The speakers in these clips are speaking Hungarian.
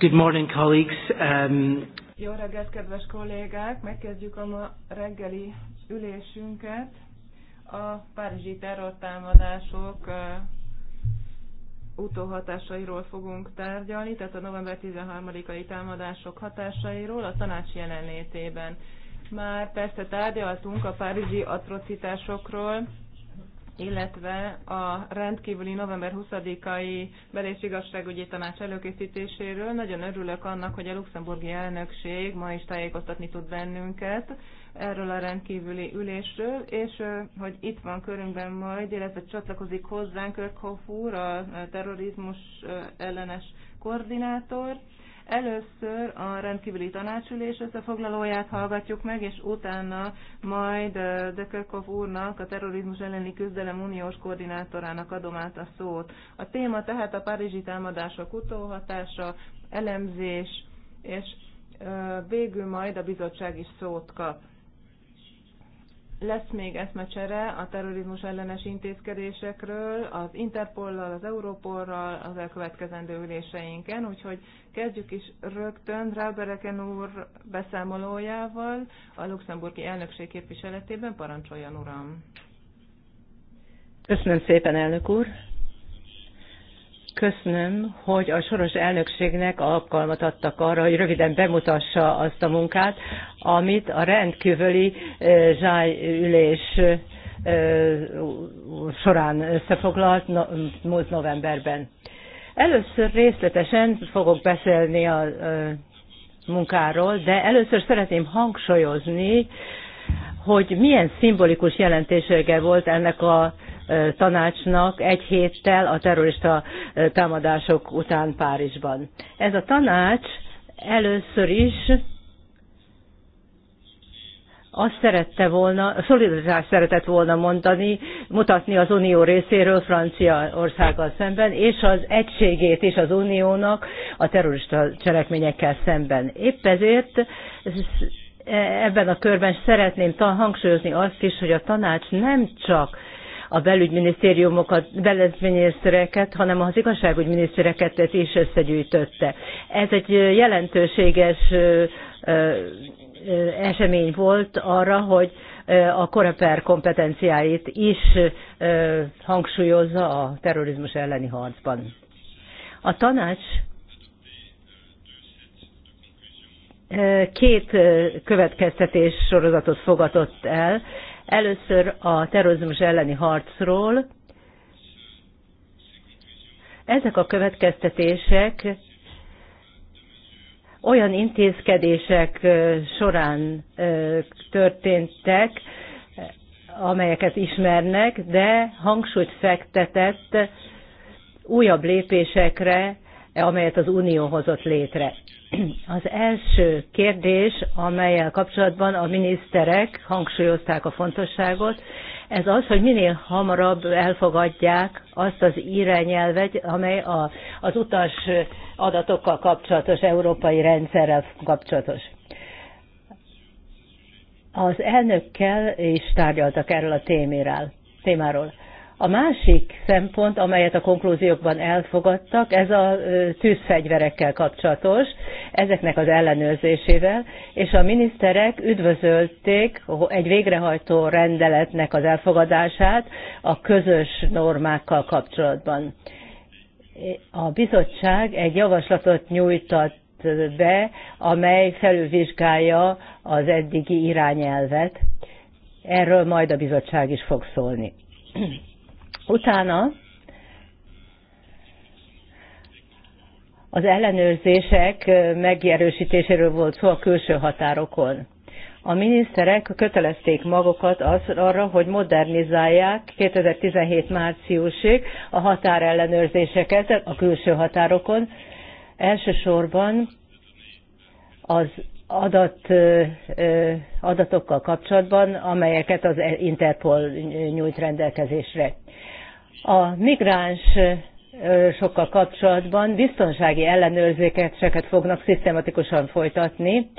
Good morning, colleagues. Um, Jó reggelt, kedves kollégák! Megkezdjük a ma reggeli ülésünket. A párizsi terrortámadások uh, utóhatásairól fogunk tárgyalni, tehát a november 13-ai támadások hatásairól a tanács jelenlétében. Már persze tárgyaltunk a párizsi atrocitásokról, illetve a rendkívüli november 20-ai belés igazságügyi tanács előkészítéséről. Nagyon örülök annak, hogy a luxemburgi elnökség ma is tájékoztatni tud bennünket erről a rendkívüli ülésről, és hogy itt van körünkben majd, illetve csatlakozik hozzánk Kirkhoff úr, a terrorizmus ellenes koordinátor, Először a rendkívüli tanácsülés összefoglalóját hallgatjuk meg, és utána majd Dökörkov úrnak, a terrorizmus elleni küzdelem uniós koordinátorának adom át a szót. A téma tehát a párizsi támadások utóhatása, elemzés, és végül majd a bizottság is szót kap. Lesz még eszmecsere a terrorizmus ellenes intézkedésekről, az Interpollal, az Európorral, az elkövetkezendő üléseinken, úgyhogy kezdjük is rögtön Rábereken úr beszámolójával a luxemburgi elnökség képviseletében. Parancsoljon, uram! Köszönöm szépen, elnök úr! köszönöm, hogy a soros elnökségnek alkalmat adtak arra, hogy röviden bemutassa azt a munkát, amit a rendkívüli eh, zsájülés eh, során összefoglalt múlt novemberben. Először részletesen fogok beszélni a eh, munkáról, de először szeretném hangsúlyozni, hogy milyen szimbolikus jelentősége volt ennek a tanácsnak egy héttel a terrorista támadások után Párizsban. Ez a tanács először is azt szerette volna, szolidaritást szeretett volna mondani, mutatni az Unió részéről Franciaországgal szemben, és az egységét is az Uniónak a terrorista cselekményekkel szemben. Épp ezért ebben a körben szeretném hangsúlyozni azt is, hogy a tanács nem csak a belügyminisztériumokat, belügyminisztereket, hanem az igazságügyminisztereket is összegyűjtötte. Ez egy jelentőséges esemény volt arra, hogy a koreper kompetenciáit is hangsúlyozza a terrorizmus elleni harcban. A tanács két következtetés sorozatot fogadott el, Először a terrorizmus elleni harcról. Ezek a következtetések olyan intézkedések során történtek, amelyeket ismernek, de hangsúlyt fektetett újabb lépésekre amelyet az Unió hozott létre. Az első kérdés, amelyel kapcsolatban a miniszterek hangsúlyozták a fontosságot, ez az, hogy minél hamarabb elfogadják azt az irányelvet, amely a, az utas adatokkal kapcsolatos, európai rendszerrel kapcsolatos. Az elnökkel is tárgyaltak erről a témiről, témáról. A másik szempont, amelyet a konklúziókban elfogadtak, ez a tűzfegyverekkel kapcsolatos, ezeknek az ellenőrzésével, és a miniszterek üdvözölték egy végrehajtó rendeletnek az elfogadását a közös normákkal kapcsolatban. A bizottság egy javaslatot nyújtott be, amely felülvizsgálja az eddigi irányelvet. Erről majd a bizottság is fog szólni. Utána az ellenőrzések megerősítéséről volt szó a külső határokon. A miniszterek kötelezték magukat az, arra, hogy modernizálják 2017 márciusig a határellenőrzéseket a külső határokon. Elsősorban az adat, adatokkal kapcsolatban, amelyeket az Interpol nyújt rendelkezésre. A migráns sokkal kapcsolatban biztonsági ellenőrzéseket fognak szisztematikusan folytatni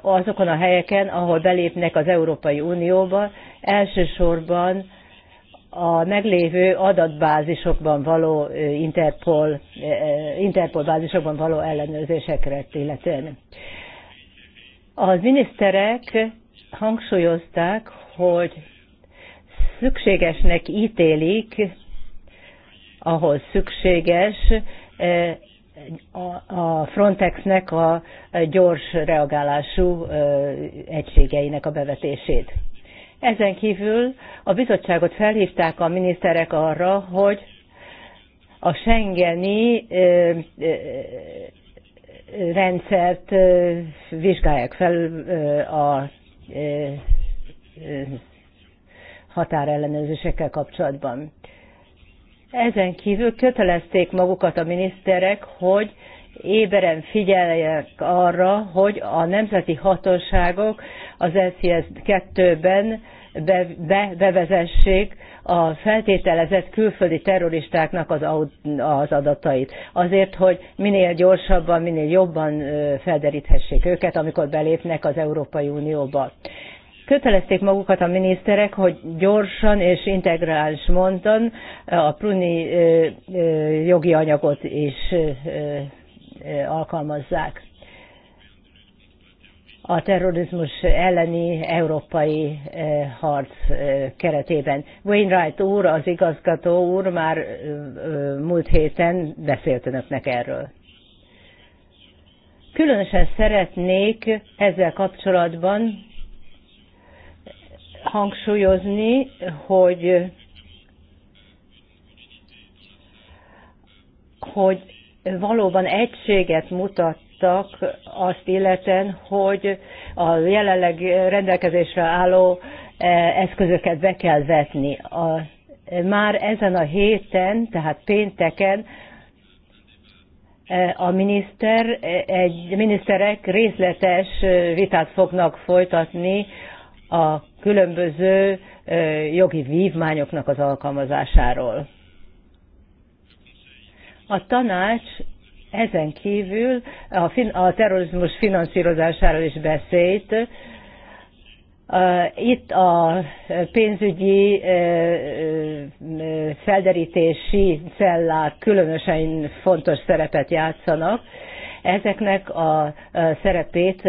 azokon a helyeken, ahol belépnek az Európai Unióba, elsősorban a meglévő adatbázisokban való Interpol, Interpol bázisokban való ellenőrzésekre illetően. Az miniszterek hangsúlyozták, hogy szükségesnek ítélik, ahol szükséges e, a Frontexnek a gyors reagálású e, egységeinek a bevetését. Ezen kívül a bizottságot felhívták a miniszterek arra, hogy a Schengeni e, rendszert vizsgálják fel a határellenőrzésekkel kapcsolatban. Ezen kívül kötelezték magukat a miniszterek, hogy éberen figyeljek arra, hogy a nemzeti hatóságok az LCS 2-ben be, be, bevezessék a feltételezett külföldi terroristáknak az, az adatait. Azért, hogy minél gyorsabban, minél jobban felderíthessék őket, amikor belépnek az Európai Unióba kötelezték magukat a miniszterek, hogy gyorsan és integrális mondan a pruni jogi anyagot is alkalmazzák. A terrorizmus elleni európai harc keretében. Wainwright úr, az igazgató úr már múlt héten beszélt önöknek erről. Különösen szeretnék ezzel kapcsolatban hangsúlyozni, hogy hogy valóban egységet mutattak azt illeten, hogy a jelenleg rendelkezésre álló e, eszközöket be kell vetni. A, már ezen a héten, tehát pénteken e, a miniszter, e, egy, miniszterek részletes vitát fognak folytatni a különböző jogi vívmányoknak az alkalmazásáról. A tanács ezen kívül a, fin- a terrorizmus finanszírozásáról is beszélt. Itt a pénzügyi felderítési cellák különösen fontos szerepet játszanak. Ezeknek a szerepét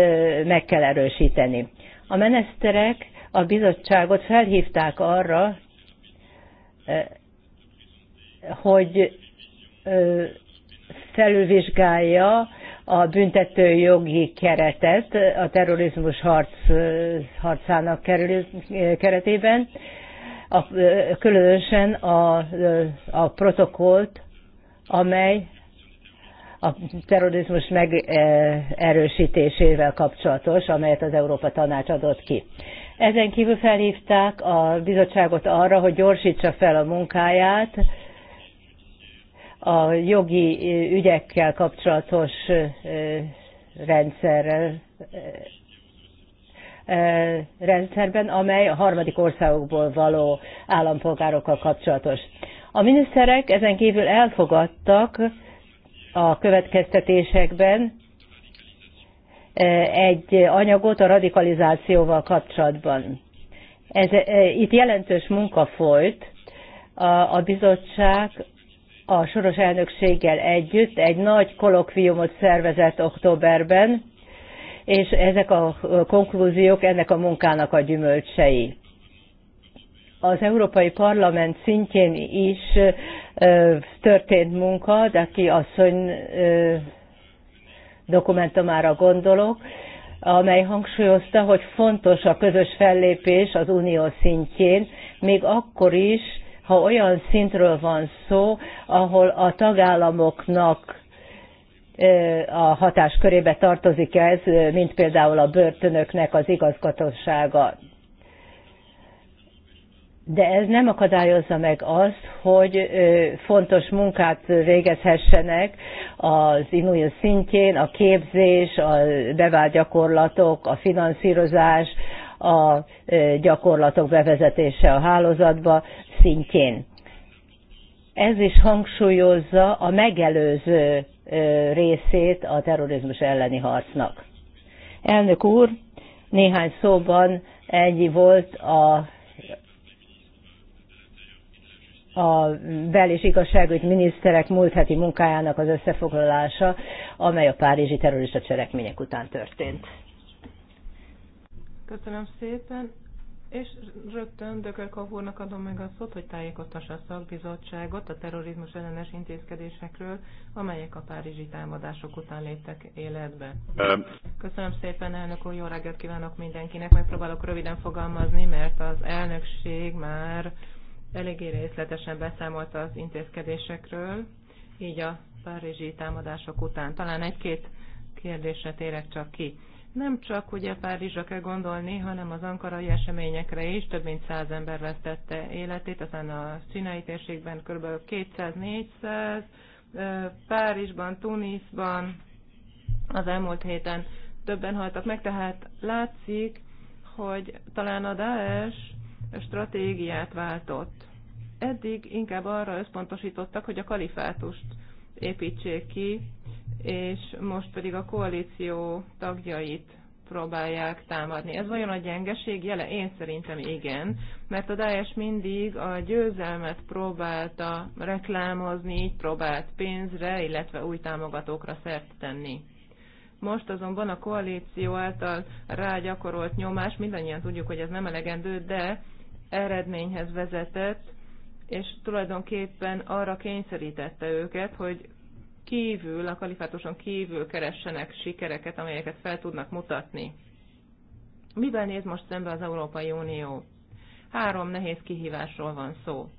meg kell erősíteni. A meneszterek a bizottságot felhívták arra, hogy felülvizsgálja a büntető jogi keretet a terrorizmus harc, harcának kerül, keretében, a, különösen a, a protokolt, amely a terrorizmus megerősítésével e, kapcsolatos, amelyet az Európa Tanács adott ki. Ezen kívül felhívták a bizottságot arra, hogy gyorsítsa fel a munkáját a jogi e, ügyekkel kapcsolatos e, rendszerrel rendszerben, amely a harmadik országokból való állampolgárokkal kapcsolatos. A miniszterek ezen kívül elfogadtak a következtetésekben e, egy anyagot a radikalizációval kapcsolatban. Ez, e, itt jelentős munka folyt. A, a bizottság a soros elnökséggel együtt egy nagy kolokviumot szervezett októberben, és ezek a konklúziók ennek a munkának a gyümölcsei az Európai Parlament szintjén is történt munka, de aki asszony dokumentumára gondolok, amely hangsúlyozta, hogy fontos a közös fellépés az unió szintjén, még akkor is, ha olyan szintről van szó, ahol a tagállamoknak a hatáskörébe tartozik ez, mint például a börtönöknek az igazgatósága de ez nem akadályozza meg azt, hogy fontos munkát végezhessenek az inúja szintjén, a képzés, a bevált gyakorlatok, a finanszírozás, a gyakorlatok bevezetése a hálózatba szintjén. Ez is hangsúlyozza a megelőző részét a terrorizmus elleni harcnak. Elnök úr, néhány szóban ennyi volt a a bel- és igazságügy miniszterek múlt heti munkájának az összefoglalása, amely a párizsi terrorista cselekmények után történt. Köszönöm szépen, és rögtön Dökör Kavúrnak adom meg a szót, hogy tájékoztassa a szakbizottságot a terrorizmus ellenes intézkedésekről, amelyek a párizsi támadások után léptek életbe. Köszönöm szépen, elnök úr, jó reggelt kívánok mindenkinek. Megpróbálok röviden fogalmazni, mert az elnökség már eléggé részletesen beszámolt az intézkedésekről, így a párizsi támadások után. Talán egy-két kérdésre térek csak ki. Nem csak ugye Párizsra kell gondolni, hanem az ankarai eseményekre is. Több mint száz ember vesztette életét, aztán a színai térségben kb. 200-400, Párizsban, Tunisban az elmúlt héten többen haltak meg, tehát látszik, hogy talán a Daesh stratégiát váltott. Eddig inkább arra összpontosítottak, hogy a kalifátust építsék ki, és most pedig a koalíció tagjait próbálják támadni. Ez vajon a gyengeség jele? Én szerintem igen, mert a Daesh mindig a győzelmet próbálta reklámozni, így próbált pénzre, illetve új támogatókra szert tenni. Most azonban a koalíció által rágyakorolt nyomás, mindannyian tudjuk, hogy ez nem elegendő, de eredményhez vezetett, és tulajdonképpen arra kényszerítette őket, hogy kívül, a kalifátuson kívül keressenek sikereket, amelyeket fel tudnak mutatni. Mivel néz most szembe az Európai Unió? Három nehéz kihívásról van szó.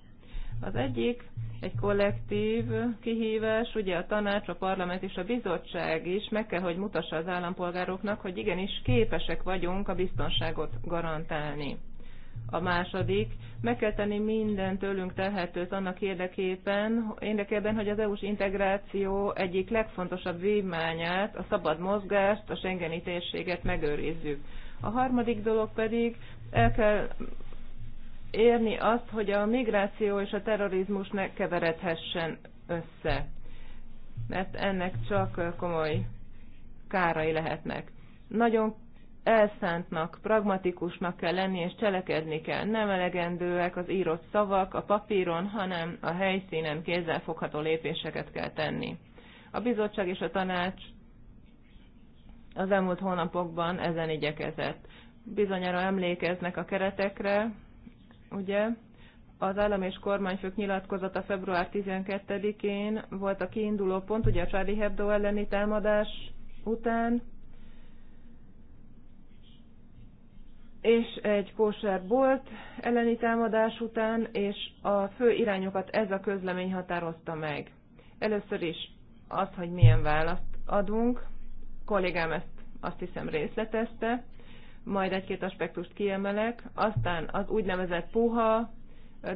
Az egyik egy kollektív kihívás, ugye a tanács, a parlament és a bizottság is meg kell, hogy mutassa az állampolgároknak, hogy igenis képesek vagyunk a biztonságot garantálni. A második, meg kell tenni minden tőlünk telhetőt annak érdekében, érdekében, hogy az EU-s integráció egyik legfontosabb vívmányát, a szabad mozgást, a Schengeni térséget megőrizzük. A harmadik dolog pedig el kell érni azt, hogy a migráció és a terrorizmus ne keveredhessen össze, mert ennek csak komoly kárai lehetnek. Nagyon elszántnak, pragmatikusnak kell lenni, és cselekedni kell. Nem elegendőek az írott szavak a papíron, hanem a helyszínen kézzelfogható lépéseket kell tenni. A bizottság és a tanács az elmúlt hónapokban ezen igyekezett. Bizonyára emlékeznek a keretekre, ugye? Az állam és kormányfők nyilatkozata február 12-én volt a kiinduló pont, ugye a Charlie Hebdo elleni támadás után, és egy kóser bolt elleni támadás után, és a fő irányokat ez a közlemény határozta meg. Először is az, hogy milyen választ adunk, kollégám ezt azt hiszem részletezte, majd egy-két aspektust kiemelek, aztán az úgynevezett puha, a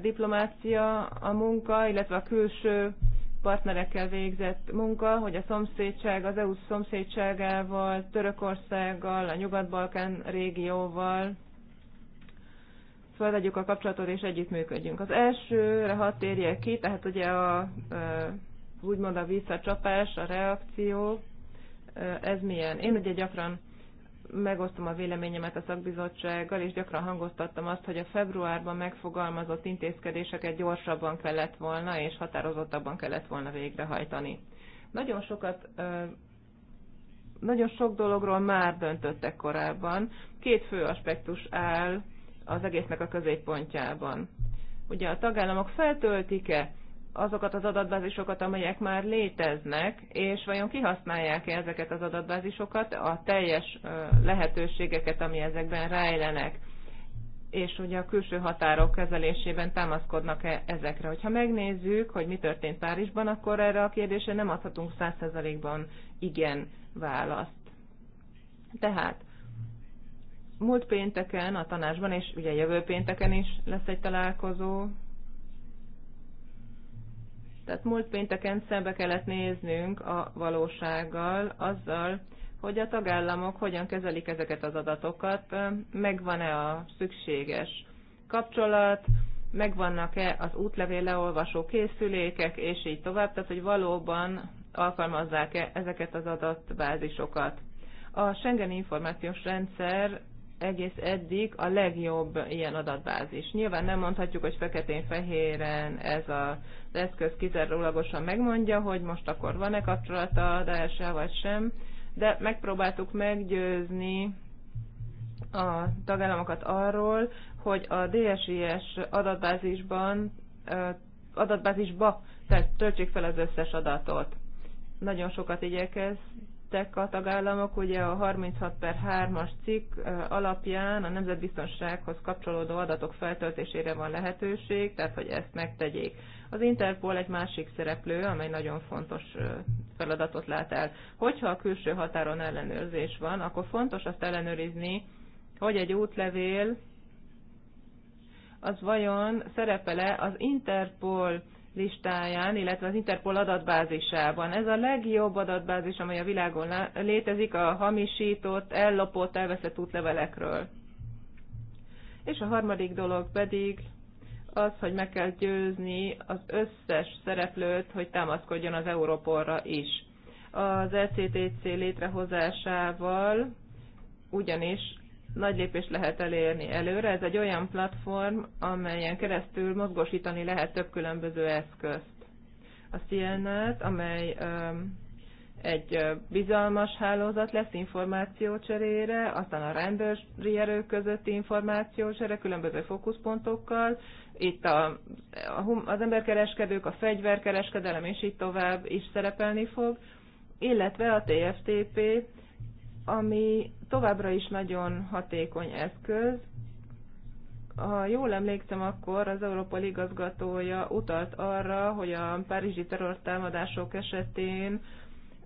diplomácia, a munka, illetve a külső partnerekkel végzett munka, hogy a szomszédság, az EU szomszédságával, Törökországgal, a Nyugat-Balkán régióval felvegyük a kapcsolatot és együttműködjünk. Az elsőre hat térje ki, tehát ugye a, úgymond a visszacsapás, a reakció, ez milyen. Én ugye gyakran megosztom a véleményemet a szakbizottsággal, és gyakran hangoztattam azt, hogy a februárban megfogalmazott intézkedéseket gyorsabban kellett volna, és határozottabban kellett volna végrehajtani. Nagyon sokat nagyon sok dologról már döntöttek korábban. Két fő aspektus áll az egésznek a középpontjában. Ugye a tagállamok feltöltik-e azokat az adatbázisokat, amelyek már léteznek, és vajon kihasználják-e ezeket az adatbázisokat, a teljes lehetőségeket, ami ezekben rejlenek, és ugye a külső határok kezelésében támaszkodnak-e ezekre. Hogyha megnézzük, hogy mi történt Párizsban, akkor erre a kérdésre nem adhatunk 100%-ban igen választ. Tehát múlt pénteken a tanácsban, és ugye jövő pénteken is lesz egy találkozó, tehát múlt pénteken szembe kellett néznünk a valósággal, azzal, hogy a tagállamok hogyan kezelik ezeket az adatokat, megvan-e a szükséges kapcsolat, megvannak-e az útlevéleolvasó készülékek, és így tovább, tehát hogy valóban alkalmazzák-e ezeket az adatbázisokat. A Schengen információs rendszer egész eddig a legjobb ilyen adatbázis. Nyilván nem mondhatjuk, hogy feketén-fehéren ez az eszköz kizárólagosan megmondja, hogy most akkor van-e kapcsolata daesh vagy sem, de megpróbáltuk meggyőzni a tagállamokat arról, hogy a DSIS adatbázisban, adatbázisba tehát töltsék fel az összes adatot. Nagyon sokat igyekeztünk tettek a tagállamok, ugye a 36 per 3-as cikk alapján a nemzetbiztonsághoz kapcsolódó adatok feltöltésére van lehetőség, tehát hogy ezt megtegyék. Az Interpol egy másik szereplő, amely nagyon fontos feladatot lát el. Hogyha a külső határon ellenőrzés van, akkor fontos azt ellenőrizni, hogy egy útlevél az vajon szerepele az Interpol listáján, illetve az Interpol adatbázisában. Ez a legjobb adatbázis, amely a világon létezik a hamisított, ellopott, elveszett útlevelekről. És a harmadik dolog pedig az, hogy meg kell győzni az összes szereplőt, hogy támaszkodjon az Európorra is. Az ECTC létrehozásával ugyanis nagy lépés lehet elérni előre. Ez egy olyan platform, amelyen keresztül mozgósítani lehet több különböző eszközt. A CNN-t, amely egy bizalmas hálózat lesz információcserére, aztán a rendőri erők közötti információcsere különböző fókuszpontokkal, itt a, a, az emberkereskedők, a fegyverkereskedelem és így tovább is szerepelni fog, illetve a TFTP, ami továbbra is nagyon hatékony eszköz. Ha jól emlékszem, akkor az Európa igazgatója utalt arra, hogy a párizsi terrortámadások esetén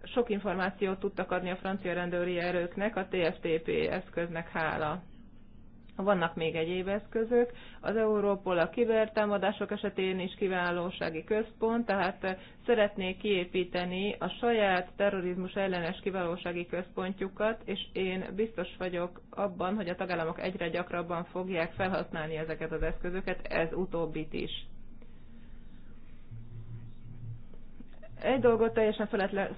sok információt tudtak adni a francia rendőri erőknek a TFTP eszköznek hála. Vannak még egyéb eszközök. Az Európol a kibertámadások esetén is kiválósági központ, tehát eh, szeretnék kiépíteni a saját terrorizmus ellenes kiválósági központjukat, és én biztos vagyok abban, hogy a tagállamok egyre gyakrabban fogják felhasználni ezeket az eszközöket, ez utóbbit is. Egy dolgot teljesen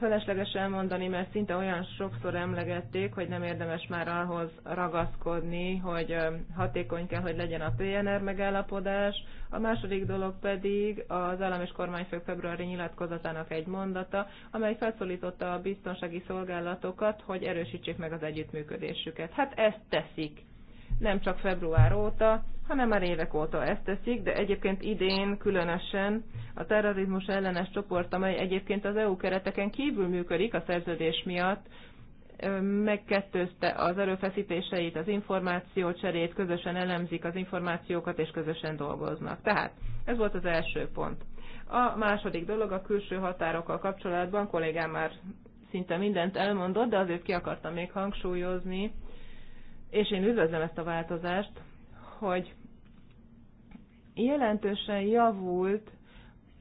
feleslegesen elmondani, mert szinte olyan sokszor emlegették, hogy nem érdemes már ahhoz ragaszkodni, hogy hatékony kell, hogy legyen a PNR megállapodás. A második dolog pedig az állam és kormányfők februári nyilatkozatának egy mondata, amely felszólította a biztonsági szolgálatokat, hogy erősítsék meg az együttműködésüket. Hát ezt teszik nem csak február óta, hanem már évek óta ezt teszik, de egyébként idén különösen a terrorizmus ellenes csoport, amely egyébként az EU kereteken kívül működik a szerződés miatt, megkettőzte az erőfeszítéseit, az cserét, közösen elemzik az információkat és közösen dolgoznak. Tehát ez volt az első pont. A második dolog a külső határokkal kapcsolatban, kollégám már szinte mindent elmondott, de azért ki akartam még hangsúlyozni, és én üdvözlöm ezt a változást, hogy jelentősen javult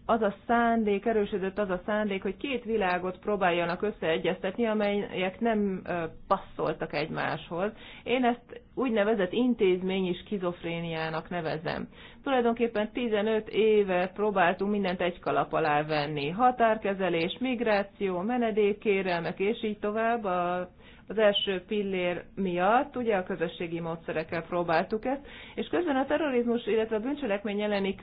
az a szándék, erősödött az a szándék, hogy két világot próbáljanak összeegyeztetni, amelyek nem passzoltak egymáshoz. Én ezt úgynevezett intézményi skizofréniának nevezem. Tulajdonképpen 15 éve próbáltunk mindent egy kalap alá venni. Határkezelés, migráció, menedékkérelmek és így tovább a az első pillér miatt, ugye a közösségi módszerekkel próbáltuk ezt, és közben a terrorizmus, illetve a bűncselekmény elleni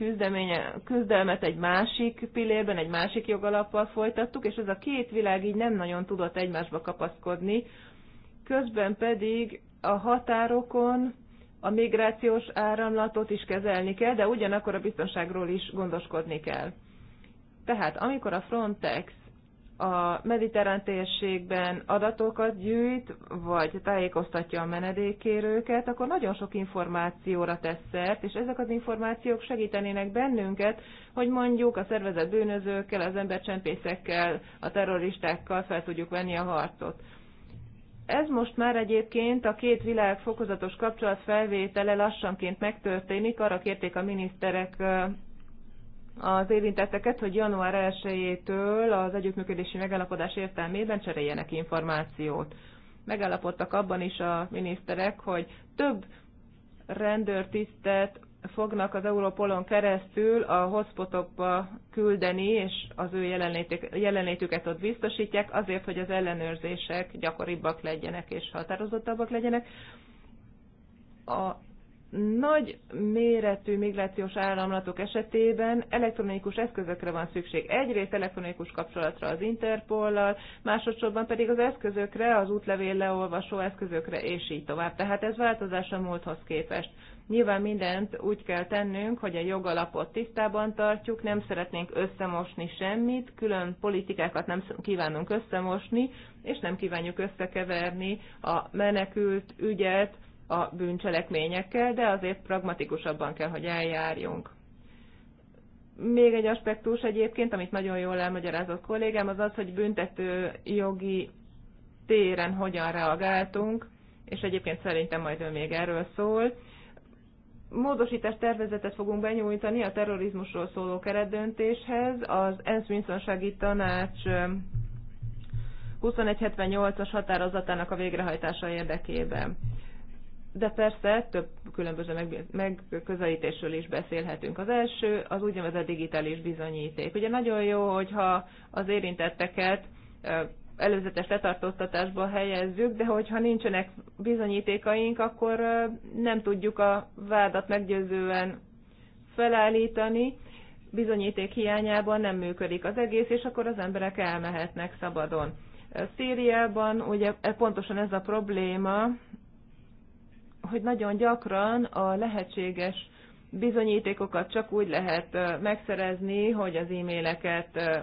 küzdelmet egy másik pillérben, egy másik jogalappal folytattuk, és ez a két világ így nem nagyon tudott egymásba kapaszkodni, közben pedig a határokon a migrációs áramlatot is kezelni kell, de ugyanakkor a biztonságról is gondoskodni kell. Tehát amikor a Frontex a mediterrán térségben adatokat gyűjt, vagy tájékoztatja a menedékkérőket, akkor nagyon sok információra tesz szert, és ezek az információk segítenének bennünket, hogy mondjuk a szervezet bűnözőkkel, az embercsempészekkel, a terroristákkal fel tudjuk venni a harcot. Ez most már egyébként a két világ fokozatos kapcsolatfelvétele lassanként megtörténik, arra kérték a miniszterek az érintetteket, hogy január 1-től az együttműködési megállapodás értelmében cseréljenek információt. Megállapodtak abban is a miniszterek, hogy több rendőrtisztet fognak az Europolon keresztül a hotspotokba küldeni, és az ő jelenlétüket ott biztosítják, azért, hogy az ellenőrzések gyakoribbak legyenek és határozottabbak legyenek. A nagy méretű migrációs áramlatok esetében elektronikus eszközökre van szükség. Egyrészt elektronikus kapcsolatra az Interpollal, másodszorban pedig az eszközökre, az útlevél leolvasó eszközökre, és így tovább. Tehát ez változás a múlthoz képest. Nyilván mindent úgy kell tennünk, hogy a jogalapot tisztában tartjuk, nem szeretnénk összemosni semmit, külön politikákat nem kívánunk összemosni, és nem kívánjuk összekeverni a menekült ügyet, a bűncselekményekkel, de azért pragmatikusabban kell, hogy eljárjunk. Még egy aspektus egyébként, amit nagyon jól elmagyarázott kollégám, az az, hogy büntető jogi téren hogyan reagáltunk, és egyébként szerintem majd ő még erről szól. Módosítás tervezetet fogunk benyújtani a terrorizmusról szóló keretdöntéshez. Az ENSZ biztonsági tanács 2178-as határozatának a végrehajtása érdekében de persze több különböző megközelítésről is beszélhetünk. Az első az úgynevezett digitális bizonyíték. Ugye nagyon jó, hogyha az érintetteket előzetes letartóztatásba helyezzük, de hogyha nincsenek bizonyítékaink, akkor nem tudjuk a vádat meggyőzően felállítani, bizonyíték hiányában nem működik az egész, és akkor az emberek elmehetnek szabadon. Szíriában ugye pontosan ez a probléma, hogy nagyon gyakran a lehetséges bizonyítékokat csak úgy lehet megszerezni, hogy az e-maileket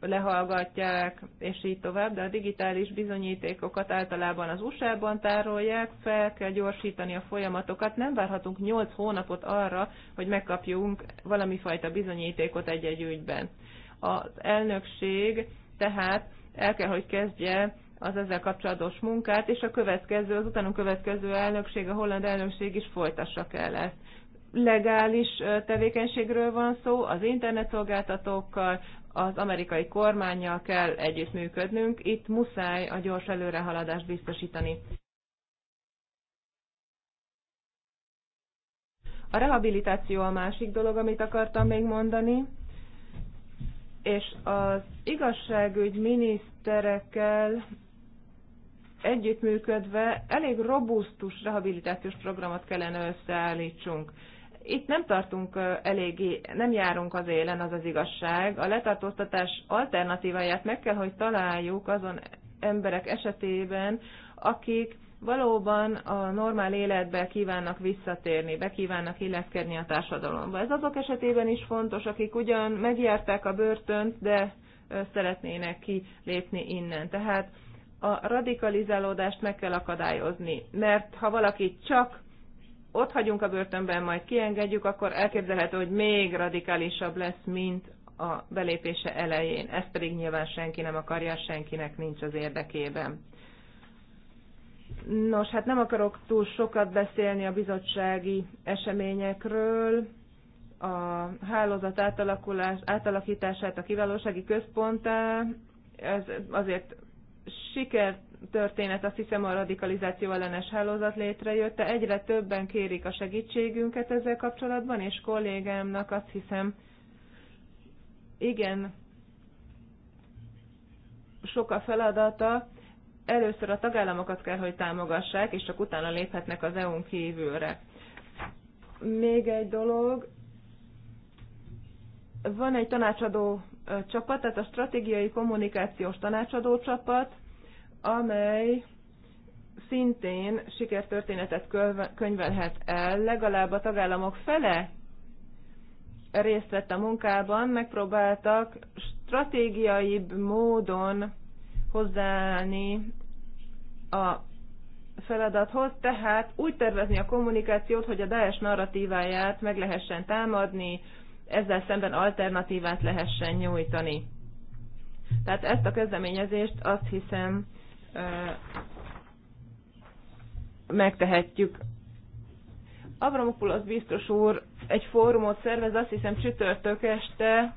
lehallgatják, és így tovább, de a digitális bizonyítékokat általában az USA-ban tárolják, fel kell gyorsítani a folyamatokat, nem várhatunk 8 hónapot arra, hogy megkapjunk valami fajta bizonyítékot egy-egy ügyben. Az elnökség tehát el kell, hogy kezdje az ezzel kapcsolatos munkát, és a következő, az utánunk következő elnökség, a holland elnökség is folytassa kell ezt. Legális tevékenységről van szó, az internetszolgáltatókkal, az amerikai kormányjal kell együttműködnünk, itt muszáj a gyors előrehaladást biztosítani. A rehabilitáció a másik dolog, amit akartam még mondani, és az igazságügy miniszterekkel együttműködve elég robusztus rehabilitációs programot kellene összeállítsunk. Itt nem tartunk eléggé, nem járunk az élen, az az igazság. A letartóztatás alternatíváját meg kell, hogy találjuk azon emberek esetében, akik valóban a normál életbe kívánnak visszatérni, be kívánnak illeszkedni a társadalomba. Ez azok esetében is fontos, akik ugyan megjárták a börtönt, de szeretnének kilépni innen. Tehát a radikalizálódást meg kell akadályozni, mert ha valaki csak ott hagyunk a börtönben, majd kiengedjük, akkor elképzelhető, hogy még radikálisabb lesz, mint a belépése elején. Ezt pedig nyilván senki nem akarja, senkinek nincs az érdekében. Nos, hát nem akarok túl sokat beszélni a bizottsági eseményekről. A hálózat átalakulás, átalakítását a kiválósági központtá, ez azért sikertörténet azt hiszem a radikalizáció ellenes hálózat de Egyre többen kérik a segítségünket ezzel kapcsolatban, és kollégámnak azt hiszem, igen, sok a feladata. Először a tagállamokat kell, hogy támogassák, és csak utána léphetnek az EU-n kívülre. Még egy dolog, van egy tanácsadó csapat, tehát a stratégiai kommunikációs tanácsadó csapat, amely szintén sikertörténetet könyvelhet el, legalább a tagállamok fele részt vett a munkában, megpróbáltak stratégiai módon hozzáállni a feladathoz, tehát úgy tervezni a kommunikációt, hogy a Daesh narratíváját meg lehessen támadni, ezzel szemben alternatívát lehessen nyújtani. Tehát ezt a kezdeményezést azt hiszem megtehetjük. Avramopoulos biztos úr egy fórumot szervez, azt hiszem csütörtök este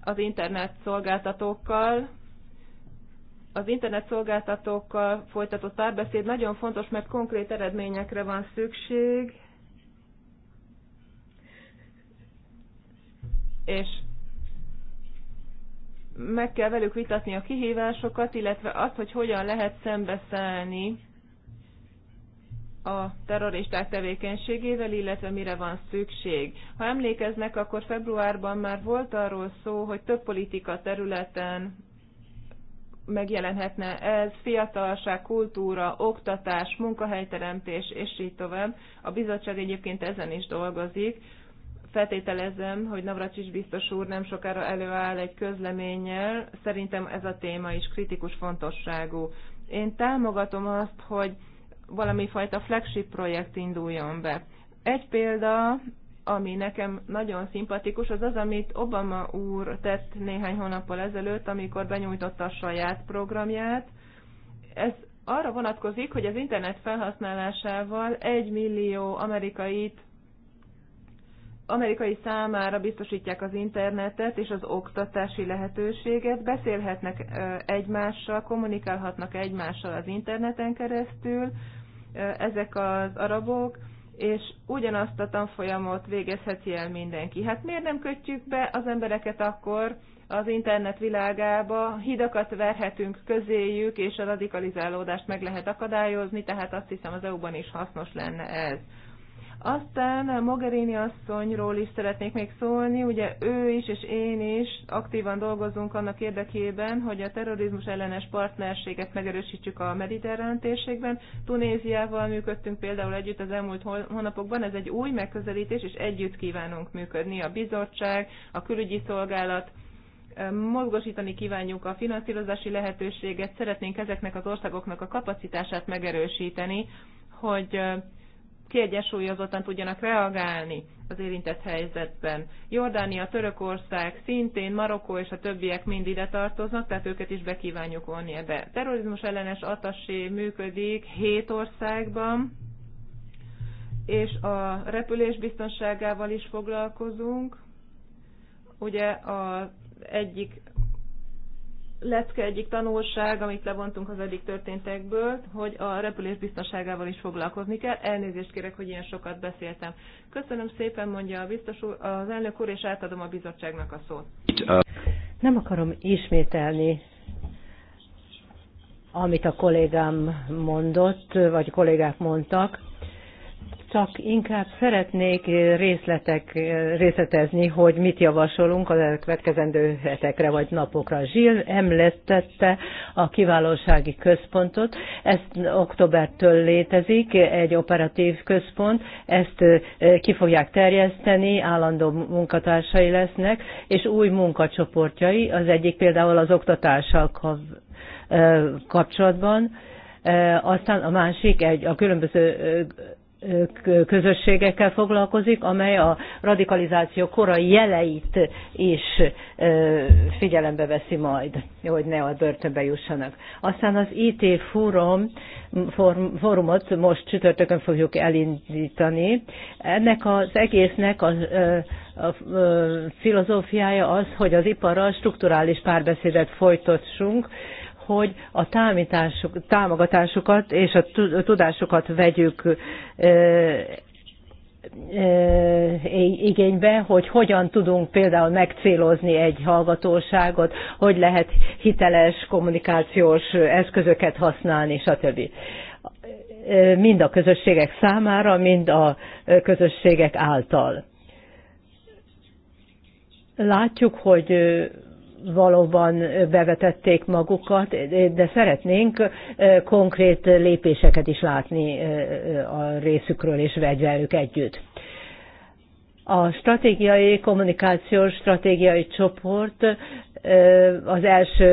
az internet szolgáltatókkal. Az internet szolgáltatókkal folytatott párbeszéd nagyon fontos, mert konkrét eredményekre van szükség, és meg kell velük vitatni a kihívásokat, illetve azt, hogy hogyan lehet szembeszállni a terroristák tevékenységével, illetve mire van szükség. Ha emlékeznek, akkor februárban már volt arról szó, hogy több politika területen megjelenhetne ez, fiatalság, kultúra, oktatás, munkahelyteremtés, és így tovább. A bizottság egyébként ezen is dolgozik, feltételezem, hogy Navracsis biztos úr nem sokára előáll egy közleménnyel. Szerintem ez a téma is kritikus fontosságú. Én támogatom azt, hogy valami fajta flagship projekt induljon be. Egy példa, ami nekem nagyon szimpatikus, az az, amit Obama úr tett néhány hónappal ezelőtt, amikor benyújtotta a saját programját. Ez arra vonatkozik, hogy az internet felhasználásával egy millió amerikait amerikai számára biztosítják az internetet és az oktatási lehetőséget, beszélhetnek egymással, kommunikálhatnak egymással az interneten keresztül, ezek az arabok, és ugyanazt a tanfolyamot végezheti el mindenki. Hát miért nem kötjük be az embereket akkor az internet világába, hidakat verhetünk közéjük, és a radikalizálódást meg lehet akadályozni, tehát azt hiszem az EU-ban is hasznos lenne ez. Aztán Mogherini asszonyról is szeretnék még szólni, ugye ő is és én is aktívan dolgozunk annak érdekében, hogy a terrorizmus ellenes partnerséget megerősítsük a mediterrán térségben. Tunéziával működtünk például együtt az elmúlt hónapokban, ez egy új megközelítés, és együtt kívánunk működni a bizottság, a külügyi szolgálat, mozgosítani kívánjuk a finanszírozási lehetőséget, szeretnénk ezeknek az országoknak a kapacitását megerősíteni, hogy kiegyensúlyozottan tudjanak reagálni az érintett helyzetben. Jordánia, Törökország, szintén Marokkó és a többiek mind ide tartoznak, tehát őket is bekívánjuk vonni ebbe. Terrorizmus ellenes atasé működik hét országban, és a repülés biztonságával is foglalkozunk. Ugye az egyik lecke egyik tanulság, amit levontunk az eddig történtekből, hogy a repülés biztonságával is foglalkozni kell. Elnézést kérek, hogy ilyen sokat beszéltem. Köszönöm szépen, mondja a biztos úr, az elnök úr, és átadom a bizottságnak a szót. Nem akarom ismételni amit a kollégám mondott, vagy kollégák mondtak, csak inkább szeretnék részletek, részletezni, hogy mit javasolunk az elkövetkezendő hetekre vagy napokra. Zsil említette a kiválósági központot, ezt októbertől létezik, egy operatív központ, ezt ki fogják terjeszteni, állandó munkatársai lesznek, és új munkacsoportjai, az egyik például az oktatással kapcsolatban, aztán a másik egy a különböző közösségekkel foglalkozik, amely a radikalizáció korai jeleit is figyelembe veszi majd, hogy ne a börtönbe jussanak. Aztán az IT fórum, fórumot most csütörtökön fogjuk elindítani. Ennek az egésznek a, a, a filozófiája az, hogy az iparral strukturális párbeszédet folytassunk, hogy a támításuk, támogatásukat és a tudásukat vegyük igénybe, hogy hogyan tudunk például megcélozni egy hallgatóságot, hogy lehet hiteles kommunikációs eszközöket használni, stb. Mind a közösségek számára, mind a közösségek által. Látjuk, hogy valóban bevetették magukat, de szeretnénk konkrét lépéseket is látni a részükről és velük együtt. A stratégiai kommunikációs stratégiai csoport az első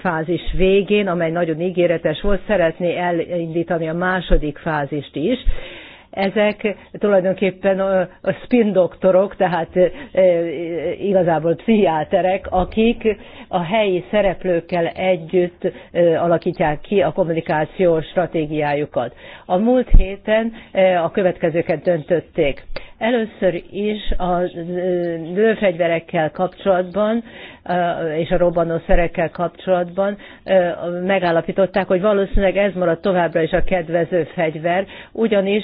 fázis végén, amely nagyon ígéretes volt, szeretné elindítani a második fázist is ezek tulajdonképpen a spin doktorok, tehát igazából pszichiáterek, akik a helyi szereplőkkel együtt alakítják ki a kommunikációs stratégiájukat. A múlt héten a következőket döntötték. Először is a lőfegyverekkel kapcsolatban és a robbanó szerekkel kapcsolatban megállapították, hogy valószínűleg ez marad továbbra is a kedvező fegyver, ugyanis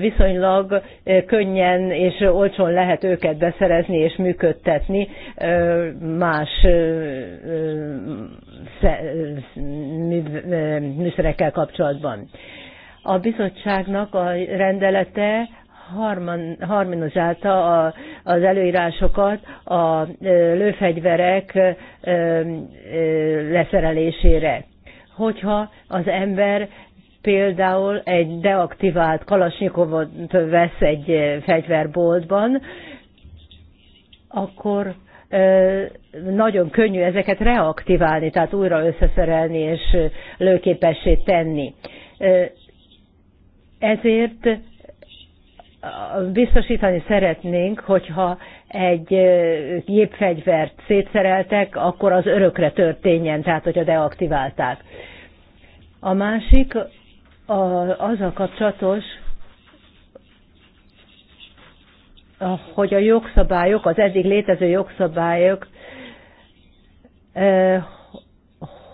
viszonylag könnyen és olcsón lehet őket beszerezni és működtetni más műszerekkel kapcsolatban. A bizottságnak a rendelete harmonizálta a, az előírásokat a lőfegyverek leszerelésére. Hogyha az ember például egy deaktivált kalasnyikovot vesz egy fegyverboltban, akkor nagyon könnyű ezeket reaktiválni, tehát újra összeszerelni és lőképessé tenni. Ezért biztosítani szeretnénk, hogyha egy gépfegyvert szétszereltek, akkor az örökre történjen, tehát hogyha deaktiválták. A másik a, a kapcsolatos, hogy a jogszabályok, az eddig létező jogszabályok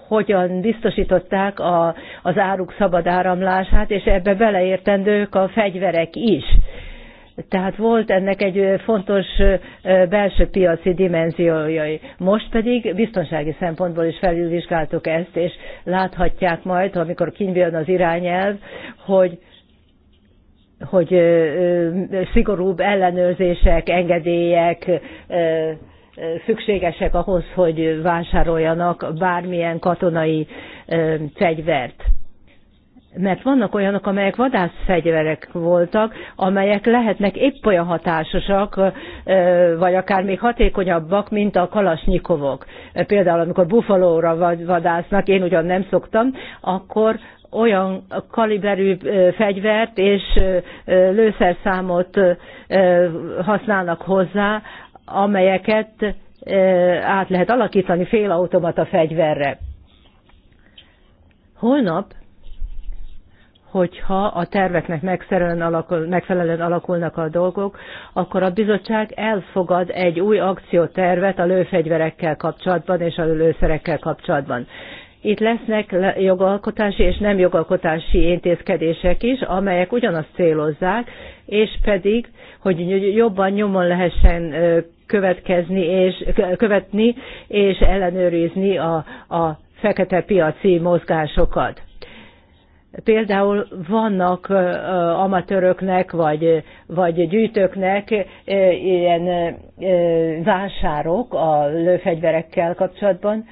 hogyan biztosították a, az áruk szabad áramlását, és ebbe beleértendők a fegyverek is. Tehát volt ennek egy fontos belső piaci dimenziója. Most pedig biztonsági szempontból is felülvizsgáltuk ezt, és láthatják majd, amikor kinyíljon az irányelv, hogy hogy szigorúbb ellenőrzések, engedélyek, szükségesek ahhoz, hogy vásároljanak bármilyen katonai fegyvert. Mert vannak olyanok, amelyek vadászfegyverek voltak, amelyek lehetnek épp olyan hatásosak, vagy akár még hatékonyabbak, mint a kalasnyikovok. Például, amikor bufalóra vadásznak, én ugyan nem szoktam, akkor olyan kaliberű fegyvert és lőszerszámot használnak hozzá, amelyeket e, át lehet alakítani félautomata fegyverre. Holnap, hogyha a terveknek megfelelően, alakul, megfelelően alakulnak a dolgok, akkor a bizottság elfogad egy új akciótervet a lőfegyverekkel kapcsolatban és a lőszerekkel kapcsolatban. Itt lesznek jogalkotási és nem jogalkotási intézkedések is, amelyek ugyanazt célozzák, és pedig, hogy jobban nyomon lehessen következni és, követni és ellenőrizni a, a fekete piaci mozgásokat. Például vannak amatőröknek vagy, vagy gyűjtőknek ilyen vásárok a lőfegyverekkel kapcsolatban,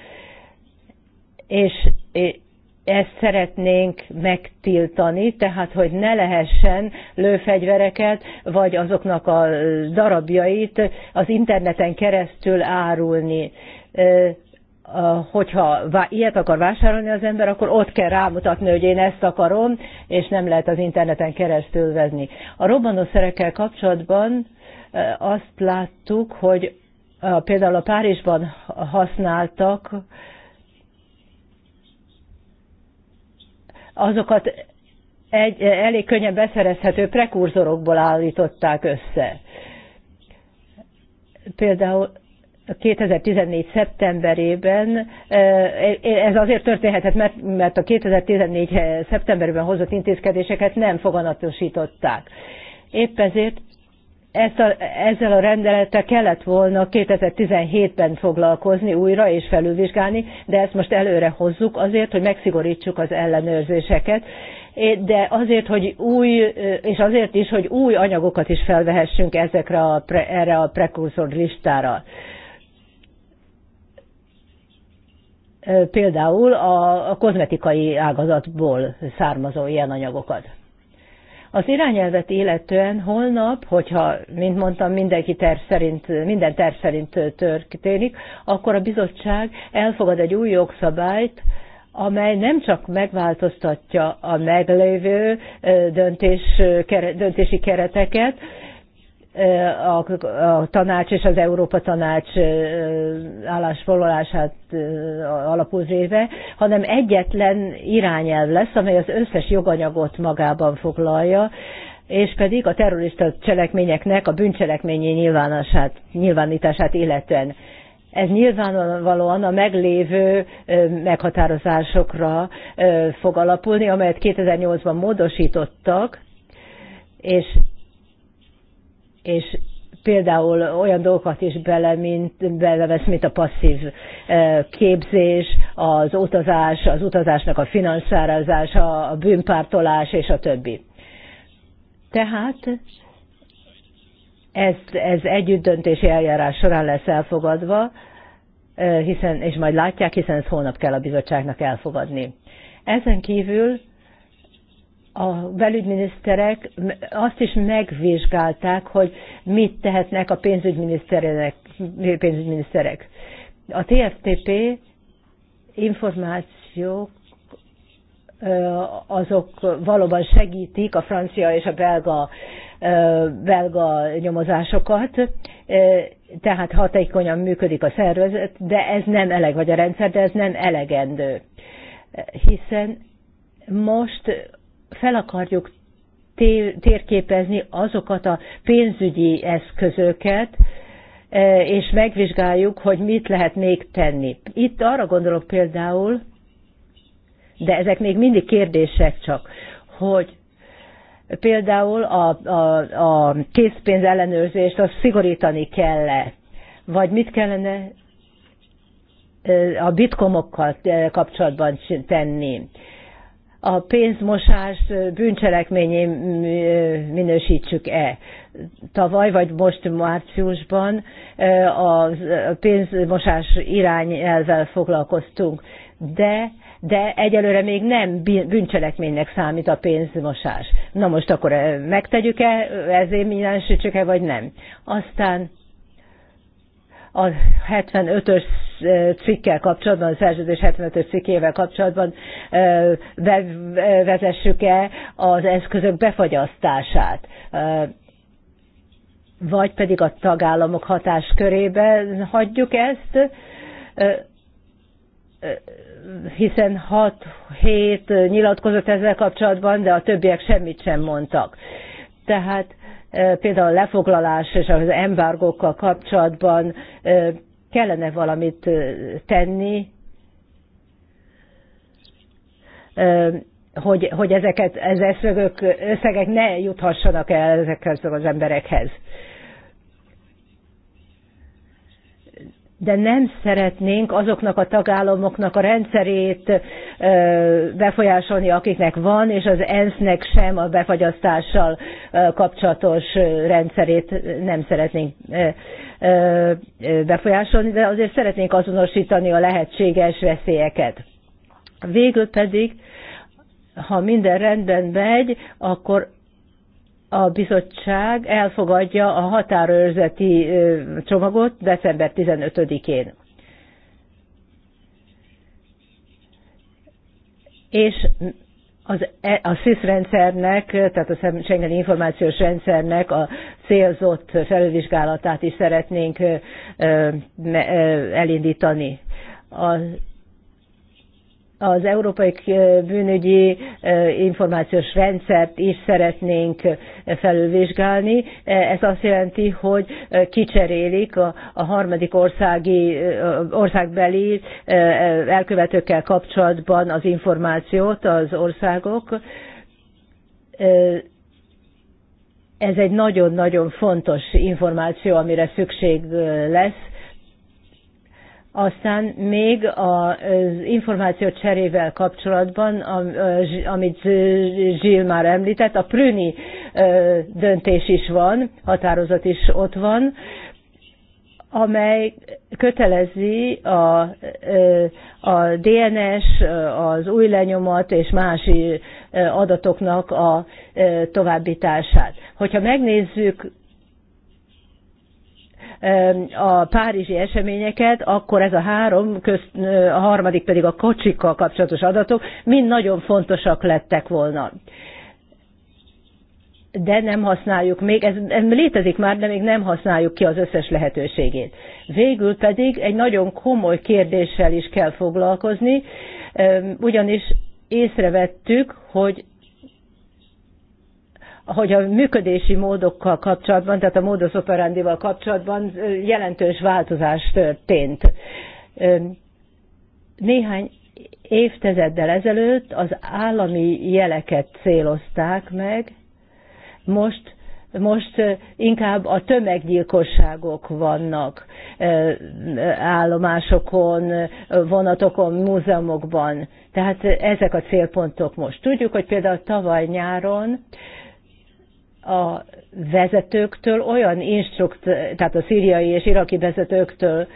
és ezt szeretnénk megtiltani, tehát hogy ne lehessen lőfegyvereket, vagy azoknak a darabjait az interneten keresztül árulni. Hogyha ilyet akar vásárolni az ember, akkor ott kell rámutatni, hogy én ezt akarom, és nem lehet az interneten keresztül vezni. A robbanószerekkel kapcsolatban azt láttuk, hogy például a Párizsban használtak, azokat egy, elég könnyen beszerezhető prekurzorokból állították össze. Például 2014. szeptemberében, e, ez azért történhetett, mert, a 2014. szeptemberében hozott intézkedéseket nem foganatosították. Épp ezért ezt a, ezzel a rendelettel kellett volna 2017-ben foglalkozni újra és felülvizsgálni, de ezt most előre hozzuk azért, hogy megszigorítsuk az ellenőrzéseket, de azért, hogy új, és azért is, hogy új anyagokat is felvehessünk ezekre a, erre a prekurzor listára. Például a, a kozmetikai ágazatból származó ilyen anyagokat. Az irányelvet illetően holnap, hogyha, mint mondtam, mindenki terv szerint, minden terv szerint történik, akkor a bizottság elfogad egy új jogszabályt, amely nem csak megváltoztatja a meglévő döntés, döntési kereteket, a, a tanács és az Európa tanács állásfoglalását alapul véve, hanem egyetlen irányelv lesz, amely az összes joganyagot magában foglalja, és pedig a terrorista cselekményeknek a bűncselekményi nyilvánását, nyilvánítását illetően. Ez nyilvánvalóan a meglévő meghatározásokra fog alapulni, amelyet 2008-ban módosítottak, és és például olyan dolgokat is bele, mint, belevesz, mint a passzív e, képzés, az utazás, az utazásnak a finanszározása, a bűnpártolás és a többi. Tehát ez, ez együttdöntési eljárás során lesz elfogadva, e, hiszen, és majd látják, hiszen ez holnap kell a bizottságnak elfogadni. Ezen kívül a belügyminiszterek azt is megvizsgálták, hogy mit tehetnek a pénzügyminiszterek. pénzügyminiszterek. A TFTP információk azok valóban segítik a francia és a belga, belga nyomozásokat, tehát hatékonyan működik a szervezet, de ez nem eleg, vagy a rendszer, de ez nem elegendő. Hiszen most fel akarjuk térképezni azokat a pénzügyi eszközöket, e, és megvizsgáljuk, hogy mit lehet még tenni. Itt arra gondolok például, de ezek még mindig kérdések csak, hogy például a, a, a készpénz ellenőrzést azt szigorítani kell -e, vagy mit kellene e, a bitkomokkal e, kapcsolatban tenni a pénzmosás bűncselekményé minősítsük-e. Tavaly vagy most márciusban e, a pénzmosás irányelvel foglalkoztunk, de de egyelőre még nem bűncselekménynek számít a pénzmosás. Na most akkor e, megtegyük-e, ezért minősítsük-e, vagy nem. Aztán a 75-ös cikkel kapcsolatban, a szerződés 75-ös cikkével kapcsolatban bevezessük-e az eszközök befagyasztását vagy pedig a tagállamok hatáskörében hagyjuk ezt, hiszen 6-7 nyilatkozott ezzel kapcsolatban, de a többiek semmit sem mondtak. Tehát például a lefoglalás és az embargókkal kapcsolatban kellene valamit tenni, hogy, hogy ezeket az összegek ne juthassanak el ezekhez az emberekhez. de nem szeretnénk azoknak a tagállamoknak a rendszerét befolyásolni, akiknek van, és az ENSZ-nek sem a befagyasztással kapcsolatos rendszerét nem szeretnénk befolyásolni, de azért szeretnénk azonosítani a lehetséges veszélyeket. Végül pedig, ha minden rendben megy, akkor a bizottság elfogadja a határőrzeti csomagot december 15-én. És az, e, a SIS rendszernek, tehát a Schengen információs rendszernek a célzott felülvizsgálatát is szeretnénk elindítani. A az Európai Bűnügyi Információs Rendszert is szeretnénk felülvizsgálni. E, ez azt jelenti, hogy kicserélik a, a harmadik országi, országbeli elkövetőkkel kapcsolatban az információt az országok. Ez egy nagyon-nagyon fontos információ, amire szükség lesz aztán még az információ cserével kapcsolatban, amit Zsil már említett, a Prüni döntés is van, határozat is ott van, amely kötelezi a, a DNS, az új lenyomat és más adatoknak a továbbítását. Hogyha megnézzük a párizsi eseményeket, akkor ez a három, közt, a harmadik pedig a kocsikkal kapcsolatos adatok mind nagyon fontosak lettek volna de nem használjuk még, ez, ez létezik már, de még nem használjuk ki az összes lehetőségét. Végül pedig egy nagyon komoly kérdéssel is kell foglalkozni, ugyanis észrevettük, hogy hogy a működési módokkal kapcsolatban, tehát a módos operandival kapcsolatban jelentős változás történt. Néhány évtizeddel ezelőtt az állami jeleket célozták meg, most, most inkább a tömeggyilkosságok vannak állomásokon, vonatokon, múzeumokban. Tehát ezek a célpontok most. Tudjuk, hogy például tavaly nyáron a vezetőktől olyan instrukt, tehát a szíriai és iraki vezetőktől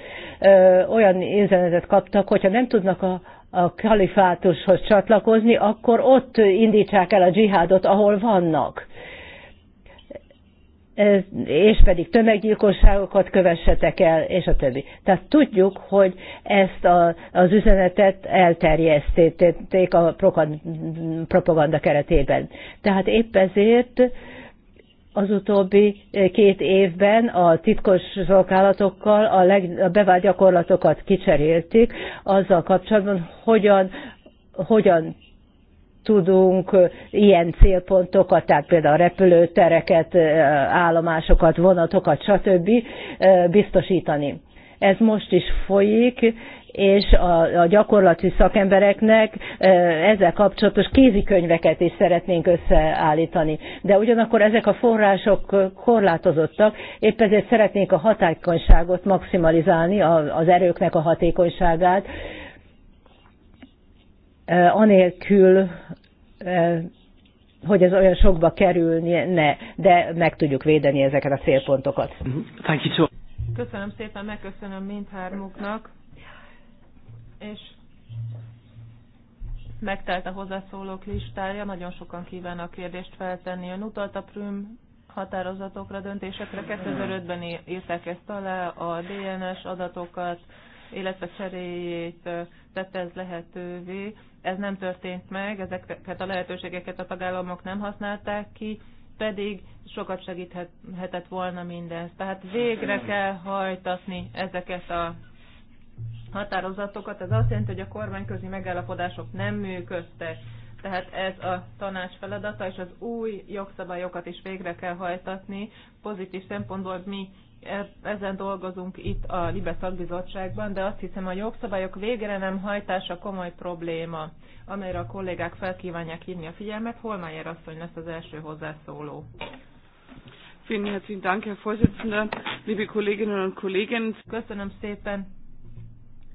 ö, olyan üzenetet kaptak, hogyha nem tudnak a, a kalifátushoz csatlakozni, akkor ott indítsák el a dzsihádot, ahol vannak. És pedig tömeggyilkosságokat kövessetek el, és a többi. Tehát tudjuk, hogy ezt a, az üzenetet elterjesztették a propaganda keretében. Tehát épp ezért az utóbbi eh, két évben a titkos szolgálatokkal a, leg, a bevált gyakorlatokat kicserélték azzal kapcsolatban, hogyan, hogyan tudunk eh, ilyen célpontokat, tehát például repülőtereket, eh, állomásokat, vonatokat, stb. biztosítani. Ez most is folyik, és a, a gyakorlati szakembereknek ezzel kapcsolatos kézikönyveket is szeretnénk összeállítani. De ugyanakkor ezek a források korlátozottak, épp ezért szeretnénk a hatékonyságot maximalizálni, az erőknek a hatékonyságát, anélkül, hogy ez olyan sokba kerülne, de meg tudjuk védeni ezeket a célpontokat. Köszönöm szépen, megköszönöm mindhármuknak és megtelt a hozzászólók listája, nagyon sokan kívánnak kérdést feltenni. Ön utalt a Prüm határozatokra, döntésekre. 2005-ben írták ezt alá, a DNS adatokat, illetve cseréjét tette ez lehetővé. Ez nem történt meg, ezeket a lehetőségeket a tagállamok nem használták ki, pedig sokat segíthetett volna mindez. Tehát végre kell hajtatni ezeket a határozatokat, ez azt jelenti, hogy a kormányközi megállapodások nem működtek. Tehát ez a tanács feladata, és az új jogszabályokat is végre kell hajtatni. Pozitív szempontból mi e- ezen dolgozunk itt a Libe szakbizottságban, de azt hiszem a jogszabályok végre nem hajtása komoly probléma, amelyre a kollégák felkívánják hívni a figyelmet. Holmájer asszony lesz az első hozzászóló. Vielen herzlichen Dank, Herr Vorsitzender, liebe Kolleginnen und Kollegen. Köszönöm szépen,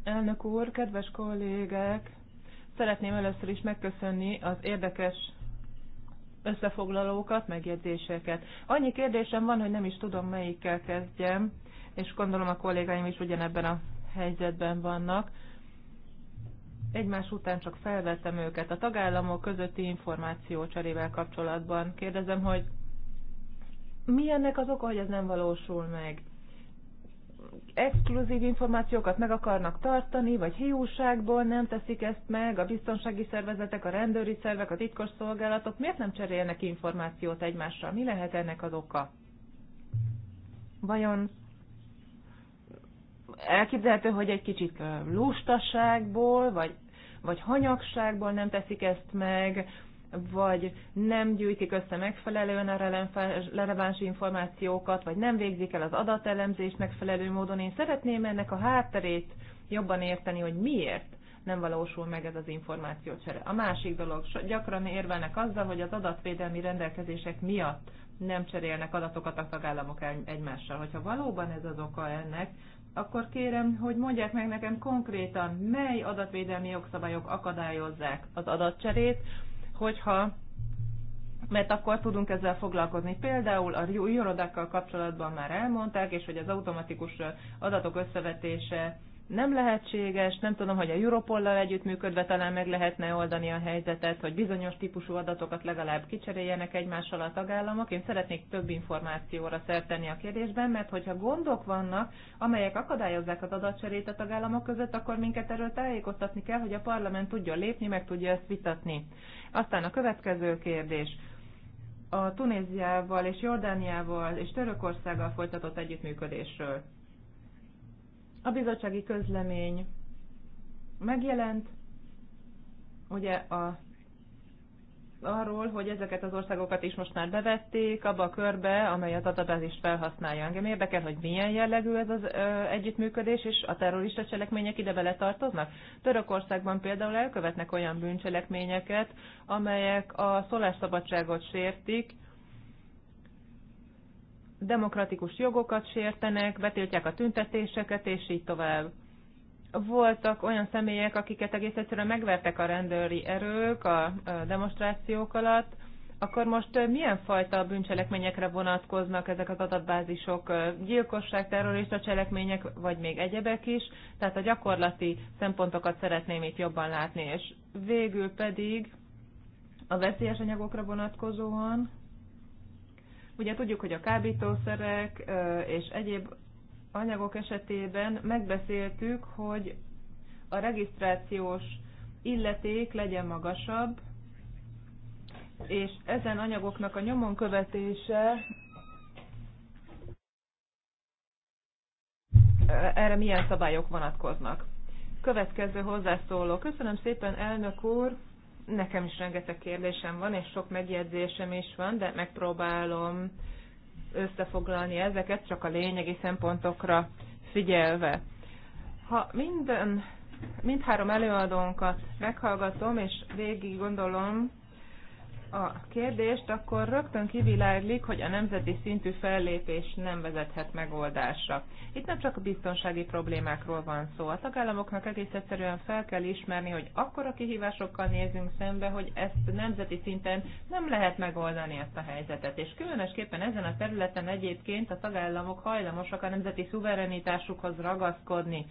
Elnök úr, kedves kollégák! Szeretném először is megköszönni az érdekes összefoglalókat, megjegyzéseket. Annyi kérdésem van, hogy nem is tudom, melyikkel kezdjem, és gondolom a kollégáim is ugyanebben a helyzetben vannak. Egymás után csak felvettem őket. A tagállamok közötti információ cserével kapcsolatban kérdezem, hogy mi ennek az oka, hogy ez nem valósul meg? exkluzív információkat meg akarnak tartani, vagy hiúságból nem teszik ezt meg, a biztonsági szervezetek, a rendőri szervek, a titkos szolgálatok miért nem cserélnek információt egymással? Mi lehet ennek az oka? Vajon elképzelhető, hogy egy kicsit lustaságból, vagy, vagy hanyagságból nem teszik ezt meg, vagy nem gyűjtik össze megfelelően a releváns információkat, vagy nem végzik el az adatelemzést megfelelő módon. Én szeretném ennek a hátterét jobban érteni, hogy miért nem valósul meg ez az információcsere. A másik dolog, gyakran érvelnek azzal, hogy az adatvédelmi rendelkezések miatt nem cserélnek adatokat a tagállamok egymással. Hogyha valóban ez az oka ennek, akkor kérem, hogy mondják meg nekem konkrétan, mely adatvédelmi jogszabályok akadályozzák az adatcserét, hogyha mert akkor tudunk ezzel foglalkozni. Például a irodákkal kapcsolatban már elmondták, és hogy az automatikus adatok összevetése nem lehetséges, nem tudom, hogy a Europollal együttműködve talán meg lehetne oldani a helyzetet, hogy bizonyos típusú adatokat legalább kicseréljenek egymással a tagállamok. Én szeretnék több információra szerteni a kérdésben, mert hogyha gondok vannak, amelyek akadályozzák az adatcserét a tagállamok között, akkor minket erről tájékoztatni kell, hogy a parlament tudjon lépni, meg tudja ezt vitatni. Aztán a következő kérdés a Tunéziával és Jordániával és Törökországgal folytatott együttműködésről. A bizottsági közlemény megjelent, ugye a, arról, hogy ezeket az országokat is most már bevették abba a körbe, amely az adatbázist felhasználja. Engem érdekel, hogy milyen jellegű ez az ö, együttműködés, és a terrorista cselekmények ide beletartoznak. Törökországban például elkövetnek olyan bűncselekményeket, amelyek a szólásszabadságot sértik, demokratikus jogokat sértenek, betiltják a tüntetéseket, és így tovább. Voltak olyan személyek, akiket egész egyszerűen megvertek a rendőri erők a demonstrációk alatt, akkor most milyen fajta bűncselekményekre vonatkoznak ezek az adatbázisok? Gyilkosság, terrorista cselekmények, vagy még egyebek is? Tehát a gyakorlati szempontokat szeretném itt jobban látni, és végül pedig a veszélyes anyagokra vonatkozóan Ugye tudjuk, hogy a kábítószerek és egyéb anyagok esetében megbeszéltük, hogy a regisztrációs illeték legyen magasabb, és ezen anyagoknak a nyomon követése erre milyen szabályok vonatkoznak. Következő hozzászóló. Köszönöm szépen, elnök úr! Nekem is rengeteg kérdésem van, és sok megjegyzésem is van, de megpróbálom összefoglalni ezeket, csak a lényegi szempontokra figyelve. Ha minden, mindhárom előadónkat meghallgatom, és végig gondolom, a kérdést, akkor rögtön kiviláglik, hogy a nemzeti szintű fellépés nem vezethet megoldásra. Itt nem csak a biztonsági problémákról van szó. A tagállamoknak egész egyszerűen fel kell ismerni, hogy akkor a kihívásokkal nézünk szembe, hogy ezt nemzeti szinten nem lehet megoldani ezt a helyzetet. És különösképpen ezen a területen egyébként a tagállamok hajlamosak a nemzeti szuverenitásukhoz ragaszkodni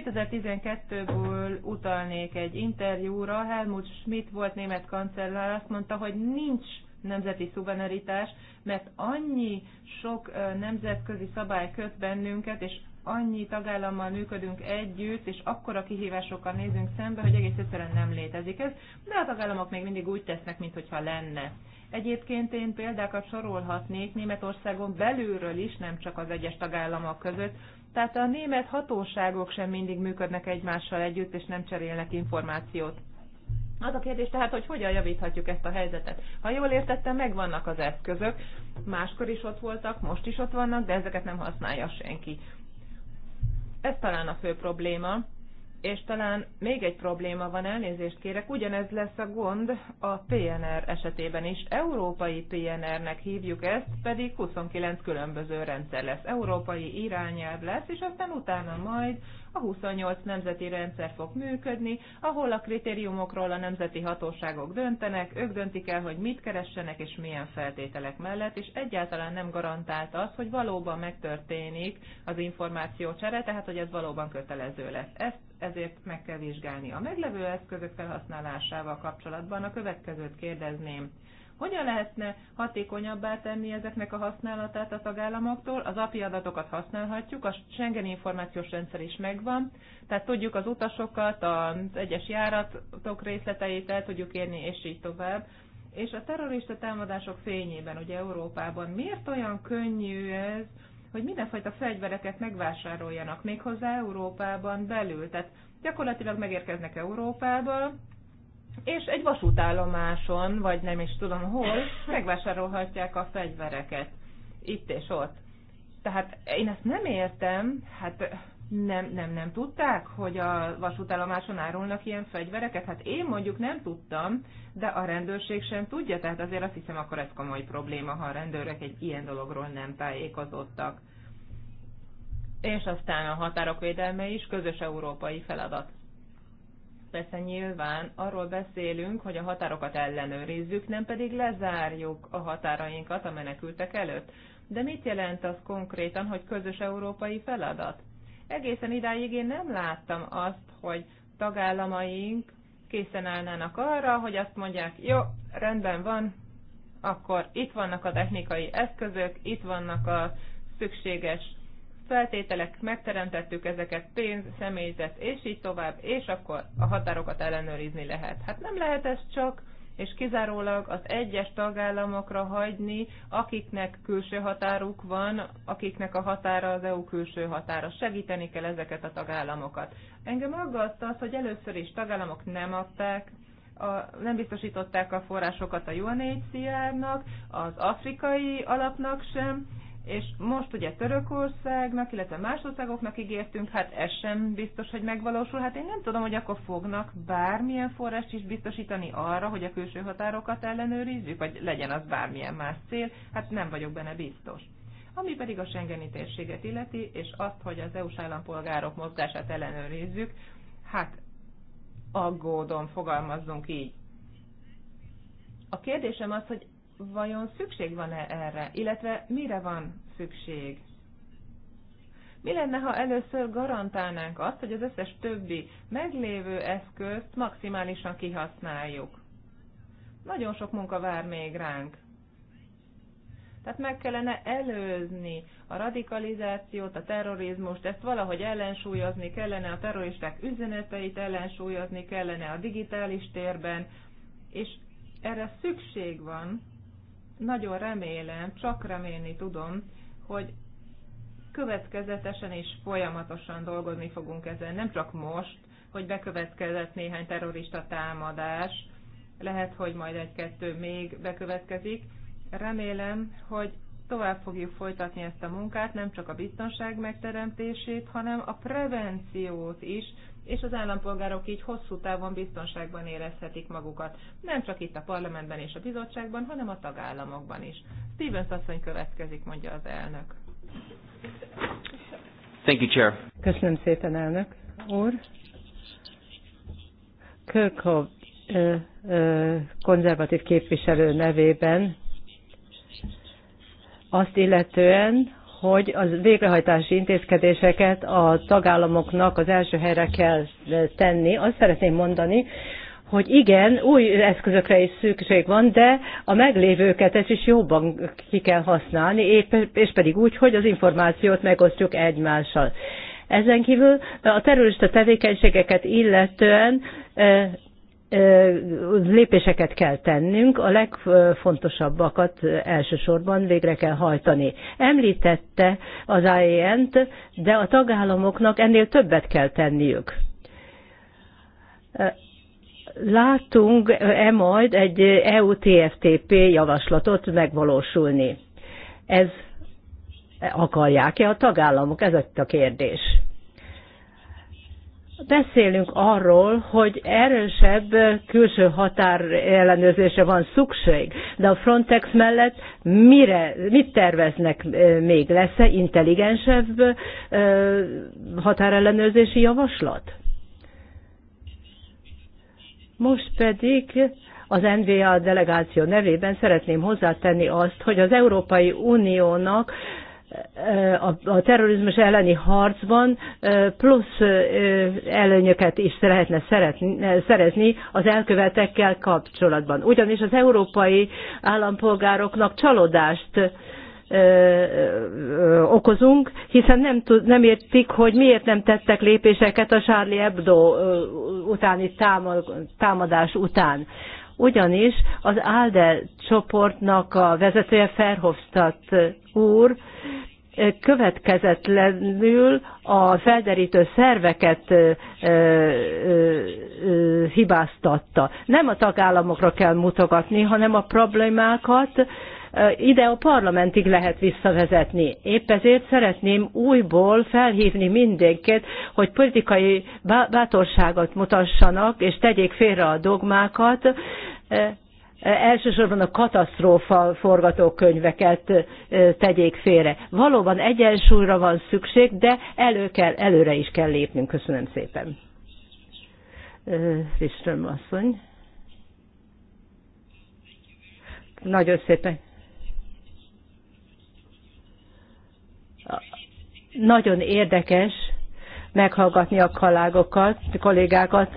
2012-ből utalnék egy interjúra. Helmut Schmidt volt német kancellár, azt mondta, hogy nincs nemzeti szuverenitás, mert annyi sok nemzetközi szabály köt bennünket, és annyi tagállammal működünk együtt, és akkora kihívásokkal nézünk szembe, hogy egész egyszerűen nem létezik ez, de a tagállamok még mindig úgy tesznek, mintha lenne. Egyébként én példákat sorolhatnék Németországon belülről is, nem csak az egyes tagállamok között, tehát a német hatóságok sem mindig működnek egymással együtt, és nem cserélnek információt. Az a kérdés tehát, hogy hogyan javíthatjuk ezt a helyzetet. Ha jól értettem, megvannak az eszközök, máskor is ott voltak, most is ott vannak, de ezeket nem használja senki. Ez talán a fő probléma, és talán még egy probléma van, elnézést kérek, ugyanez lesz a gond a PNR esetében is. Európai PNR-nek hívjuk ezt, pedig 29 különböző rendszer lesz. Európai irányelv lesz, és aztán utána majd a 28 nemzeti rendszer fog működni, ahol a kritériumokról a nemzeti hatóságok döntenek, ők döntik el, hogy mit keressenek és milyen feltételek mellett, és egyáltalán nem garantált az, hogy valóban megtörténik az információ csere, tehát hogy ez valóban kötelező lesz. Ezt ezért meg kell vizsgálni. A meglevő eszközök felhasználásával kapcsolatban a következőt kérdezném. Hogyan lehetne hatékonyabbá tenni ezeknek a használatát a tagállamoktól? Az API adatokat használhatjuk, a Schengen információs rendszer is megvan, tehát tudjuk az utasokat, az egyes járatok részleteit el tudjuk érni, és így tovább. És a terrorista támadások fényében, ugye Európában, miért olyan könnyű ez, hogy mindenfajta fegyvereket megvásároljanak méghozzá Európában belül. Tehát gyakorlatilag megérkeznek Európába, és egy vasútállomáson, vagy nem is tudom hol, megvásárolhatják a fegyvereket. Itt és ott. Tehát én ezt nem értem, hát nem, nem, nem tudták, hogy a vasútállomáson árulnak ilyen fegyvereket? Hát én mondjuk nem tudtam, de a rendőrség sem tudja, tehát azért azt hiszem, akkor ez komoly probléma, ha a rendőrök egy ilyen dologról nem tájékozottak. És aztán a határok védelme is közös európai feladat. Persze nyilván arról beszélünk, hogy a határokat ellenőrizzük, nem pedig lezárjuk a határainkat a menekültek előtt. De mit jelent az konkrétan, hogy közös európai feladat? Egészen idáig én nem láttam azt, hogy tagállamaink készen állnának arra, hogy azt mondják, jó, rendben van, akkor itt vannak a technikai eszközök, itt vannak a szükséges feltételek, megteremtettük ezeket, pénz, személyzet, és így tovább, és akkor a határokat ellenőrizni lehet. Hát nem lehet ez csak és kizárólag az egyes tagállamokra hagyni, akiknek külső határuk van, akiknek a határa az EU külső határa. Segíteni kell ezeket a tagállamokat. Engem aggaszt az, hogy először is tagállamok nem adták a, nem biztosították a forrásokat a UNHCR-nak, az afrikai alapnak sem, és most ugye Törökországnak, illetve más országoknak ígértünk, hát ez sem biztos, hogy megvalósul. Hát én nem tudom, hogy akkor fognak bármilyen forrást is biztosítani arra, hogy a külső határokat ellenőrizzük, vagy legyen az bármilyen más cél, hát nem vagyok benne biztos. Ami pedig a Schengeni térséget illeti, és azt, hogy az EU-s állampolgárok mozgását ellenőrizzük, hát aggódom, fogalmazzunk így. A kérdésem az, hogy vajon szükség van-e erre, illetve mire van szükség? Mi lenne, ha először garantálnánk azt, hogy az összes többi meglévő eszközt maximálisan kihasználjuk? Nagyon sok munka vár még ránk. Tehát meg kellene előzni a radikalizációt, a terrorizmust, ezt valahogy ellensúlyozni kellene, a terroristák üzeneteit ellensúlyozni kellene a digitális térben, és erre szükség van, nagyon remélem, csak remélni tudom, hogy következetesen és folyamatosan dolgozni fogunk ezen, nem csak most, hogy bekövetkezett néhány terrorista támadás, lehet, hogy majd egy-kettő még bekövetkezik. Remélem, hogy tovább fogjuk folytatni ezt a munkát, nem csak a biztonság megteremtését, hanem a prevenciót is, és az állampolgárok így hosszú távon biztonságban érezhetik magukat, nem csak itt a parlamentben és a bizottságban, hanem a tagállamokban is. Stevens asszony következik, mondja az elnök. Thank you, Chair. Köszönöm szépen, elnök úr. Kirkhoff konzervatív képviselő nevében azt illetően, hogy az végrehajtási intézkedéseket a tagállamoknak az első helyre kell e, tenni. Azt szeretném mondani, hogy igen, új eszközökre is szükség van, de a meglévőket ez is jobban ki kell használni, és pedig úgy, hogy az információt megosztjuk egymással. Ezen kívül a terrorista tevékenységeket illetően e, lépéseket kell tennünk, a legfontosabbakat elsősorban végre kell hajtani. Említette az IAN-t, de a tagállamoknak ennél többet kell tenniük. Látunk-e majd egy EU-TFTP javaslatot megvalósulni? Ez akarják-e a tagállamok? Ez a kérdés beszélünk arról, hogy erősebb külső határ ellenőrzése van szükség, de a Frontex mellett mire, mit terveznek e, még? Lesz-e intelligensebb e, határellenőrzési javaslat? Most pedig az NVA delegáció nevében szeretném hozzátenni azt, hogy az Európai Uniónak a terrorizmus elleni harcban plusz előnyöket is lehetne szerezni az elkövetekkel kapcsolatban. Ugyanis az európai állampolgároknak csalódást okozunk, hiszen nem, tud, nem értik, hogy miért nem tettek lépéseket a Charlie Hebdo utáni támadás után ugyanis az ALDE csoportnak a vezetője Ferhofstadt úr következetlenül a felderítő szerveket ö, ö, ö, hibáztatta. Nem a tagállamokra kell mutogatni, hanem a problémákat ide a parlamentig lehet visszavezetni. Épp ezért szeretném újból felhívni mindenkit, hogy politikai bátorságot mutassanak, és tegyék félre a dogmákat, elsősorban a katasztrófa forgatókönyveket tegyék félre. Valóban egyensúlyra van szükség, de elő kell, előre is kell lépnünk. Köszönöm szépen. Riström asszony. Nagyon szépen. Nagyon érdekes meghallgatni a kalágokat, kollégákat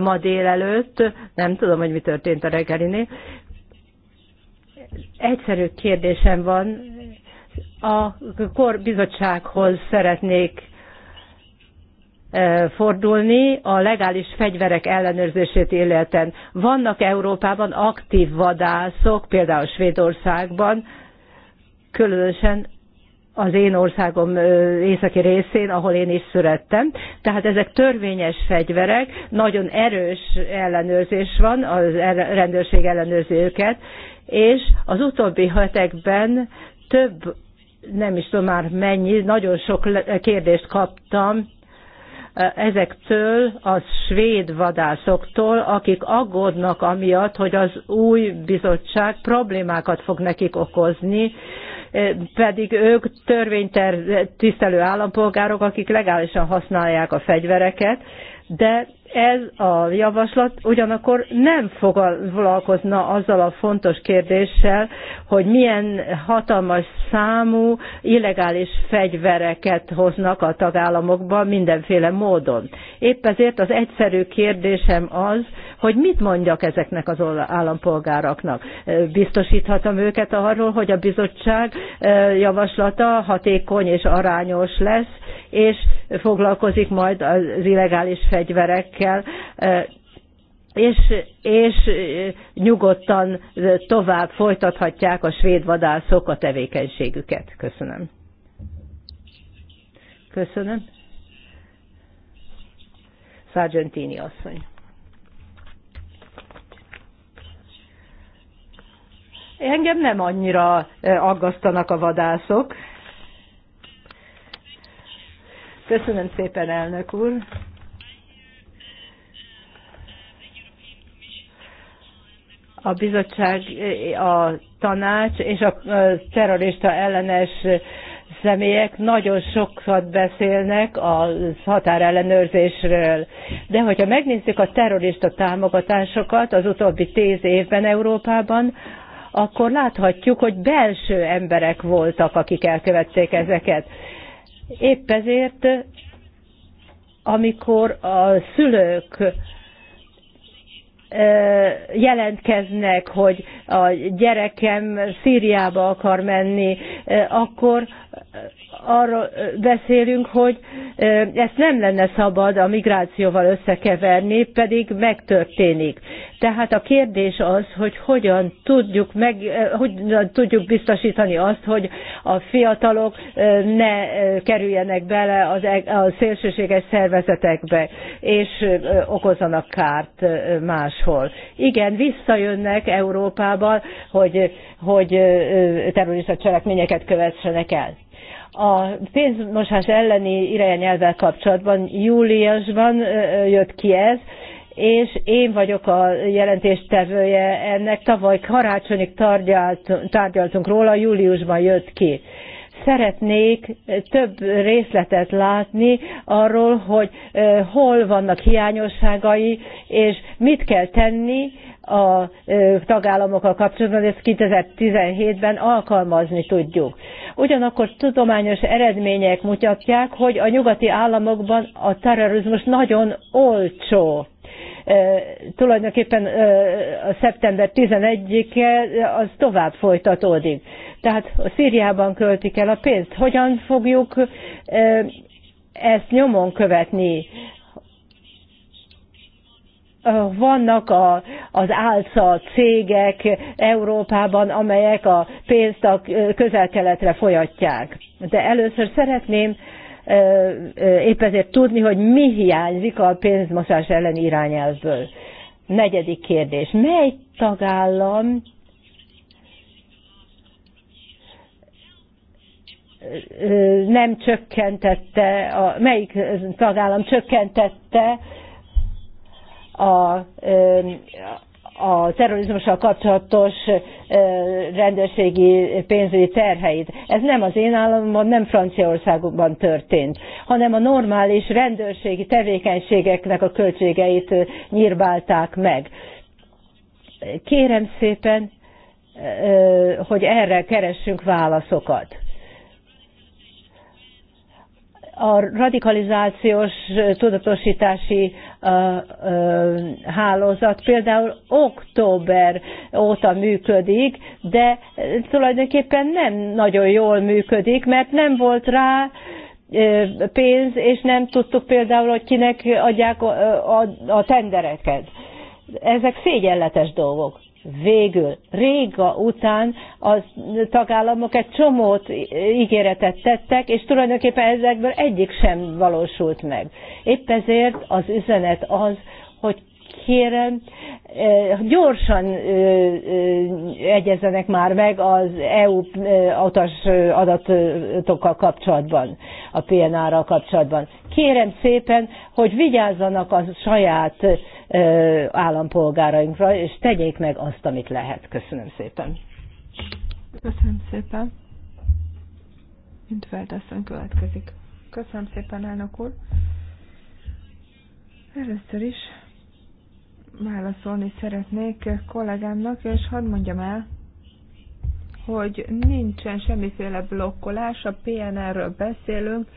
ma délelőtt. Nem tudom, hogy mi történt a reggelinél. Egyszerű kérdésem van. A korbizottsághoz szeretnék fordulni a legális fegyverek ellenőrzését életen. Vannak Európában aktív vadászok, például Svédországban, különösen az én országom északi részén, ahol én is születtem. Tehát ezek törvényes fegyverek, nagyon erős ellenőrzés van, a rendőrség ellenőrzi őket, és az utóbbi hetekben több, nem is tudom már mennyi, nagyon sok kérdést kaptam ezektől a svéd vadászoktól, akik aggódnak amiatt, hogy az új bizottság problémákat fog nekik okozni, Eh, pedig ők törvényter tisztelő állampolgárok, akik legálisan használják a fegyvereket, de ez a javaslat ugyanakkor nem foglalkozna azzal a fontos kérdéssel, hogy milyen hatalmas számú illegális fegyvereket hoznak a tagállamokba mindenféle módon. Épp ezért az egyszerű kérdésem az, hogy mit mondjak ezeknek az állampolgáraknak. Biztosíthatom őket arról, hogy a bizottság javaslata hatékony és arányos lesz, és foglalkozik majd az illegális fegyverekkel, és, és nyugodtan tovább folytathatják a svéd vadászok a tevékenységüket. Köszönöm. Köszönöm. Sargentini asszony. Engem nem annyira eh, aggasztanak a vadászok. Köszönöm szépen, elnök úr. a bizottság, eh, a tanács és a eh, terrorista ellenes személyek nagyon sokat beszélnek a határellenőrzésről. De hogyha megnézzük a terrorista támogatásokat az utóbbi tíz évben Európában, akkor láthatjuk, hogy belső emberek voltak, akik elkövették ezeket. Épp ezért, amikor a szülők jelentkeznek, hogy a gyerekem Szíriába akar menni, akkor arról beszélünk, hogy ezt nem lenne szabad a migrációval összekeverni, pedig megtörténik. Tehát a kérdés az, hogy hogyan tudjuk, meg, hogyan tudjuk biztosítani azt, hogy a fiatalok ne kerüljenek bele az, e, a szélsőséges szervezetekbe, és okozanak kárt máshol. Igen, visszajönnek Európában, hogy, hogy terrorista cselekményeket kövessenek el. A pénzmosás elleni irányelvvel kapcsolatban júliusban jött ki ez, és én vagyok a jelentéstevője ennek. Tavaly karácsonyig tárgyalt, tárgyaltunk róla, júliusban jött ki szeretnék több részletet látni arról, hogy hol vannak hiányosságai, és mit kell tenni a tagállamokkal kapcsolatban, ezt 2017-ben alkalmazni tudjuk. Ugyanakkor tudományos eredmények mutatják, hogy a nyugati államokban a terrorizmus nagyon olcsó. E, tulajdonképpen e, a szeptember 11-e az tovább folytatódik. Tehát a Szíriában költik el a pénzt. Hogyan fogjuk e, ezt nyomon követni? vannak a, az álca cégek Európában, amelyek a pénzt a közel-keletre folyatják. De először szeretném épp ezért tudni, hogy mi hiányzik a pénzmosás ellen irányelvből. Negyedik kérdés. Mely tagállam nem csökkentette, a, melyik tagállam csökkentette a, a terrorizmussal kapcsolatos rendőrségi pénzügyi terheit. Ez nem az én államban, nem Franciaországban történt, hanem a normális rendőrségi tevékenységeknek a költségeit nyírbálták meg. Kérem szépen, hogy erre keressünk válaszokat a radikalizációs tudatosítási hálózat például október óta működik, de tulajdonképpen nem nagyon jól működik, mert nem volt rá pénz, és nem tudtuk például, hogy kinek adják a, a, a tendereket. Ezek szégyenletes dolgok. Végül, Réga után a tagállamok egy csomót ígéretet tettek, és tulajdonképpen ezekből egyik sem valósult meg. Épp ezért az üzenet az, hogy kérem, eh, gyorsan eh, eh, egyezzenek már meg az EU autas adatokkal kapcsolatban, a PNR-ral kapcsolatban. Kérem szépen, hogy vigyázzanak a saját állampolgárainkra, és tegyék meg azt, amit lehet. Köszönöm szépen. Köszönöm szépen. mint asszony következik. Köszönöm szépen, elnök úr. Először is válaszolni szeretnék kollégámnak, és hadd mondjam el, hogy nincsen semmiféle blokkolás, a PNR-ről beszélünk,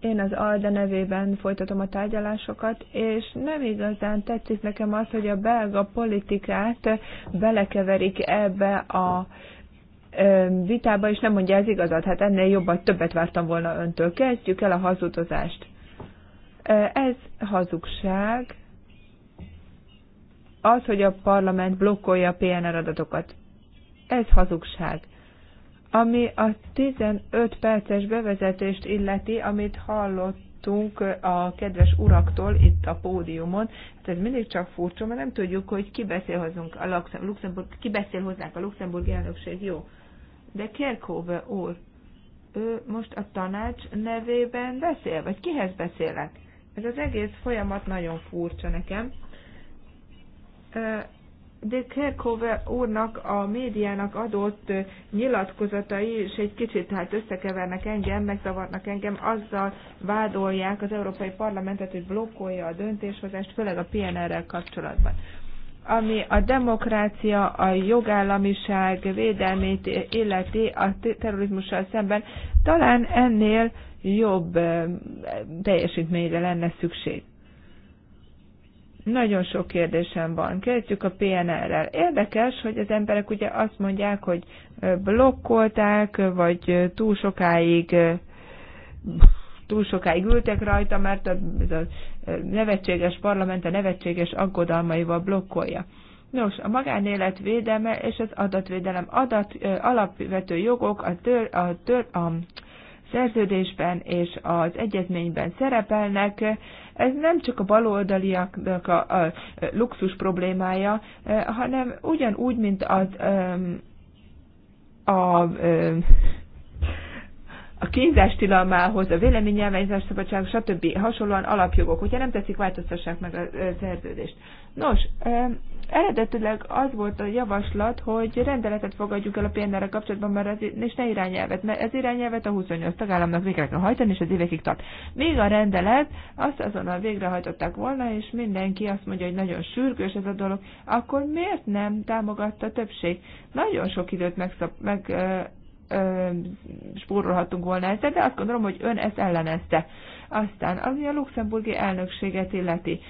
én az ALDE nevében folytatom a tárgyalásokat, és nem igazán tetszik nekem az, hogy a belga politikát belekeverik ebbe a vitába, és nem mondja ez igazat. Hát ennél jobban többet vártam volna öntől. Kezdjük el a hazudozást. Ez hazugság. Az, hogy a parlament blokkolja a PNR adatokat. Ez hazugság. Ami a 15 perces bevezetést illeti, amit hallottunk a kedves uraktól itt a pódiumon, hát ez mindig csak furcsa, mert nem tudjuk, hogy ki beszél, hozzunk a Luxemburg, ki beszél hozzánk a luxemburgi elnökség, jó. De Kerkove úr, ő most a tanács nevében beszél, vagy kihez beszélek? Ez az egész folyamat nagyon furcsa nekem de Kerkhove úrnak a médiának adott nyilatkozatai is egy kicsit hát összekevernek engem, megzavarnak engem, azzal vádolják az Európai Parlamentet, hogy blokkolja a döntéshozást, főleg a PNR-rel kapcsolatban. Ami a demokrácia, a jogállamiság védelmét illeti a terrorizmussal szemben, talán ennél jobb teljesítményre lenne szükség. Nagyon sok kérdésem van. Kezdjük a PNR-rel. Érdekes, hogy az emberek ugye azt mondják, hogy blokkolták, vagy túl sokáig túl sokáig ültek rajta, mert a, a nevetséges parlament a nevetséges aggodalmaival blokkolja. Nos, a magánélet védelme és az adatvédelem adat alapvető jogok a, tör, a, tör, a szerződésben és az egyezményben szerepelnek, ez nem csak a baloldaliaknak a, a luxus problémája, hanem ugyanúgy, mint az a, a, a kínzás tilalmához, a véleménynyelvenyzás szabadság, stb. hasonlóan alapjogok, hogyha nem teszik, változtassák meg a szerződést. Nos, Eredetileg az volt a javaslat, hogy rendeletet fogadjuk el a PNR-re kapcsolatban, mert ez, és ne irányelvet, mert ez irányelvet a 28 tagállamnak végre kell hajtani, és az évekig tart. Még a rendelet, azt azonnal végrehajtották volna, és mindenki azt mondja, hogy nagyon sürgős ez a dolog, akkor miért nem támogatta a többség? Nagyon sok időt megszab, meg, ö, ö, spórolhattunk volna ezzel, de azt gondolom, hogy ön ezt ellenezte. Aztán, ami a luxemburgi elnökséget illeti,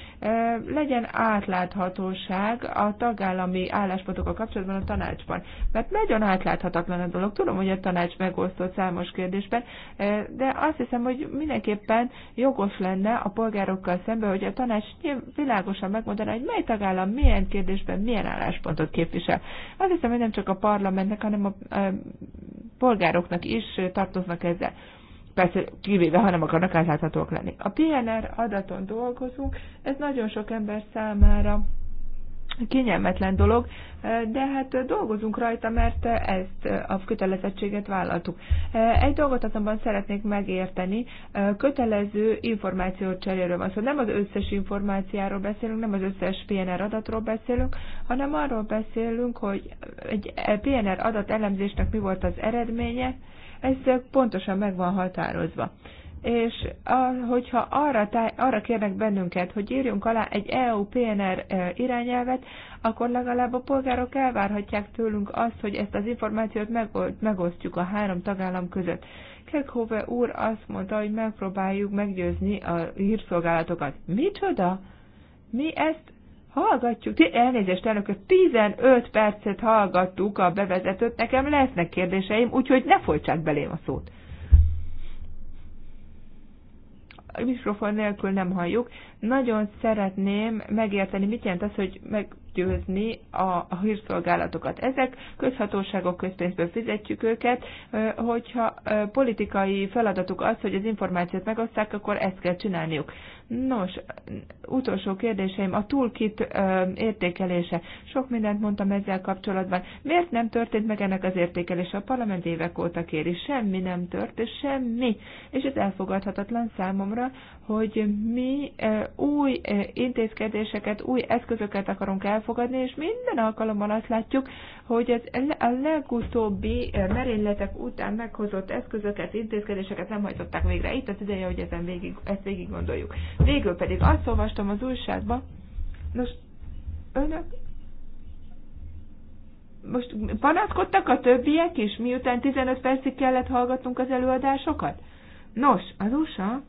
legyen átláthatóság a tagállami álláspontokkal kapcsolatban a tanácsban. Mert nagyon átláthatatlan a dolog. Tudom, hogy a tanács megosztott számos kérdésben, de azt hiszem, hogy mindenképpen jogos lenne a polgárokkal szemben, hogy a tanács világosan megmondaná, hogy mely tagállam milyen kérdésben milyen álláspontot képvisel. Azt hiszem, hogy nem csak a parlamentnek, hanem a polgároknak is tartoznak ezzel persze kivéve, ha nem akarnak átláthatóak lenni. A PNR adaton dolgozunk, ez nagyon sok ember számára kényelmetlen dolog, de hát dolgozunk rajta, mert ezt a kötelezettséget vállaltuk. Egy dolgot azonban szeretnék megérteni, kötelező információcseréről van szó. Szóval nem az összes informáciáról beszélünk, nem az összes PNR adatról beszélünk, hanem arról beszélünk, hogy egy PNR adat elemzésnek mi volt az eredménye, ez pontosan meg van határozva. És a, hogyha arra, táj, arra kérnek bennünket, hogy írjunk alá egy EU-PNR e, irányelvet, akkor legalább a polgárok elvárhatják tőlünk azt, hogy ezt az információt megosztjuk a három tagállam között. Kekhove úr azt mondta, hogy megpróbáljuk meggyőzni a hírszolgálatokat. Micsoda? Mi ezt Hallgatjuk, elnézést elnök, 15 percet hallgattuk a bevezetőt, nekem lesznek kérdéseim, úgyhogy ne folytsák belém a szót. A mikrofon nélkül nem halljuk. Nagyon szeretném megérteni, mit jelent az, hogy meg győzni a, a hírszolgálatokat. Ezek közhatóságok, közpénzből fizetjük őket, hogyha politikai feladatuk az, hogy az információt megosztják, akkor ezt kell csinálniuk. Nos, utolsó kérdéseim, a toolkit értékelése. Sok mindent mondtam ezzel kapcsolatban. Miért nem történt meg ennek az értékelése? A parlament évek óta kéri. Semmi nem tört, és semmi. És ez elfogadhatatlan számomra, hogy mi új intézkedéseket, új eszközöket akarunk el elfogadni, és minden alkalommal azt látjuk, hogy ez a legutóbbi eh, merényletek után meghozott eszközöket, intézkedéseket nem hajtották végre. Itt az ideje, hogy ezen végig, ezt végig gondoljuk. Végül pedig azt olvastam az újságba, nos, önök most panaszkodtak a többiek is, miután 15 percig kellett hallgatnunk az előadásokat? Nos, az USA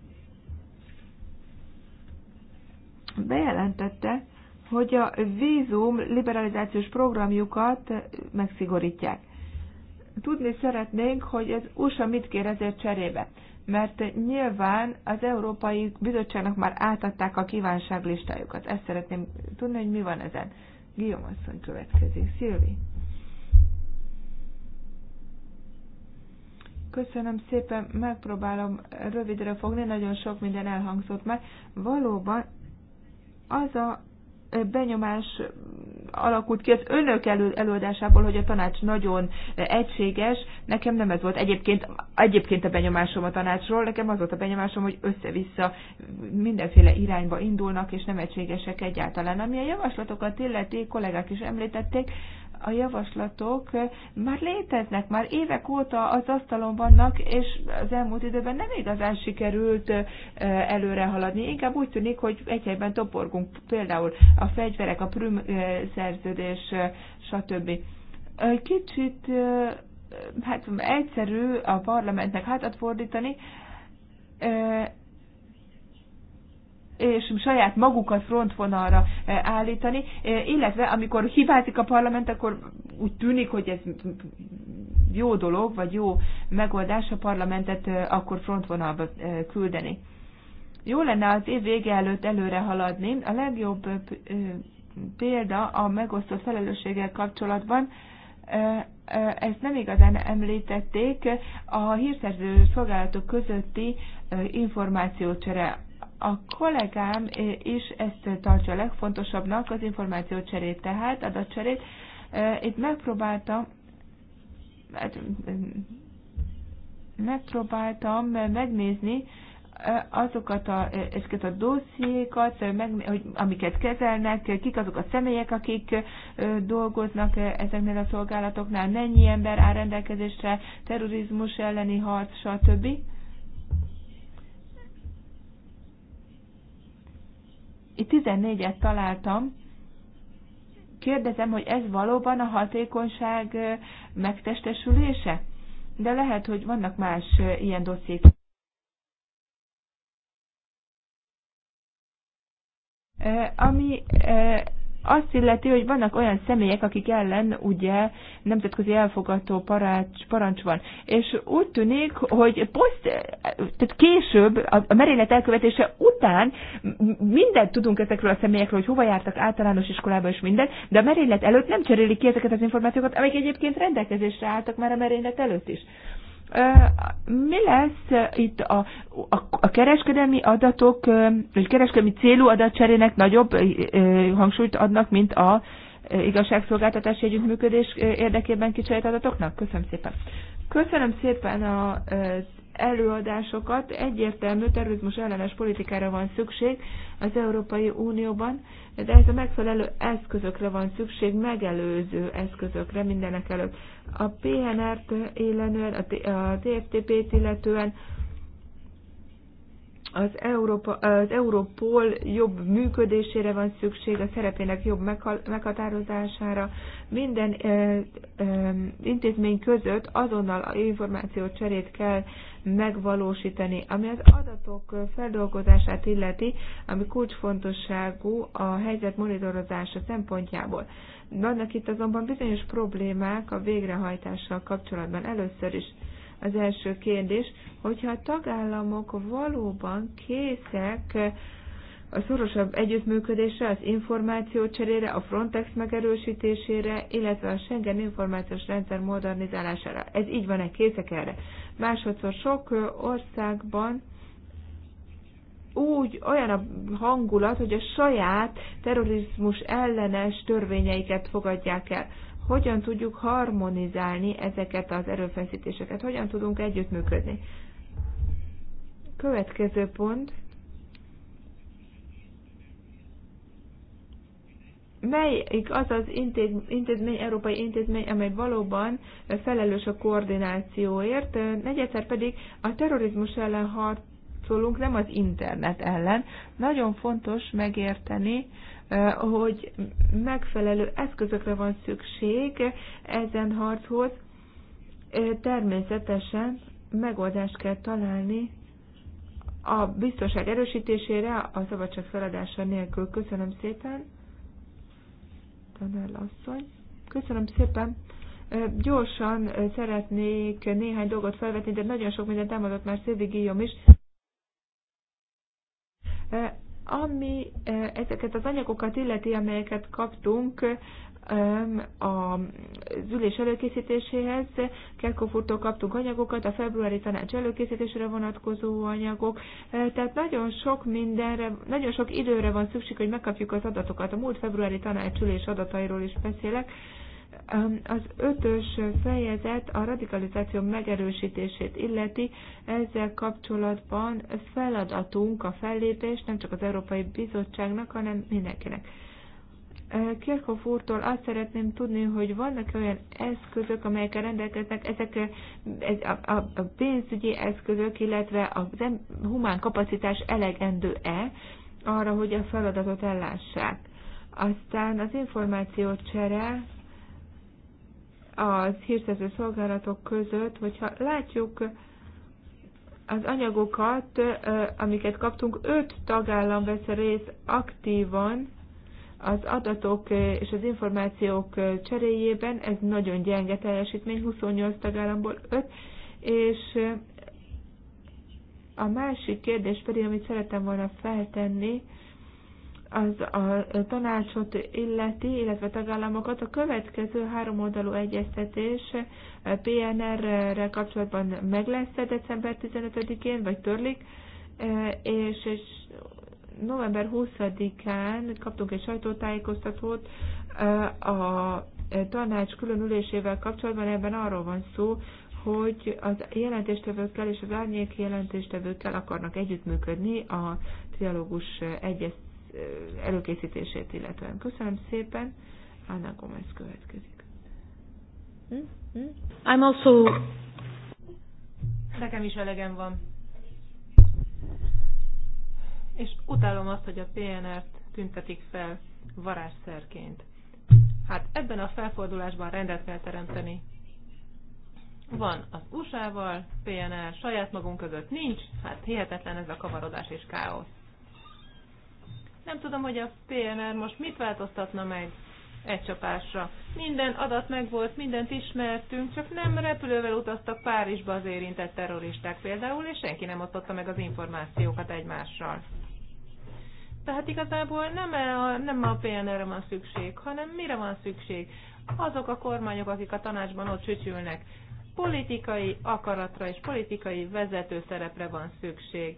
bejelentette, hogy a vízum liberalizációs programjukat megszigorítják. Tudni szeretnénk, hogy az USA mit kér ezért cserébe, mert nyilván az Európai Bizottságnak már átadták a kívánságlistájukat. Ezt szeretném tudni, hogy mi van ezen. Guillaume asszony következik. Szilvi. Köszönöm szépen, megpróbálom rövidre fogni, nagyon sok minden elhangzott meg. Valóban az a benyomás alakult ki az önök elő, előadásából, hogy a tanács nagyon egységes. Nekem nem ez volt egyébként, egyébként a benyomásom a tanácsról, nekem az volt a benyomásom, hogy össze-vissza mindenféle irányba indulnak, és nem egységesek egyáltalán. Ami a javaslatokat illeti, kollégák is említették, a javaslatok már léteznek, már évek óta az asztalon vannak, és az elmúlt időben nem igazán sikerült előre haladni. Inkább úgy tűnik, hogy egy helyben toporgunk, például a fegyverek, a prüm szerződés, stb. Kicsit hát egyszerű a parlamentnek hátat fordítani, és saját magukat frontvonalra e, állítani, e, illetve amikor hibázik a parlament, akkor úgy tűnik, hogy ez jó dolog, vagy jó megoldás a parlamentet e, akkor frontvonalba küldeni. Jó lenne az év vége előtt előre haladni. A legjobb példa a megosztott felelősséggel kapcsolatban, ezt nem igazán említették, a hírszerző szolgálatok közötti információcsere. A kollégám eh, is ezt tartja a legfontosabbnak, az információcserét tehát, adatcserét. Eh, itt megpróbáltam, hát, eh, megpróbáltam megnézni azokat a, ezeket a dossziékat, meg, hogy, amiket kezelnek, kik azok a személyek, akik dolgoznak ezeknél a szolgálatoknál, mennyi ember áll rendelkezésre, terrorizmus elleni harc, stb. Itt 14-et találtam. Kérdezem, hogy ez valóban a hatékonyság megtestesülése? De lehet, hogy vannak más ilyen dossziék. Ami azt illeti, hogy vannak olyan személyek, akik ellen ugye nemzetközi elfogató parács, parancs van. És úgy tűnik, hogy poszt, tehát később, a merénylet elkövetése után mindent tudunk ezekről a személyekről, hogy hova jártak általános iskolába és minden, de a merénylet előtt nem cserélik ki ezeket az információkat, amik egyébként rendelkezésre álltak már a merénylet előtt is mi lesz itt a, a, a kereskedelmi adatok, vagy kereskedelmi célú adatcserének nagyobb hangsúlyt adnak, mint a igazságszolgáltatási együttműködés érdekében kicserélt adatoknak? Köszönöm szépen. Köszönöm szépen az előadásokat. Egyértelmű terrorizmus ellenes politikára van szükség az Európai Unióban, de ez a megfelelő eszközökre van szükség, megelőző eszközökre mindenek előtt. A PNR-t illetően, a TFTP-t illetően, az, Európa, az Európol jobb működésére van szükség, a szerepének jobb meghatározására. Minden e, e, intézmény között azonnal információ cserét kell megvalósítani, ami az adatok feldolgozását illeti, ami kulcsfontosságú a helyzet monitorozása szempontjából. Vannak itt azonban bizonyos problémák a végrehajtással kapcsolatban először is az első kérdés, hogyha a tagállamok valóban készek a szorosabb együttműködésre, az információ cserére, a Frontex megerősítésére, illetve a Schengen információs rendszer modernizálására. Ez így van-e? Készek erre? Másodszor sok országban úgy olyan a hangulat, hogy a saját terrorizmus ellenes törvényeiket fogadják el hogyan tudjuk harmonizálni ezeket az erőfeszítéseket, hogyan tudunk együttműködni. Következő pont. Melyik az az intézmény, európai intézmény, amely valóban felelős a koordinációért, negyedszer pedig a terrorizmus ellen harcolunk, nem az internet ellen. Nagyon fontos megérteni, hogy megfelelő eszközökre van szükség ezen harchoz. Természetesen megoldást kell találni a biztonság erősítésére a szabadság feladása nélkül. Köszönöm szépen, tanár asszony. Köszönöm szépen. Gyorsan szeretnék néhány dolgot felvetni, de nagyon sok mindent elmondott már Szilvi Guillaume is ami ezeket az anyagokat illeti, amelyeket kaptunk, a ülés előkészítéséhez. Kerkofurtól kaptunk anyagokat, a februári tanács előkészítésre vonatkozó anyagok, tehát nagyon sok mindenre, nagyon sok időre van szükség, hogy megkapjuk az adatokat. A múlt februári ülés adatairól is beszélek, az ötös fejezet a radikalizáció megerősítését illeti, ezzel kapcsolatban feladatunk a fellépés nem csak az Európai Bizottságnak, hanem mindenkinek. Kirchhoff úrtól azt szeretném tudni, hogy vannak olyan eszközök, amelyekkel rendelkeznek, ezek a, pénzügyi eszközök, illetve a humán kapacitás elegendő-e arra, hogy a feladatot ellássák. Aztán az információcsere az hírszerző szolgálatok között, hogyha látjuk az anyagokat, amiket kaptunk, öt tagállam vesz részt aktívan az adatok és az információk cseréjében, ez nagyon gyenge teljesítmény, 28 tagállamból 5, és a másik kérdés pedig, amit szerettem volna feltenni, az a tanácsot illeti, illetve tagállamokat a következő három oldalú egyeztetés pnr re kapcsolatban meg lesz -e december 15-én, vagy törlik, e, és, és november 20-án kaptunk egy sajtótájékoztatót e, a tanács külön ülésével kapcsolatban, ebben arról van szó, hogy az jelentéstevőkkel és az árnyék jelentéstevőkkel akarnak együttműködni a trialógus egyeztetés előkészítését illetően. Köszönöm szépen. Anna Gomez következik. I'm also... Nekem is elegem van. És utálom azt, hogy a PNR-t tüntetik fel varázsszerként. Hát ebben a felfordulásban rendet kell teremteni. Van az USA-val, PNR, saját magunk között nincs, hát hihetetlen ez a kavarodás és káosz. Nem tudom, hogy a PNR most mit változtatna meg egy csapásra. Minden adat megvolt, mindent ismertünk, csak nem repülővel utaztak Párizsba az érintett terroristák például, és senki nem osztotta meg az információkat egymással. Tehát igazából nem e a, nem a PNR-re van szükség, hanem mire van szükség? Azok a kormányok, akik a tanácsban ott csücsülnek, politikai akaratra és politikai vezető szerepre van szükség.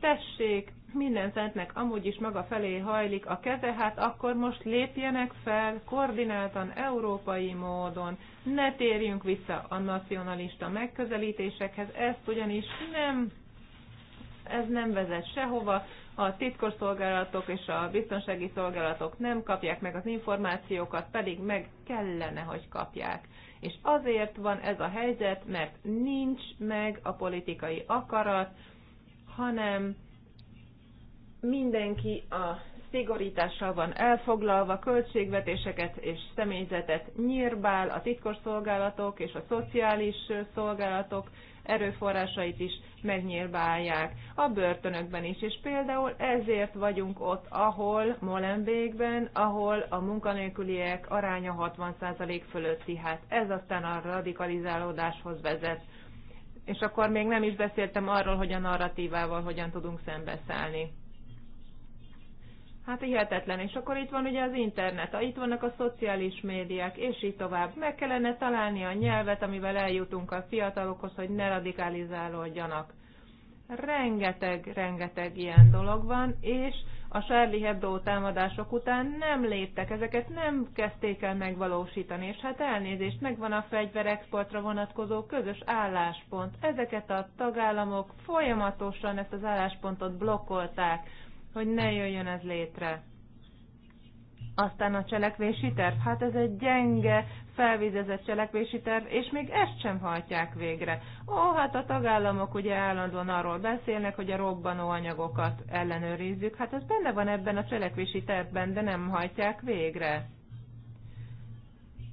Tessék minden szentnek amúgy is maga felé hajlik a keze, hát akkor most lépjenek fel koordináltan, európai módon, ne térjünk vissza a nacionalista megközelítésekhez, ezt ugyanis nem, ez nem vezet sehova, a szolgálatok és a biztonsági szolgálatok nem kapják meg az információkat, pedig meg kellene, hogy kapják. És azért van ez a helyzet, mert nincs meg a politikai akarat, hanem mindenki a szigorítással van elfoglalva, költségvetéseket és személyzetet nyírbál, a titkos szolgálatok és a szociális szolgálatok erőforrásait is megnyírbálják a börtönökben is, és például ezért vagyunk ott, ahol Molenbékben, ahol a munkanélküliek aránya 60% fölötti, hát ez aztán a radikalizálódáshoz vezet. És akkor még nem is beszéltem arról, hogy a narratívával hogyan tudunk szembeszállni. Hát hihetetlen. És akkor itt van ugye az internet, itt vannak a szociális médiák, és így tovább. Meg kellene találni a nyelvet, amivel eljutunk a fiatalokhoz, hogy ne radikalizálódjanak. Rengeteg, rengeteg ilyen dolog van, és a Charlie Hebdo támadások után nem léptek, ezeket nem kezdték el megvalósítani, és hát elnézést, megvan a fegyverexportra vonatkozó közös álláspont. Ezeket a tagállamok folyamatosan ezt az álláspontot blokkolták hogy ne jöjjön ez létre. Aztán a cselekvési terv, hát ez egy gyenge, felvizezett cselekvési terv, és még ezt sem hajtják végre. Ó, hát a tagállamok ugye állandóan arról beszélnek, hogy a robbanó anyagokat ellenőrizzük, hát ez benne van ebben a cselekvési tervben, de nem hajtják végre.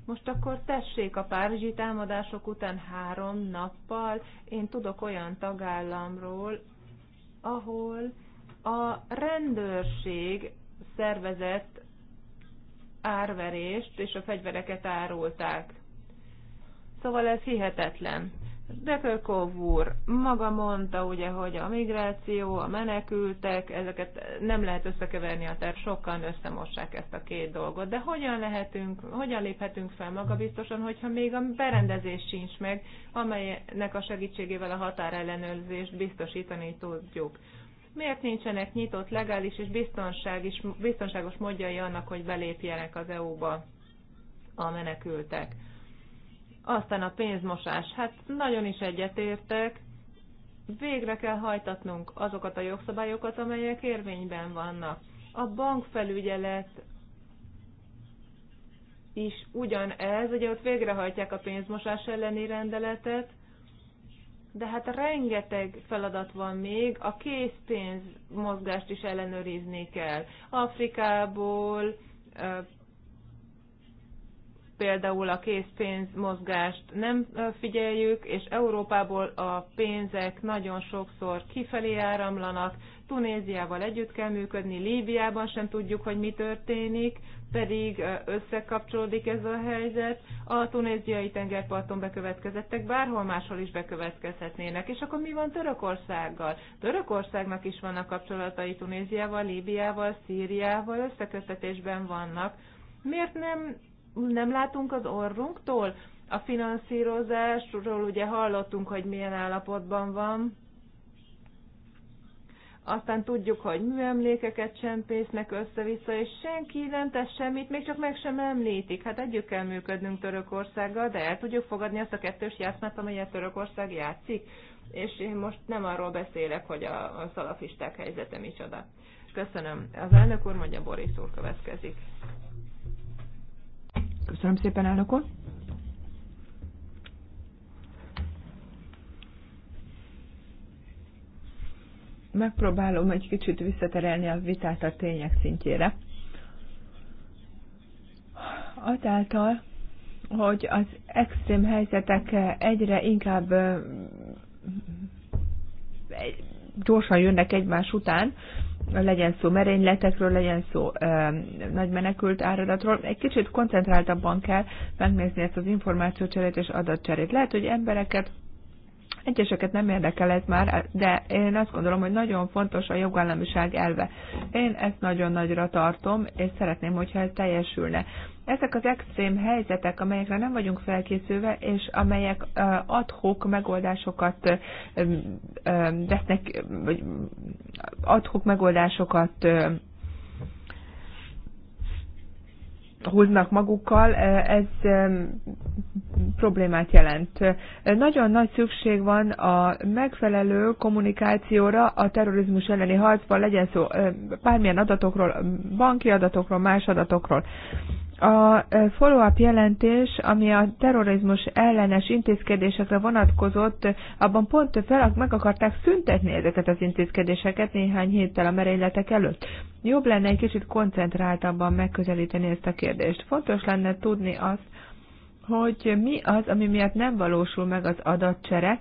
Most akkor tessék a párizsi támadások után három nappal, én tudok olyan tagállamról, ahol a rendőrség szervezett árverést, és a fegyvereket árulták. Szóval ez hihetetlen. Dekölkov úr maga mondta, ugye, hogy a migráció, a menekültek, ezeket nem lehet összekeverni a terv, sokan összemossák ezt a két dolgot. De hogyan lehetünk, hogyan léphetünk fel maga biztosan, hogyha még a berendezés sincs meg, amelynek a segítségével a határellenőrzést biztosítani tudjuk miért nincsenek nyitott, legális és is, biztonságos módjai annak, hogy belépjenek az EU-ba a menekültek. Aztán a pénzmosás. Hát nagyon is egyetértek. Végre kell hajtatnunk azokat a jogszabályokat, amelyek érvényben vannak. A bankfelügyelet is ugyanez, ugye ott végrehajtják a pénzmosás elleni rendeletet, de hát rengeteg feladat van még, a készpénz mozgást is ellenőrizni kell. Afrikából például a készpénz mozgást nem figyeljük, és Európából a pénzek nagyon sokszor kifelé áramlanak, Tunéziával együtt kell működni, Líbiában sem tudjuk, hogy mi történik, pedig összekapcsolódik ez a helyzet, a tunéziai tengerparton bekövetkezettek bárhol máshol is bekövetkezhetnének. És akkor mi van Törökországgal? Törökországnak is vannak kapcsolatai Tunéziával, Líbiával, Szíriával, összekötetésben vannak. Miért nem, nem látunk az orrunktól? A finanszírozásról ugye hallottunk, hogy milyen állapotban van aztán tudjuk, hogy műemlékeket csempésznek össze-vissza, és senki nem tesz semmit, még csak meg sem említik. Hát együtt kell működnünk Törökországgal, de el tudjuk fogadni azt a kettős játszmát, amelyet Törökország játszik. És én most nem arról beszélek, hogy a, a szalafisták helyzete micsoda. Köszönöm. Az elnök úr mondja, Boris úr következik. Köszönöm szépen, elnök úr. megpróbálom egy kicsit visszaterelni a vitát a tények szintjére. Azáltal, hogy az extrém helyzetek egyre inkább gyorsan jönnek egymás után, legyen szó merényletekről, legyen szó ö, nagy menekült áradatról, egy kicsit koncentráltabban kell megnézni ezt az információcserét és adatcserét. Lehet, hogy embereket Egyeseket nem érdekel ez már, de én azt gondolom, hogy nagyon fontos a jogállamiság elve. Én ezt nagyon nagyra tartom, és szeretném, hogyha ez teljesülne. Ezek az extrém helyzetek, amelyekre nem vagyunk felkészülve, és amelyek adhok megoldásokat vesznek, vagy adhok megoldásokat hoznak magukkal, e, ez e, problémát jelent. Nagyon nagy szükség van a megfelelő kommunikációra a terrorizmus elleni harcban, legyen szó e, bármilyen adatokról, banki adatokról, más adatokról. A follow-up jelentés, ami a terrorizmus ellenes intézkedésekre vonatkozott, abban pont fel, meg akarták szüntetni ezeket az intézkedéseket néhány héttel a merényletek előtt. Jobb lenne egy kicsit koncentráltabban megközelíteni ezt a kérdést. Fontos lenne tudni azt, hogy mi az, ami miatt nem valósul meg az adatcsere,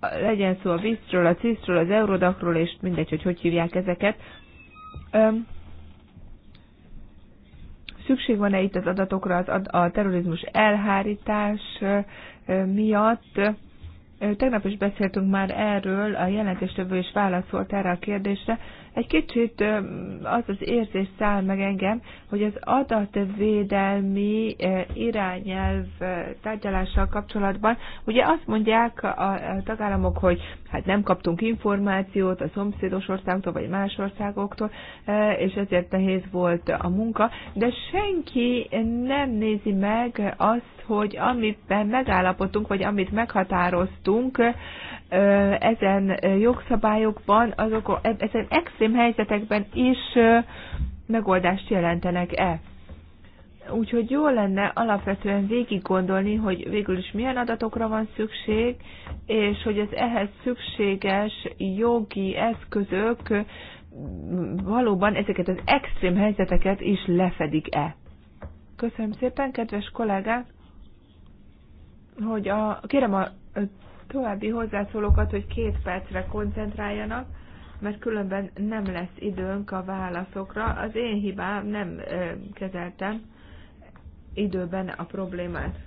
legyen szó a vízről, a cisztről, az eurodakról, és mindegy, hogy hogy hívják ezeket Szükség van-e itt az adatokra az, a terrorizmus elhárítás miatt? Tegnap is beszéltünk már erről, a jelentéstevő is válaszolt erre a kérdésre. Egy kicsit az az érzés száll meg engem, hogy az adatvédelmi irányelv tárgyalással kapcsolatban, ugye azt mondják a tagállamok, hogy hát nem kaptunk információt a szomszédos országoktól, vagy más országoktól, és ezért nehéz volt a munka, de senki nem nézi meg azt, hogy amiben megállapodtunk, vagy amit meghatároztunk, ezen jogszabályokban, azok, e- ezen extrém helyzetekben is megoldást jelentenek-e. Úgyhogy jó lenne alapvetően végig gondolni, hogy végül is milyen adatokra van szükség, és hogy az ehhez szükséges jogi eszközök valóban ezeket az extrém helyzeteket is lefedik-e. Köszönöm szépen, kedves kollégák, hogy a, kérem a további hozzászólókat, hogy két percre koncentráljanak, mert különben nem lesz időnk a válaszokra. Az én hibám, nem kezeltem időben a problémát.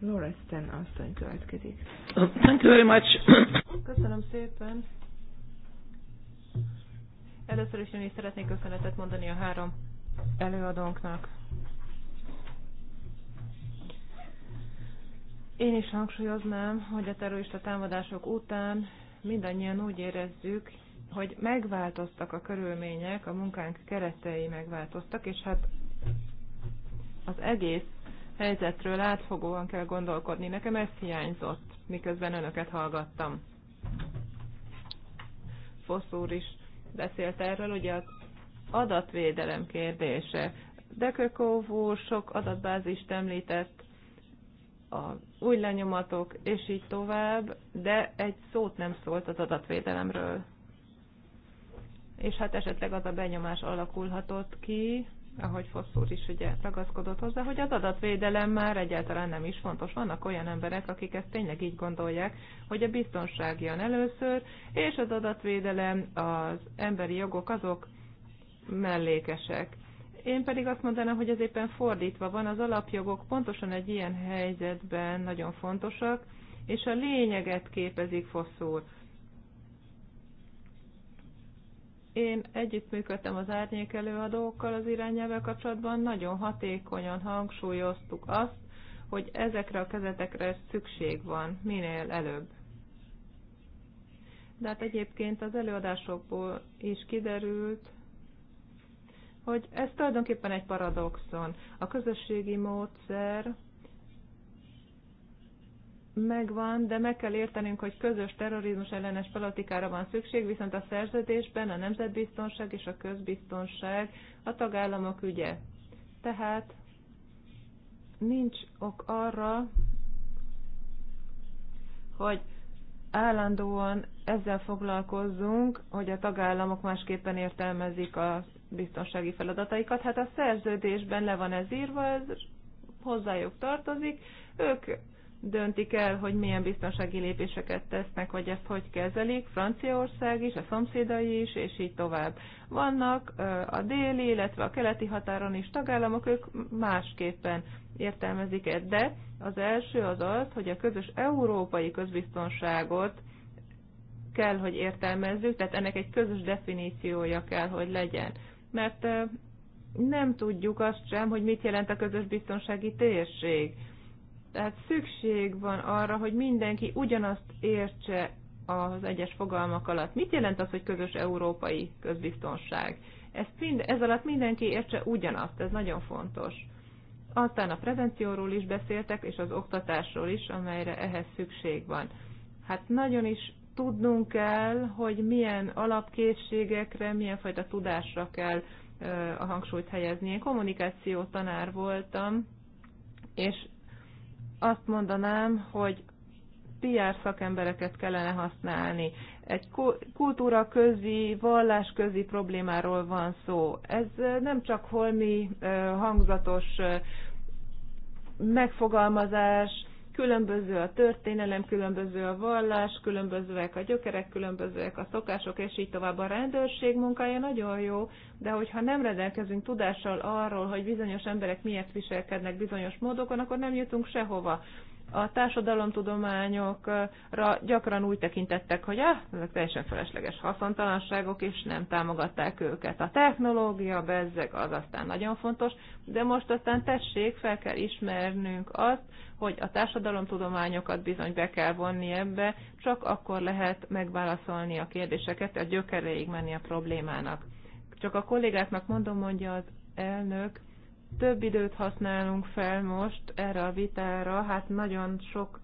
Loresten asszony következik. Thank you very much. Köszönöm szépen. Először is én is szeretnék köszönetet mondani a három előadónknak. Én is hangsúlyoznám, hogy a terrorista támadások után mindannyian úgy érezzük, hogy megváltoztak a körülmények, a munkánk keretei megváltoztak, és hát az egész helyzetről átfogóan kell gondolkodni. Nekem ez hiányzott, miközben önöket hallgattam. Fosz úr is beszélt erről, ugye az adatvédelem kérdése. Dekökov úr sok adatbázist említett, a új lenyomatok, és így tovább, de egy szót nem szólt az adatvédelemről. És hát esetleg az a benyomás alakulhatott ki, ahogy Fosszúr is ugye ragaszkodott hozzá, hogy az adatvédelem már egyáltalán nem is fontos. Vannak olyan emberek, akik ezt tényleg így gondolják, hogy a biztonság jön először, és az adatvédelem, az emberi jogok azok mellékesek. Én pedig azt mondanám, hogy ez éppen fordítva van, az alapjogok pontosan egy ilyen helyzetben nagyon fontosak, és a lényeget képezik foszul. Én együttműködtem az árnyék előadókkal az irányelvvel kapcsolatban, nagyon hatékonyan hangsúlyoztuk azt, hogy ezekre a kezetekre szükség van minél előbb. De hát egyébként az előadásokból is kiderült, hogy ez tulajdonképpen egy paradoxon. A közösségi módszer megvan, de meg kell értenünk, hogy közös terrorizmus ellenes politikára van szükség, viszont a szerződésben a nemzetbiztonság és a közbiztonság a tagállamok ügye. Tehát nincs ok arra, hogy állandóan ezzel foglalkozzunk, hogy a tagállamok másképpen értelmezik a biztonsági feladataikat. Hát a szerződésben le van ez írva, ez hozzájuk tartozik. Ők döntik el, hogy milyen biztonsági lépéseket tesznek, hogy ezt hogy kezelik, Franciaország is, a szomszédai is, és így tovább. Vannak a déli, illetve a keleti határon is tagállamok, ők másképpen értelmezik ezt, de az első az az, hogy a közös európai közbiztonságot kell, hogy értelmezzük, tehát ennek egy közös definíciója kell, hogy legyen mert nem tudjuk azt sem, hogy mit jelent a közös biztonsági térség. Tehát szükség van arra, hogy mindenki ugyanazt értse az egyes fogalmak alatt. Mit jelent az, hogy közös európai közbiztonság? Ezt mind, ez alatt mindenki értse ugyanazt, ez nagyon fontos. Aztán a prevencióról is beszéltek, és az oktatásról is, amelyre ehhez szükség van. Hát nagyon is tudnunk kell, hogy milyen alapkészségekre, milyen fajta tudásra kell a hangsúlyt helyezni. Én kommunikáció tanár voltam, és azt mondanám, hogy PR szakembereket kellene használni. Egy kultúra közi, vallás közi problémáról van szó. Ez nem csak holmi hangzatos megfogalmazás, Különböző a történelem, különböző a vallás, különbözőek a gyökerek, különbözőek a szokások, és így tovább a rendőrség munkája nagyon jó, de hogyha nem rendelkezünk tudással arról, hogy bizonyos emberek miért viselkednek bizonyos módokon, akkor nem jutunk sehova a társadalomtudományokra gyakran úgy tekintettek, hogy ah, ezek teljesen felesleges haszontalanságok, és nem támogatták őket. A technológia, bezzeg, az aztán nagyon fontos, de most aztán tessék, fel kell ismernünk azt, hogy a társadalomtudományokat bizony be kell vonni ebbe, csak akkor lehet megválaszolni a kérdéseket, a gyökereig menni a problémának. Csak a kollégáknak mondom, mondja az elnök, több időt használunk fel most erre a vitára, hát nagyon sok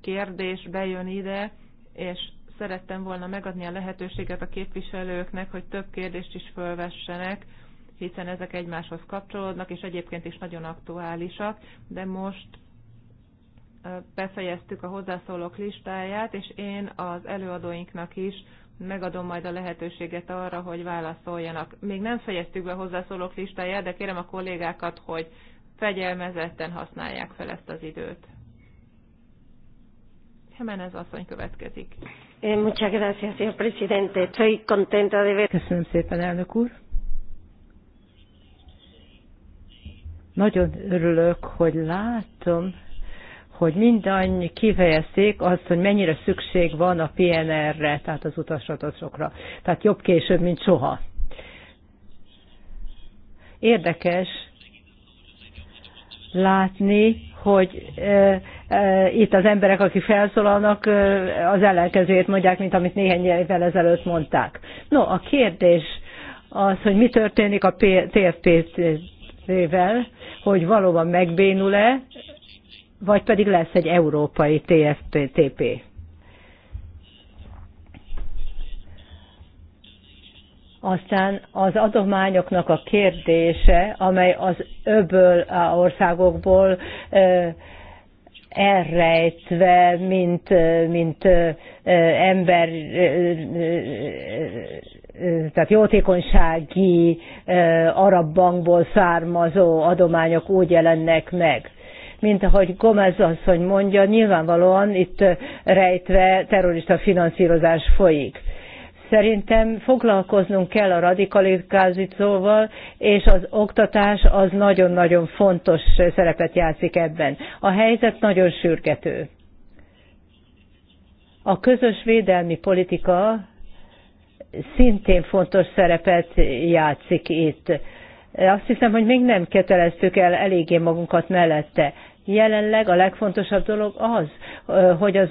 kérdés bejön ide, és szerettem volna megadni a lehetőséget a képviselőknek, hogy több kérdést is fölvessenek, hiszen ezek egymáshoz kapcsolódnak, és egyébként is nagyon aktuálisak, de most befejeztük a hozzászólók listáját, és én az előadóinknak is megadom majd a lehetőséget arra, hogy válaszoljanak. Még nem fejeztük be hozzászólók listáját, de kérem a kollégákat, hogy fegyelmezetten használják fel ezt az időt. Hemen ez asszony következik. Eh, muchas gracias, señor presidente. contenta de ver... Köszönöm szépen, elnök úr. Nagyon örülök, hogy látom, hogy mindannyi kifejezték azt, hogy mennyire szükség van a PNR-re, tehát az utasadatokra. Tehát jobb később, mint soha. Érdekes látni, hogy e, e, itt az emberek, akik felszólalnak, e, az ellenkezőjét mondják, mint amit néhány évvel ezelőtt mondták. No, a kérdés az, hogy mi történik a TFP-vel, hogy valóban megbénul-e vagy pedig lesz egy európai TFTP. Aztán az adományoknak a kérdése, amely az öböl országokból elrejtve, mint, mint ember, tehát jótékonysági arab bankból származó adományok úgy jelennek meg mint ahogy Gomez asszony mondja, nyilvánvalóan itt rejtve terrorista finanszírozás folyik. Szerintem foglalkoznunk kell a radikalizációval, és az oktatás az nagyon-nagyon fontos szerepet játszik ebben. A helyzet nagyon sürgető. A közös védelmi politika szintén fontos szerepet játszik itt. Azt hiszem, hogy még nem keteleztük el eléggé magunkat mellette jelenleg a legfontosabb dolog az, hogy az,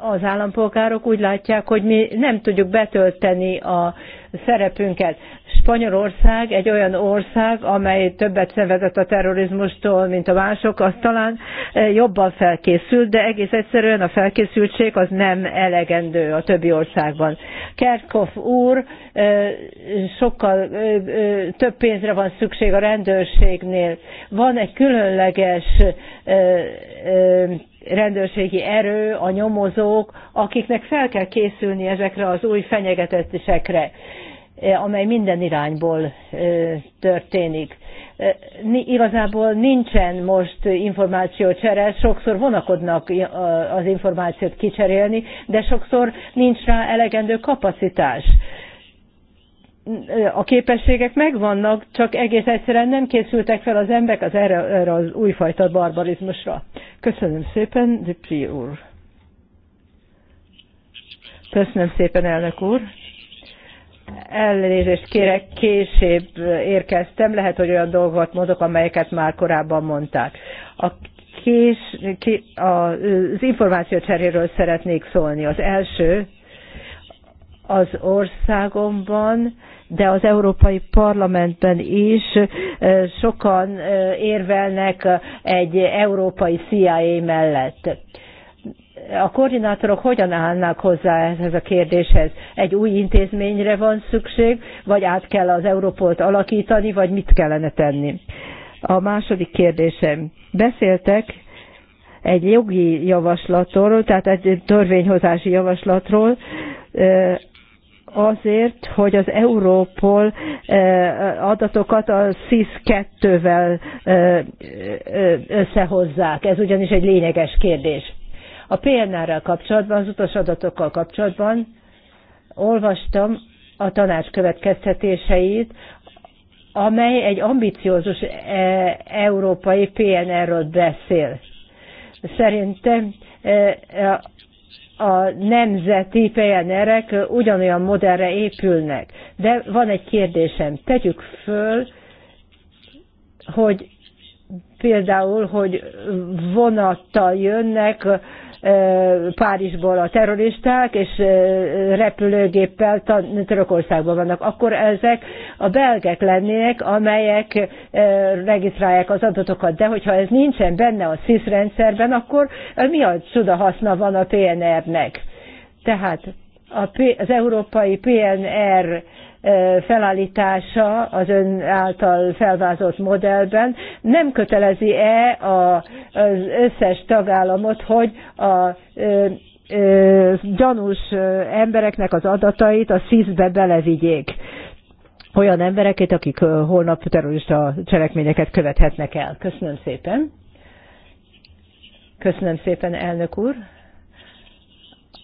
az állampolgárok úgy látják, hogy mi nem tudjuk betölteni a szerepünket. Spanyolország egy olyan ország, amely többet szenvedett a terrorizmustól, mint a mások, az talán eh, jobban felkészült, de egész egyszerűen a felkészültség az nem elegendő a többi országban. Kerkhoff úr, eh, sokkal eh, több pénzre van szükség a rendőrségnél. Van egy különleges rendőrségi erő, a nyomozók, akiknek fel kell készülni ezekre az új fenyegetetésekre amely minden irányból történik. Igazából nincsen most információcsere, sokszor vonakodnak az információt kicserélni, de sokszor nincs rá elegendő kapacitás. A képességek megvannak, csak egész egyszerűen nem készültek fel az emberek az erre, erre az újfajta barbarizmusra. Köszönöm szépen, Dipri úr. Köszönöm szépen, elnök úr elnézést kérek, később érkeztem, lehet, hogy olyan dolgot mondok, amelyeket már korábban mondták. A kés, ki, a, az cseréről szeretnék szólni. Az első az országomban, de az Európai Parlamentben is sokan érvelnek egy európai CIA mellett a koordinátorok hogyan állnak hozzá ehhez a kérdéshez? Egy új intézményre van szükség, vagy át kell az Európolt alakítani, vagy mit kellene tenni? A második kérdésem. Beszéltek egy jogi javaslatról, tehát egy törvényhozási javaslatról, azért, hogy az Európol adatokat a SIS-2-vel összehozzák. Ez ugyanis egy lényeges kérdés. A PNR-rel kapcsolatban, az utas adatokkal kapcsolatban olvastam a tanács következtetéseit, amely egy ambiciózus e, európai PNR-ről beszél. Szerintem e, a nemzeti PNR-ek ugyanolyan modellre épülnek. De van egy kérdésem. Tegyük föl, hogy például, hogy vonattal jönnek Párizsból a terroristák, és repülőgéppel Törökországban vannak, akkor ezek a belgek lennének, amelyek regisztrálják az adatokat, de hogyha ez nincsen benne a SZISZ rendszerben, akkor mi a csuda haszna van a PNR-nek? Tehát az európai PNR eh, felállítása az ön által felvázolt modellben nem kötelezi-e az összes tagállamot, hogy a eh, eh, gyanús embereknek az adatait a SZISZ-be belevigyék? olyan embereket, akik holnap terrorista cselekményeket követhetnek el. Köszönöm szépen. Köszönöm szépen, elnök úr.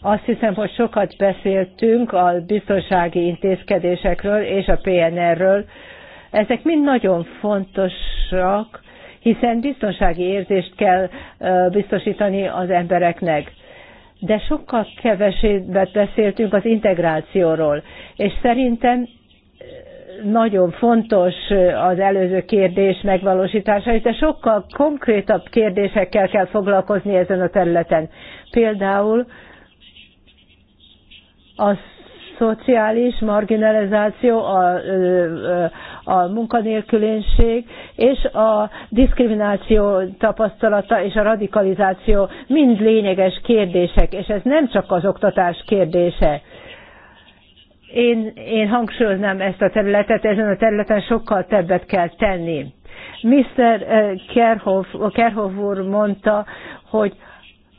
Azt hiszem, hogy sokat beszéltünk a biztonsági intézkedésekről és a PNR-ről. Ezek mind nagyon fontosak, hiszen biztonsági érzést kell biztosítani az embereknek. De sokkal kevesebbet beszéltünk az integrációról, és szerintem nagyon fontos az előző kérdés megvalósítása, de sokkal konkrétabb kérdésekkel kell foglalkozni ezen a területen. Például a szociális marginalizáció, a, a munkanélkülénység és a diszkrimináció tapasztalata és a radikalizáció mind lényeges kérdések, és ez nem csak az oktatás kérdése. Én, én hangsúlyoznám ezt a területet, ezen a területen sokkal többet kell tenni. Mr. Kerhoff, Kerhoff úr mondta, hogy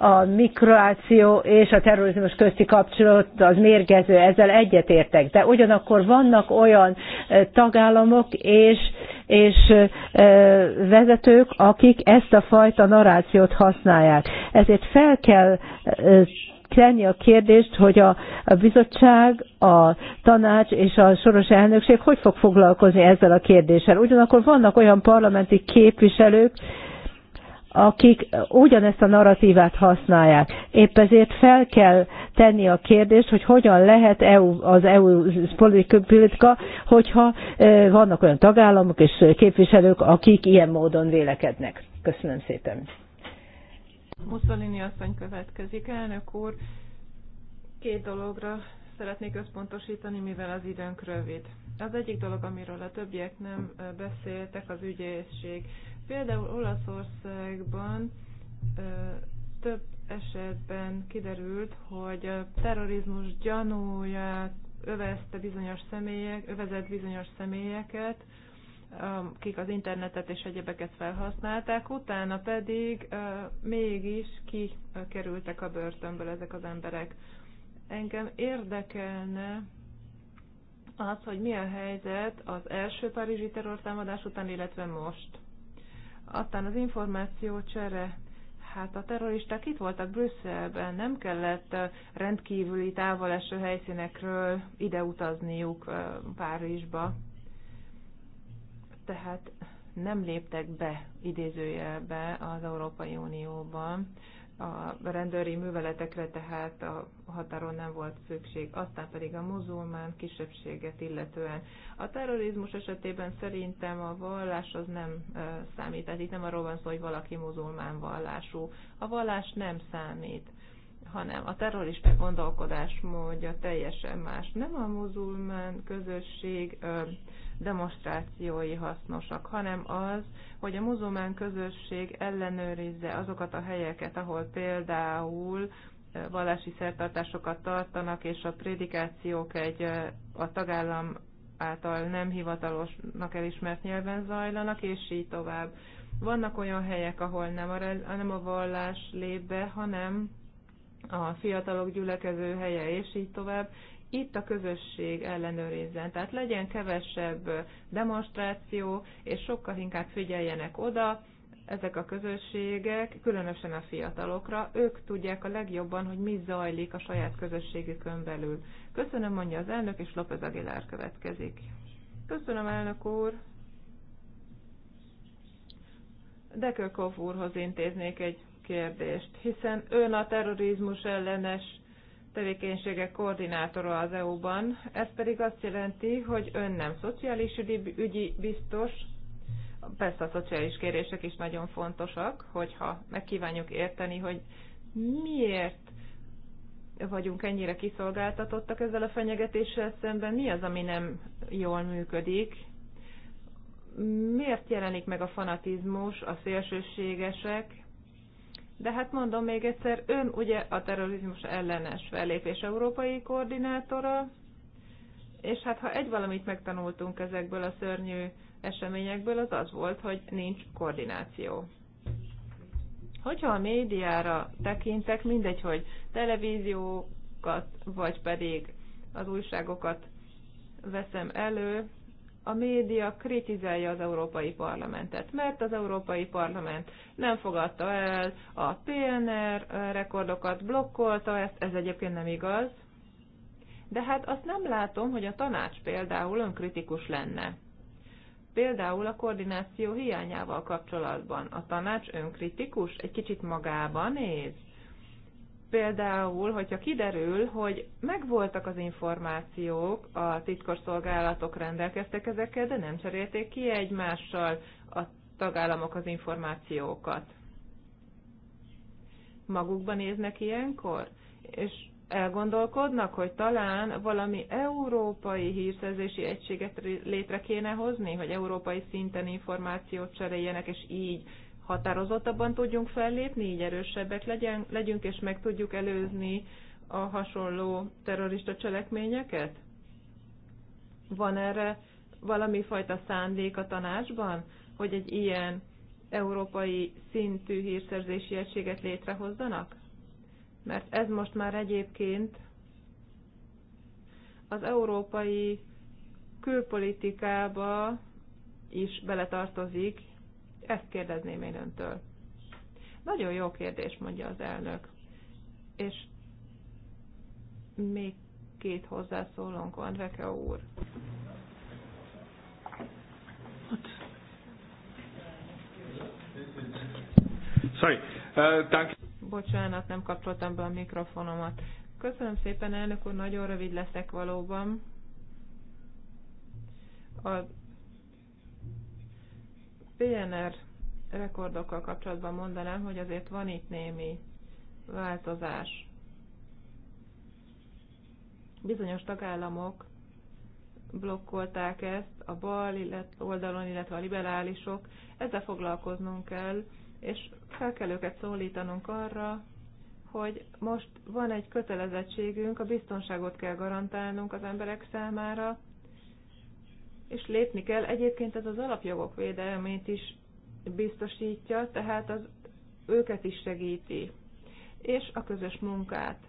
a mikroáció és a terrorizmus közti kapcsolat az mérgező, ezzel egyetértek. De ugyanakkor vannak olyan tagállamok és, és vezetők, akik ezt a fajta narrációt használják. Ezért fel kell tenni a kérdést, hogy a, a bizottság, a tanács és a soros elnökség hogy fog foglalkozni ezzel a kérdéssel. Ugyanakkor vannak olyan parlamenti képviselők, akik ugyanezt a narratívát használják. Épp ezért fel kell tenni a kérdést, hogy hogyan lehet EU, az EU politika, hogyha e, vannak olyan tagállamok és képviselők, akik ilyen módon vélekednek. Köszönöm szépen. Mussolini asszony következik. Elnök úr, két dologra szeretnék összpontosítani, mivel az időnk rövid. Az egyik dolog, amiről a többiek nem e, beszéltek, az ügyészség. Például Olaszországban több esetben kiderült, hogy a terrorizmus gyanúját övezte bizonyos személyek, övezett bizonyos személyeket, kik az internetet és egyebeket felhasználták, utána pedig mégis kikerültek a börtönből ezek az emberek. Engem érdekelne az, hogy mi a helyzet az első párizsi terrortámadás után, illetve most. Aztán az információ csere. Hát a terroristák itt voltak Brüsszelben, nem kellett rendkívüli eső helyszínekről ide utazniuk Párizsba. Tehát nem léptek be idézőjelbe az Európai Unióban a rendőri műveletekre tehát a határon nem volt szükség, aztán pedig a muzulmán kisebbséget illetően. A terrorizmus esetében szerintem a vallás az nem számít, tehát itt nem arról van szó, hogy valaki muzulmán vallású. A vallás nem számít hanem a terrorista módja teljesen más. Nem a muzulmán közösség demonstrációi hasznosak, hanem az, hogy a muzulmán közösség ellenőrizze azokat a helyeket, ahol például eh, vallási szertartásokat tartanak, és a prédikációk egy eh, a tagállam által nem hivatalosnak elismert nyelven zajlanak, és így tovább. Vannak olyan helyek, ahol nem a, nem a vallás lép be, hanem a fiatalok gyülekező helye, és így tovább, itt a közösség ellenőrizzen. Tehát legyen kevesebb demonstráció, és sokkal inkább figyeljenek oda, ezek a közösségek, különösen a fiatalokra, ők tudják a legjobban, hogy mi zajlik a saját közösségükön belül. Köszönöm, mondja az elnök, és López Aguilar következik. Köszönöm, elnök úr. Dekökov úrhoz intéznék egy kérdést, hiszen ön a terrorizmus ellenes tevékenységek koordinátora az EU-ban. Ez pedig azt jelenti, hogy ön nem szociális ügyi, ügyi biztos, persze a szociális kérések is nagyon fontosak, hogyha megkívánjuk érteni, hogy miért vagyunk ennyire kiszolgáltatottak ezzel a fenyegetéssel szemben, mi az, ami nem jól működik, miért jelenik meg a fanatizmus, a szélsőségesek, de hát mondom még egyszer, ön ugye a terrorizmus ellenes fellépés európai koordinátora, és hát ha egy valamit megtanultunk ezekből a szörnyű eseményekből, az az volt, hogy nincs koordináció. Hogyha a médiára tekintek, mindegy, hogy televíziókat, vagy pedig az újságokat veszem elő, a média kritizálja az Európai Parlamentet, mert az Európai Parlament nem fogadta el a PNR rekordokat, blokkolta ezt, ez egyébként nem igaz. De hát azt nem látom, hogy a tanács például önkritikus lenne. Például a koordináció hiányával kapcsolatban a tanács önkritikus, egy kicsit magában néz Például, hogyha kiderül, hogy megvoltak az információk, a titkos szolgálatok rendelkeztek ezekkel, de nem cserélték ki egymással a tagállamok az információkat. Magukban néznek ilyenkor? És elgondolkodnak, hogy talán valami európai hírszerzési egységet létre kéne hozni, hogy európai szinten információt cseréljenek, és így határozottabban tudjunk fellépni, így erősebbek legyen, legyünk, és meg tudjuk előzni a hasonló terrorista cselekményeket? Van erre valami fajta szándék a tanácsban, hogy egy ilyen európai szintű hírszerzési egységet létrehozzanak? Mert ez most már egyébként az európai külpolitikába is beletartozik, ezt kérdezném én öntől. Nagyon jó kérdés, mondja az elnök. És még két hozzászólónk van, Veke úr. Sorry. Uh, Bocsánat, nem kapcsoltam be a mikrofonomat. Köszönöm szépen, elnök úr, nagyon rövid leszek valóban. A PNR rekordokkal kapcsolatban mondanám, hogy azért van itt némi változás. Bizonyos tagállamok blokkolták ezt a bal oldalon, illetve a liberálisok. Ezzel foglalkoznunk kell, és fel kell őket szólítanunk arra, hogy most van egy kötelezettségünk, a biztonságot kell garantálnunk az emberek számára, és lépni kell. Egyébként ez az alapjogok védelmét is biztosítja, tehát az őket is segíti, és a közös munkát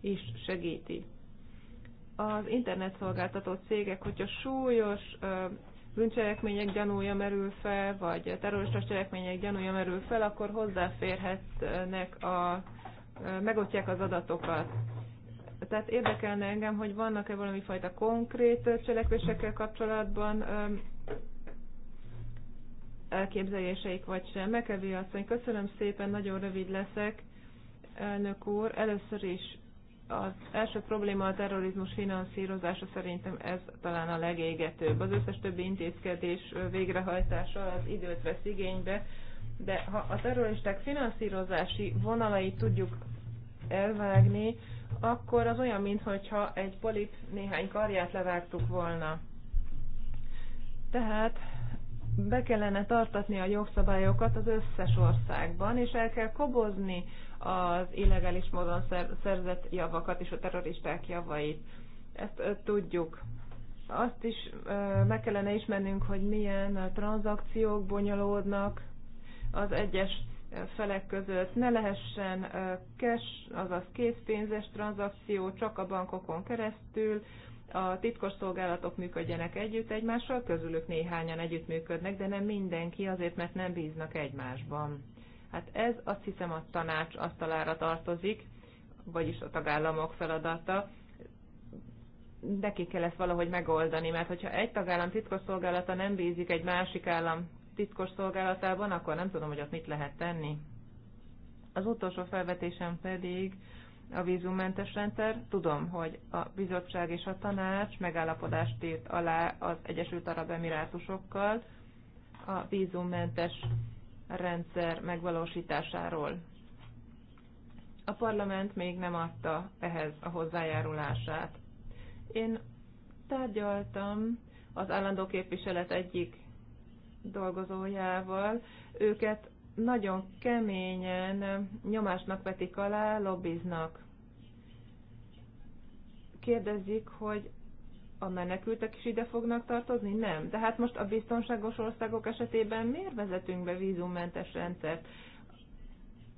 is segíti. Az internetszolgáltató cégek, hogyha súlyos bűncselekmények gyanúja merül fel, vagy terrorista cselekmények gyanúja merül fel, akkor hozzáférhetnek a, megosztják az adatokat tehát érdekelne engem, hogy vannak-e valami fajta konkrét cselekvésekkel kapcsolatban elképzeléseik vagy sem. Mekevi asszony, köszönöm szépen, nagyon rövid leszek, elnök úr. Először is az első probléma a terrorizmus finanszírozása szerintem ez talán a legégetőbb. Az összes többi intézkedés végrehajtása az időt vesz igénybe, de ha a terroristák finanszírozási vonalait tudjuk elvágni, akkor az olyan, mintha egy polip néhány karját levágtuk volna. Tehát be kellene tartatni a jogszabályokat az összes országban, és el kell kobozni az illegális módon szerzett javakat és a terroristák javait. Ezt tudjuk. Azt is meg kellene ismernünk, hogy milyen tranzakciók bonyolódnak az egyes felek között ne lehessen cash, azaz készpénzes tranzakció csak a bankokon keresztül, a titkos szolgálatok működjenek együtt egymással, közülük néhányan együttműködnek, de nem mindenki azért, mert nem bíznak egymásban. Hát ez azt hiszem a tanács asztalára tartozik, vagyis a tagállamok feladata, Neki kell ezt valahogy megoldani, mert hogyha egy tagállam titkos szolgálata nem bízik egy másik állam titkos szolgálatában, akkor nem tudom, hogy ott mit lehet tenni. Az utolsó felvetésem pedig a vízummentes rendszer. Tudom, hogy a bizottság és a tanács megállapodást írt alá az Egyesült Arab Emirátusokkal a vízummentes rendszer megvalósításáról. A parlament még nem adta ehhez a hozzájárulását. Én tárgyaltam az állandó képviselet egyik dolgozójával, őket nagyon keményen nyomásnak vetik alá, lobbiznak. Kérdezik, hogy a menekültek is ide fognak tartozni? Nem. De hát most a biztonságos országok esetében miért vezetünk be vízummentes rendszert?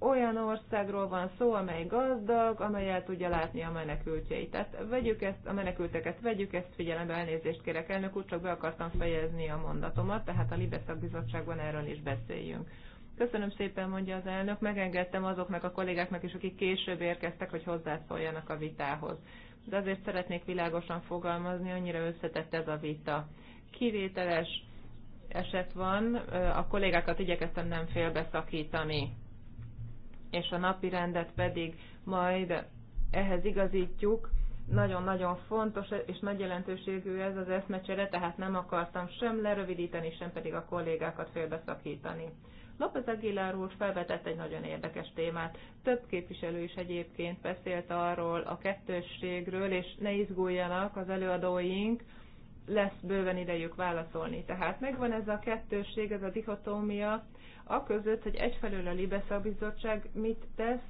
olyan országról van szó, amely gazdag, amely el tudja látni a menekültjeit. Tehát vegyük ezt, a menekülteket vegyük ezt figyelembe, elnézést kérek, elnök úr, csak be akartam fejezni a mondatomat, tehát a Libeszak Bizottságban erről is beszéljünk. Köszönöm szépen, mondja az elnök, megengedtem azoknak a kollégáknak is, akik később érkeztek, hogy hozzászóljanak a vitához. De azért szeretnék világosan fogalmazni, annyira összetett ez a vita. Kivételes eset van, a kollégákat igyekeztem nem félbeszakítani és a napi rendet pedig majd ehhez igazítjuk. Nagyon-nagyon fontos és nagy jelentőségű ez az eszmecsere, tehát nem akartam sem lerövidíteni, sem pedig a kollégákat félbeszakítani. López Aguilar úr felvetett egy nagyon érdekes témát. Több képviselő is egyébként beszélt arról a kettősségről, és ne izguljanak az előadóink, lesz bőven idejük válaszolni. Tehát megvan ez a kettősség, ez a dichotómia, a között, hogy egyfelől a Libe szakbizottság mit tesz,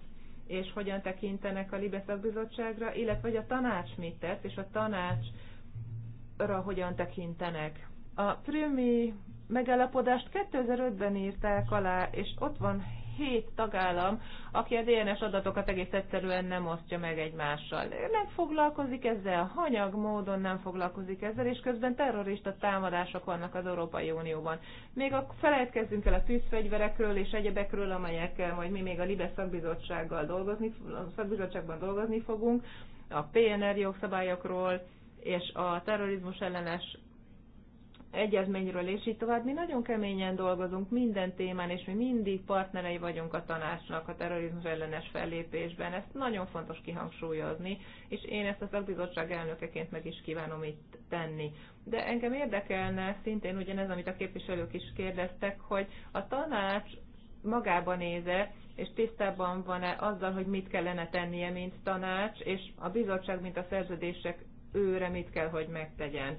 és hogyan tekintenek a Libe szakbizottságra, illetve hogy a tanács mit tesz, és a tanácsra hogyan tekintenek. A prümi megállapodást 2005-ben írták alá, és ott van hét tagállam, aki a DNS adatokat egész egyszerűen nem osztja meg egymással. Ő nem foglalkozik ezzel, hanyag módon nem foglalkozik ezzel, és közben terrorista támadások vannak az Európai Unióban. Még a felejtkezzünk el a tűzfegyverekről és egyebekről, amelyekkel majd mi még a Libe szakbizottsággal dolgozni, szakbizottságban dolgozni fogunk, a PNR jogszabályokról, és a terrorizmus ellenes egyezményről, és így tovább. Mi nagyon keményen dolgozunk minden témán, és mi mindig partnerei vagyunk a tanácsnak a terrorizmus ellenes fellépésben. Ezt nagyon fontos kihangsúlyozni, és én ezt a szakbizottság elnökeként meg is kívánom itt tenni. De engem érdekelne szintén ugyanez, amit a képviselők is kérdeztek, hogy a tanács magába néze, és tisztában van-e azzal, hogy mit kellene tennie, mint tanács, és a bizottság, mint a szerződések őre mit kell, hogy megtegyen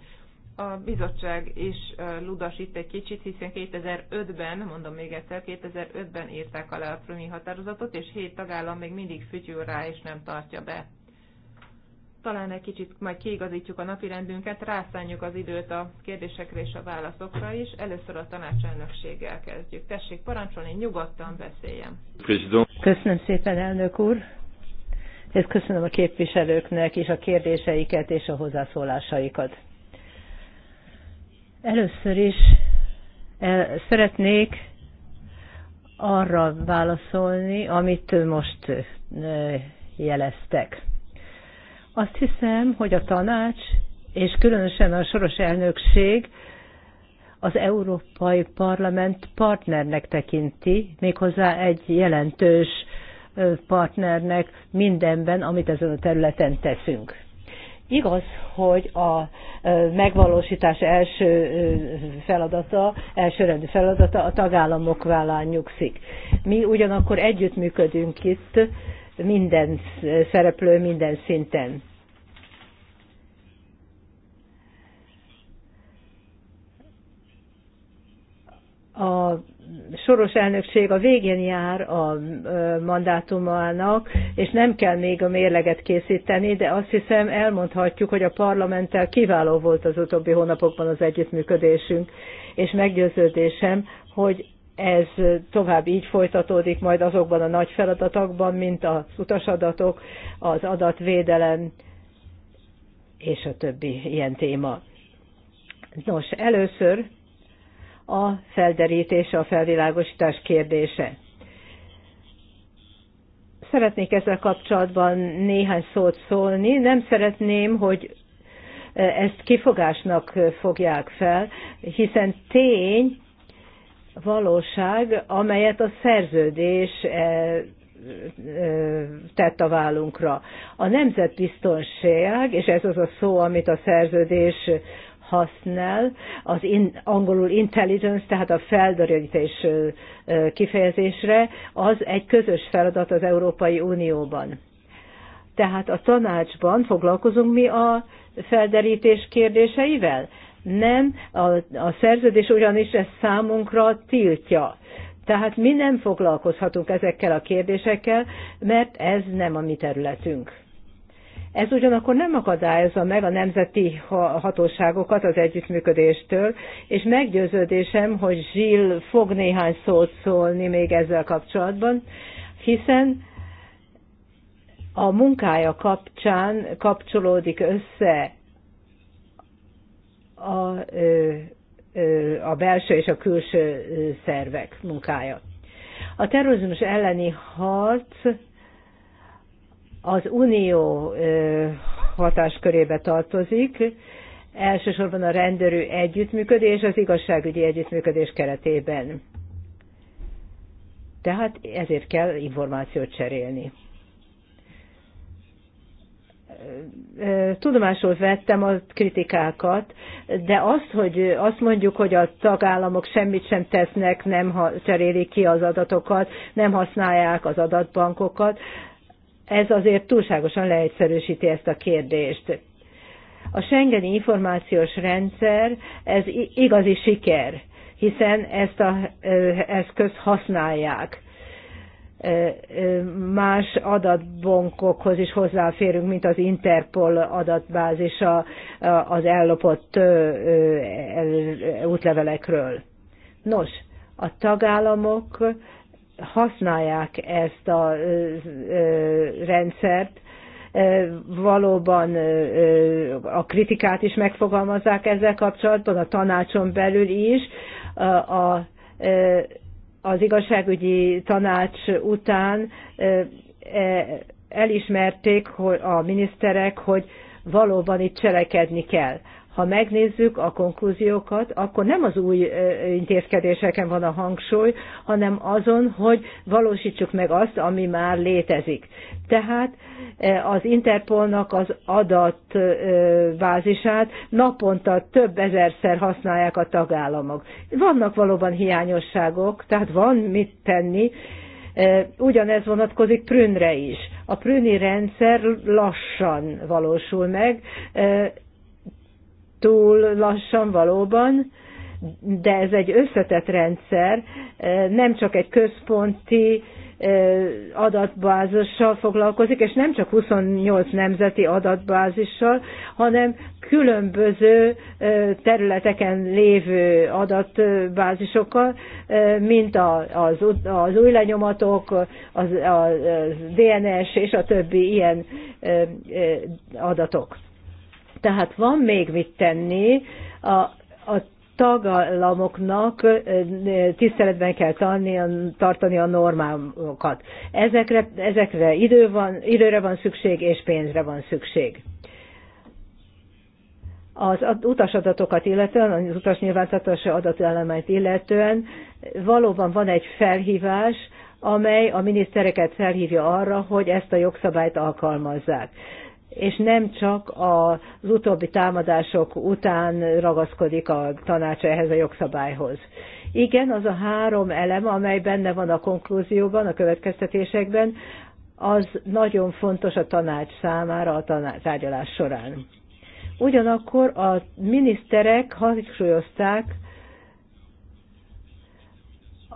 a bizottság is ludasít egy kicsit, hiszen 2005-ben, mondom még egyszer, 2005-ben írták alá a Prümi határozatot, és hét tagállam még mindig fütyül rá, és nem tartja be. Talán egy kicsit majd kiigazítjuk a napirendünket, rászánjuk az időt a kérdésekre és a válaszokra is. Először a tanácselnökséggel kezdjük. Tessék parancsolni, nyugodtan beszéljem. Köszönöm szépen, elnök úr. Ezt köszönöm a képviselőknek és a kérdéseiket és a hozzászólásaikat. Először is e, szeretnék arra válaszolni, amit most e, jeleztek. Azt hiszem, hogy a tanács, és különösen a soros elnökség az Európai Parlament partnernek tekinti, méghozzá egy jelentős e, partnernek mindenben, amit ezen a területen teszünk. Igaz, hogy a megvalósítás első feladata, elsőrendű feladata a tagállamok vállán nyugszik. Mi ugyanakkor együttműködünk itt minden szereplő, minden szinten. A soros elnökség a végén jár a mandátumának, és nem kell még a mérleget készíteni, de azt hiszem elmondhatjuk, hogy a parlamenttel kiváló volt az utóbbi hónapokban az együttműködésünk, és meggyőződésem, hogy ez tovább így folytatódik majd azokban a nagy feladatokban, mint az utasadatok, az adatvédelem és a többi ilyen téma. Nos, először a felderítés, a felvilágosítás kérdése. Szeretnék ezzel kapcsolatban néhány szót szólni. Nem szeretném, hogy ezt kifogásnak fogják fel, hiszen tény, valóság, amelyet a szerződés e, e, tett a vállunkra. A nemzetbiztonság, és ez az a szó, amit a szerződés használ, az in, angolul intelligence, tehát a feldörögítés kifejezésre, az egy közös feladat az Európai Unióban. Tehát a tanácsban foglalkozunk mi a felderítés kérdéseivel? Nem, a, a szerződés ugyanis ezt számunkra tiltja. Tehát mi nem foglalkozhatunk ezekkel a kérdésekkel, mert ez nem a mi területünk. Ez ugyanakkor nem akadályozza meg a nemzeti hatóságokat az együttműködéstől, és meggyőződésem, hogy Zsill fog néhány szót szólni még ezzel kapcsolatban, hiszen a munkája kapcsán kapcsolódik össze a, a belső és a külső szervek munkája. A terrorizmus elleni harc az unió hatáskörébe tartozik, elsősorban a rendőrű együttműködés az igazságügyi együttműködés keretében. Tehát ezért kell információt cserélni. Tudomásul vettem a kritikákat, de azt, hogy azt mondjuk, hogy a tagállamok semmit sem tesznek, nem cserélik ki az adatokat, nem használják az adatbankokat, ez azért túlságosan leegyszerűsíti ezt a kérdést. A Schengeni információs rendszer, ez igazi siker, hiszen ezt a eszközt használják más adatbankokhoz is hozzáférünk, mint az Interpol adatbázisa az ellopott útlevelekről. Nos, a tagállamok használják ezt a rendszert, valóban a kritikát is megfogalmazzák ezzel kapcsolatban, a tanácson belül is. A, az igazságügyi tanács után e, elismerték hogy a miniszterek, hogy valóban itt cselekedni kell. Ha megnézzük a konklúziókat, akkor nem az új intézkedéseken van a hangsúly, hanem azon, hogy valósítsuk meg azt, ami már létezik. Tehát az Interpolnak az adatbázisát naponta több ezerszer használják a tagállamok. Vannak valóban hiányosságok, tehát van mit tenni, Ugyanez vonatkozik Prünre is. A Prüni rendszer lassan valósul meg, túl lassan valóban, de ez egy összetett rendszer, e, nem csak egy központi e, adatbázissal foglalkozik, és nem csak 28 nemzeti adatbázissal, hanem különböző e, területeken lévő adatbázisokkal, mint az, az új lenyomatok, az, az DNS és a többi ilyen adatok. Tehát van még mit tenni, a, a tagállamoknak tiszteletben kell tartani, tartani a normákat. Ezekre, ezekre idő van, időre van szükség, és pénzre van szükség. Az utasadatokat illetően, az utas nyilvántartási adatelemet illetően valóban van egy felhívás, amely a minisztereket felhívja arra, hogy ezt a jogszabályt alkalmazzák és nem csak az utóbbi támadások után ragaszkodik a tanács ehhez a jogszabályhoz. Igen, az a három elem, amely benne van a konklúzióban, a következtetésekben, az nagyon fontos a tanács számára a tárgyalás során. Ugyanakkor a miniszterek hangsúlyozták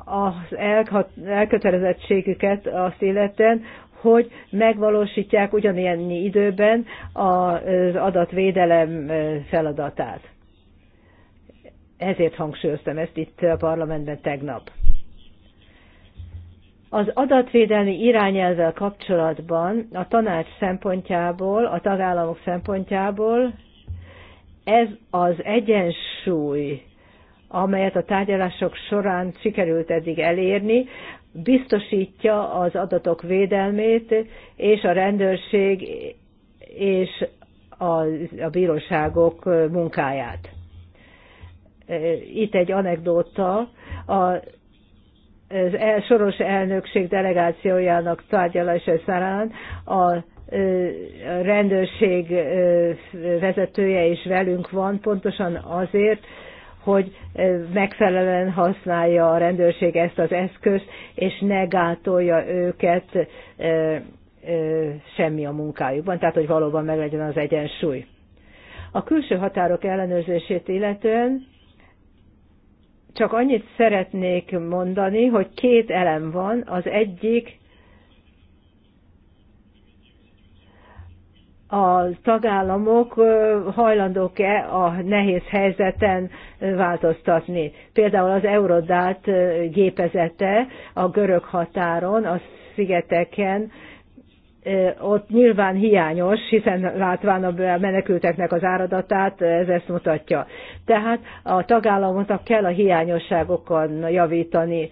az elkötelezettségüket azt illetően, hogy megvalósítják ugyanilyen időben az adatvédelem feladatát. Ezért hangsúlyoztam ezt itt a parlamentben tegnap. Az adatvédelmi irányelvvel kapcsolatban a tanács szempontjából, a tagállamok szempontjából ez az egyensúly, amelyet a tárgyalások során sikerült eddig elérni, biztosítja az adatok védelmét, és a rendőrség és a, a bíróságok munkáját. Itt egy anekdóta. A, az el, soros elnökség delegációjának tárgyalása a a rendőrség vezetője is velünk van, pontosan azért, hogy megfelelően használja a rendőrség ezt az eszközt, és ne gátolja őket semmi a munkájukban, tehát hogy valóban meglegyen az egyensúly. A külső határok ellenőrzését illetően csak annyit szeretnék mondani, hogy két elem van. Az egyik a tagállamok hajlandók-e a nehéz helyzeten változtatni. Például az Eurodát gépezete a görög határon, a szigeteken, ott nyilván hiányos, hiszen látván a menekülteknek az áradatát, ez ezt mutatja. Tehát a tagállamoknak kell a hiányosságokon javítani,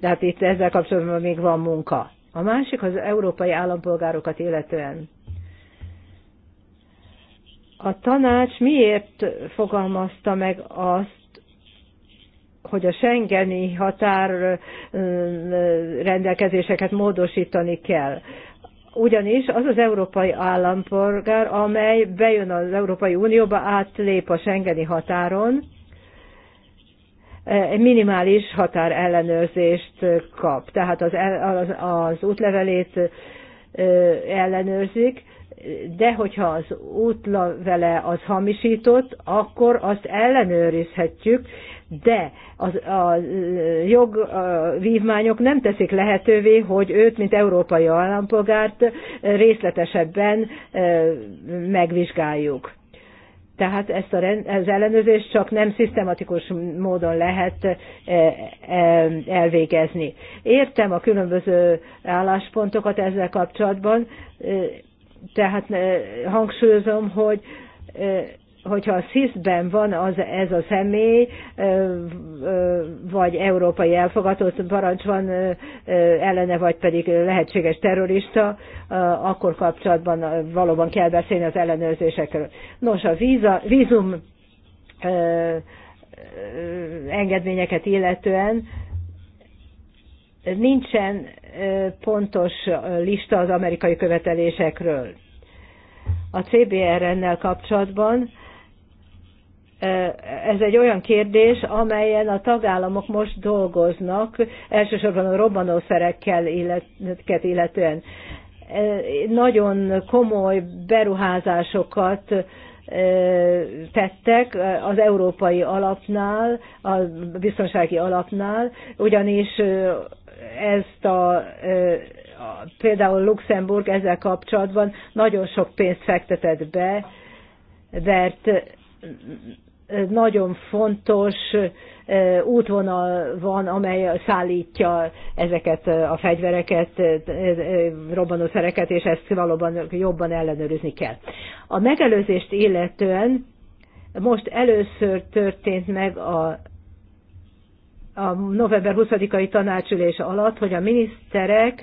tehát itt ezzel kapcsolatban még van munka. A másik az európai állampolgárokat illetően a tanács miért fogalmazta meg azt, hogy a Schengeni határ rendelkezéseket módosítani kell. Ugyanis az az európai állampolgár, amely bejön az Európai Unióba, átlép a Schengeni határon, minimális határellenőrzést kap. Tehát az, az, az útlevelét ellenőrzik, de hogyha az útlevele az hamisított, akkor azt ellenőrizhetjük, de az, a jogvívmányok nem teszik lehetővé, hogy őt, mint európai állampolgárt részletesebben megvizsgáljuk. Tehát ezt a, az ellenőrzést csak nem szisztematikus módon lehet elvégezni. Értem a különböző álláspontokat ezzel kapcsolatban, tehát eh, hangsúlyozom, hogy eh, hogyha a SZISZ-ben van az, ez a személy, eh, vagy európai elfogadott parancs van ellene, vagy pedig lehetséges terrorista, akkor kapcsolatban valóban kell beszélni az ellenőrzésekről. Nos, a víza, vízum engedményeket illetően nincsen pontos lista az amerikai követelésekről. A CBRN-nel kapcsolatban e, ez egy olyan kérdés, amelyen a tagállamok most dolgoznak, elsősorban a robbanószerekkel illet, illetően. E, nagyon komoly beruházásokat e, tettek az európai alapnál, a biztonsági alapnál, ugyanis ezt a például Luxemburg ezzel kapcsolatban nagyon sok pénzt fektetett be, mert nagyon fontos útvonal van, amely szállítja ezeket a fegyvereket, robbanószereket, és ezt valóban jobban ellenőrizni kell. A megelőzést illetően most először történt meg a a november 20-ai tanácsülés alatt, hogy a miniszterek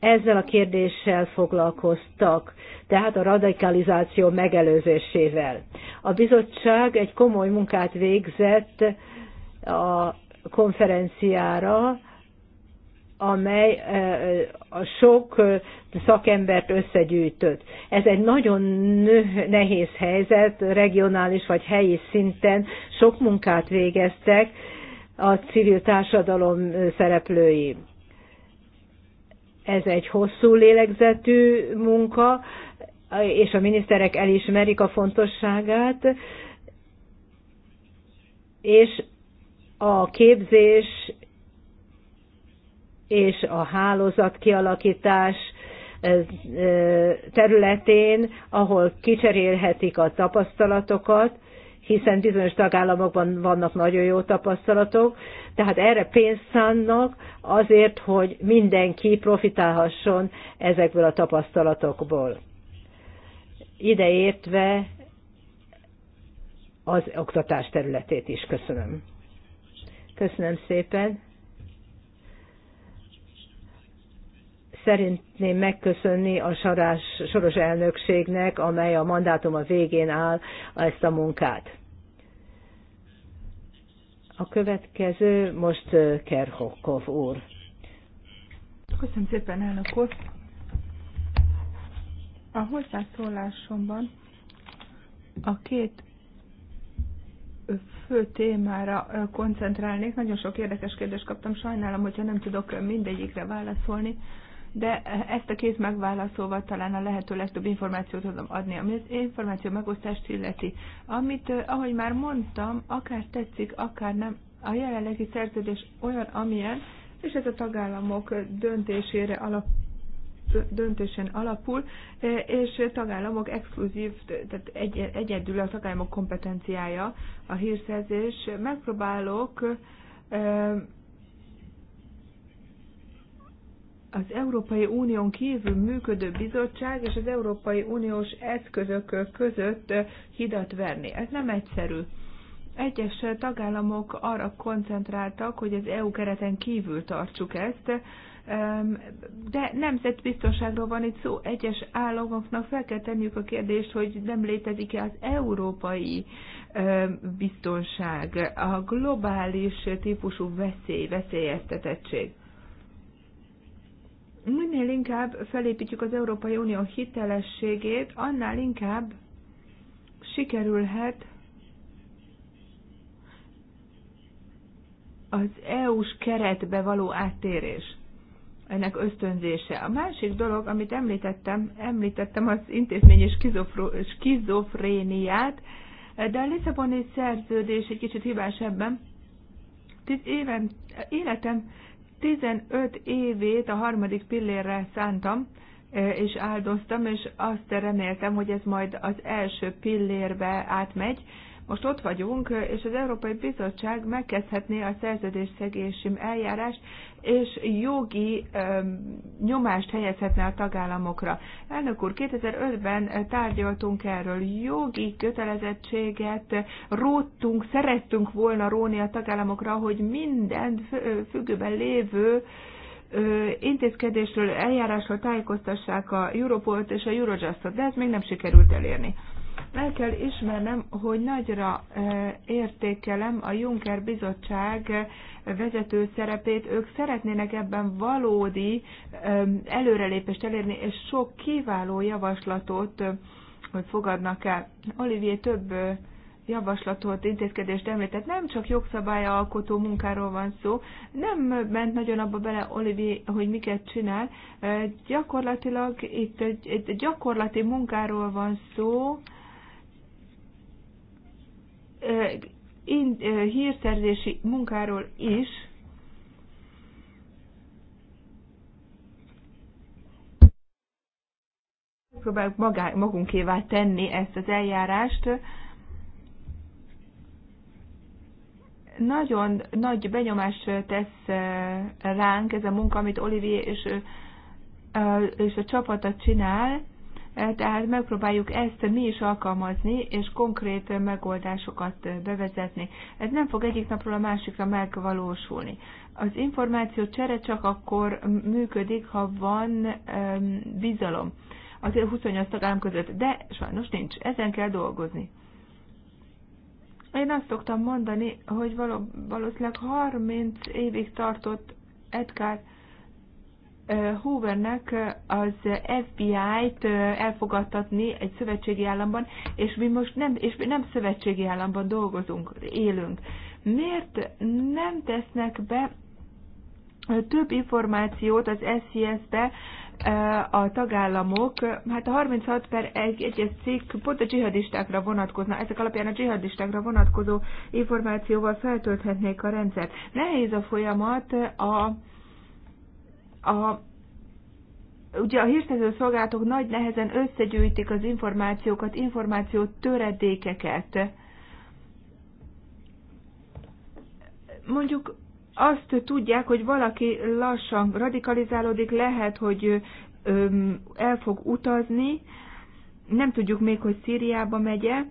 ezzel a kérdéssel foglalkoztak, tehát a radikalizáció megelőzésével. A bizottság egy komoly munkát végzett a konferenciára, amely a sok szakembert összegyűjtött. Ez egy nagyon nehéz helyzet, regionális vagy helyi szinten sok munkát végeztek a civil társadalom szereplői. Ez egy hosszú lélegzetű munka, és a miniszterek elismerik a fontosságát, és a képzés és a hálózat kialakítás eh, eh, területén, ahol kicserélhetik a tapasztalatokat, hiszen bizonyos tagállamokban vannak nagyon jó tapasztalatok, tehát erre pénzt szánnak azért, hogy mindenki profitálhasson ezekből a tapasztalatokból. Ideértve az oktatás területét is. Köszönöm. Köszönöm szépen. szeretném megköszönni a sarás, soros elnökségnek, amely a mandátum a végén áll ezt a munkát. A következő most Kerhokov úr. Köszönöm szépen, elnök úr. A hozzászólásomban a két fő témára koncentrálnék. Nagyon sok érdekes kérdést kaptam, sajnálom, hogyha nem tudok mindegyikre válaszolni de ezt a két megválaszolva talán a lehető legtöbb információt tudom adni, ami az információ megosztást illeti. Amit, ahogy már mondtam, akár tetszik, akár nem, a jelenlegi szerződés olyan, amilyen, és ez a tagállamok döntésére alap, döntésen alapul, és tagállamok exkluzív, tehát egy, egyedül a tagállamok kompetenciája a hírszerzés. Megpróbálok az Európai Unión kívül működő bizottság és az Európai Uniós eszközök között hidat verni. Ez nem egyszerű. Egyes tagállamok arra koncentráltak, hogy az EU kereten kívül tartsuk ezt, de nemzetbiztonságról van itt szó. Egyes államoknak fel kell tenniük a kérdést, hogy nem létezik-e az európai biztonság, a globális típusú veszély, veszélyeztetettség minél inkább felépítjük az Európai Unió hitelességét, annál inkább sikerülhet az EU-s keretbe való áttérés, ennek ösztönzése. A másik dolog, amit említettem, említettem az intézményes skizofréniát, de a Lisszaboni szerződés egy kicsit hibás ebben. Éven, életem 15 évét a harmadik pillérre szántam, e, és áldoztam, és azt reméltem, hogy ez majd az első pillérbe átmegy, most ott vagyunk, és az Európai Bizottság megkezdhetné a szerződésszegési eljárást, és jogi nyomást helyezhetne a tagállamokra. Elnök úr, 2005-ben tárgyaltunk erről, jogi kötelezettséget róttunk, szerettünk volna róni a tagállamokra, hogy minden függőben lévő intézkedésről, eljárásról tájékoztassák a Europolt és a Eurojustot, de ez még nem sikerült elérni. El kell ismernem, hogy nagyra e, értékelem a Juncker Bizottság e, vezető szerepét. Ők szeretnének ebben valódi e, előrelépést elérni, és sok kiváló javaslatot hogy fogadnak el. Olivier több javaslatot, intézkedést említett. Nem csak jogszabályalkotó munkáról van szó, nem ment nagyon abba bele Olivier, hogy miket csinál. Gyakorlatilag itt egy gyakorlati munkáról van szó, hírszerzési munkáról is, próbáljuk magunkévá tenni ezt az eljárást. Nagyon nagy benyomást tesz ránk ez a munka, amit Olivier és, és a csapata csinál, tehát megpróbáljuk ezt mi is alkalmazni, és konkrét megoldásokat bevezetni. Ez nem fog egyik napról a másikra megvalósulni. Az információ csere csak akkor működik, ha van bizalom az 28 tagállam között, de sajnos nincs, ezen kell dolgozni. Én azt szoktam mondani, hogy valószínűleg 30 évig tartott Edgar Hoovernek az FBI-t elfogadtatni egy szövetségi államban, és mi most nem, és mi nem szövetségi államban dolgozunk, élünk. Miért nem tesznek be több információt az SCS-be a tagállamok, hát a 36 per 1 egyes cikk pont a dzsihadistákra vonatkozna, ezek alapján a dzsihadistákra vonatkozó információval feltölthetnék a rendszert. Nehéz a folyamat, a a, ugye a hírszerző szolgálatok nagy nehezen összegyűjtik az információkat, információ töredékeket. Mondjuk azt tudják, hogy valaki lassan radikalizálódik, lehet, hogy el fog utazni, nem tudjuk még, hogy Szíriába megye,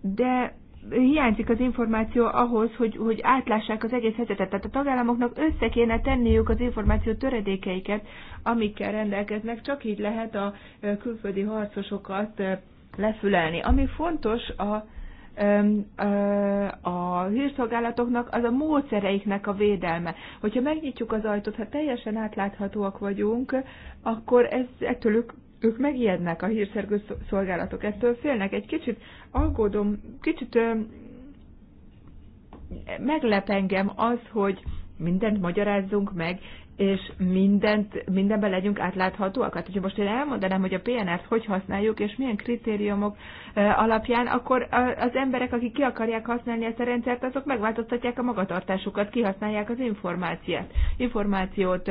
de hiányzik az információ ahhoz, hogy, hogy átlássák az egész helyzetet. Tehát a tagállamoknak össze kéne tenniük az információ töredékeiket, amikkel rendelkeznek, csak így lehet a külföldi harcosokat lefülelni. Ami fontos a, a hírszolgálatoknak, az a módszereiknek a védelme. Hogyha megnyitjuk az ajtót, ha teljesen átláthatóak vagyunk, akkor ez ettől ők megijednek a hírszerző szolgálatok, ettől félnek. Egy kicsit aggódom, kicsit ö, meglep engem az, hogy mindent magyarázzunk meg, és mindent, mindenben legyünk átláthatóak. Hát, hogyha most én elmondanám, hogy a PNR-t hogy használjuk, és milyen kritériumok alapján, akkor az emberek, akik ki akarják használni ezt a rendszert, azok megváltoztatják a magatartásukat, kihasználják az információt. információt.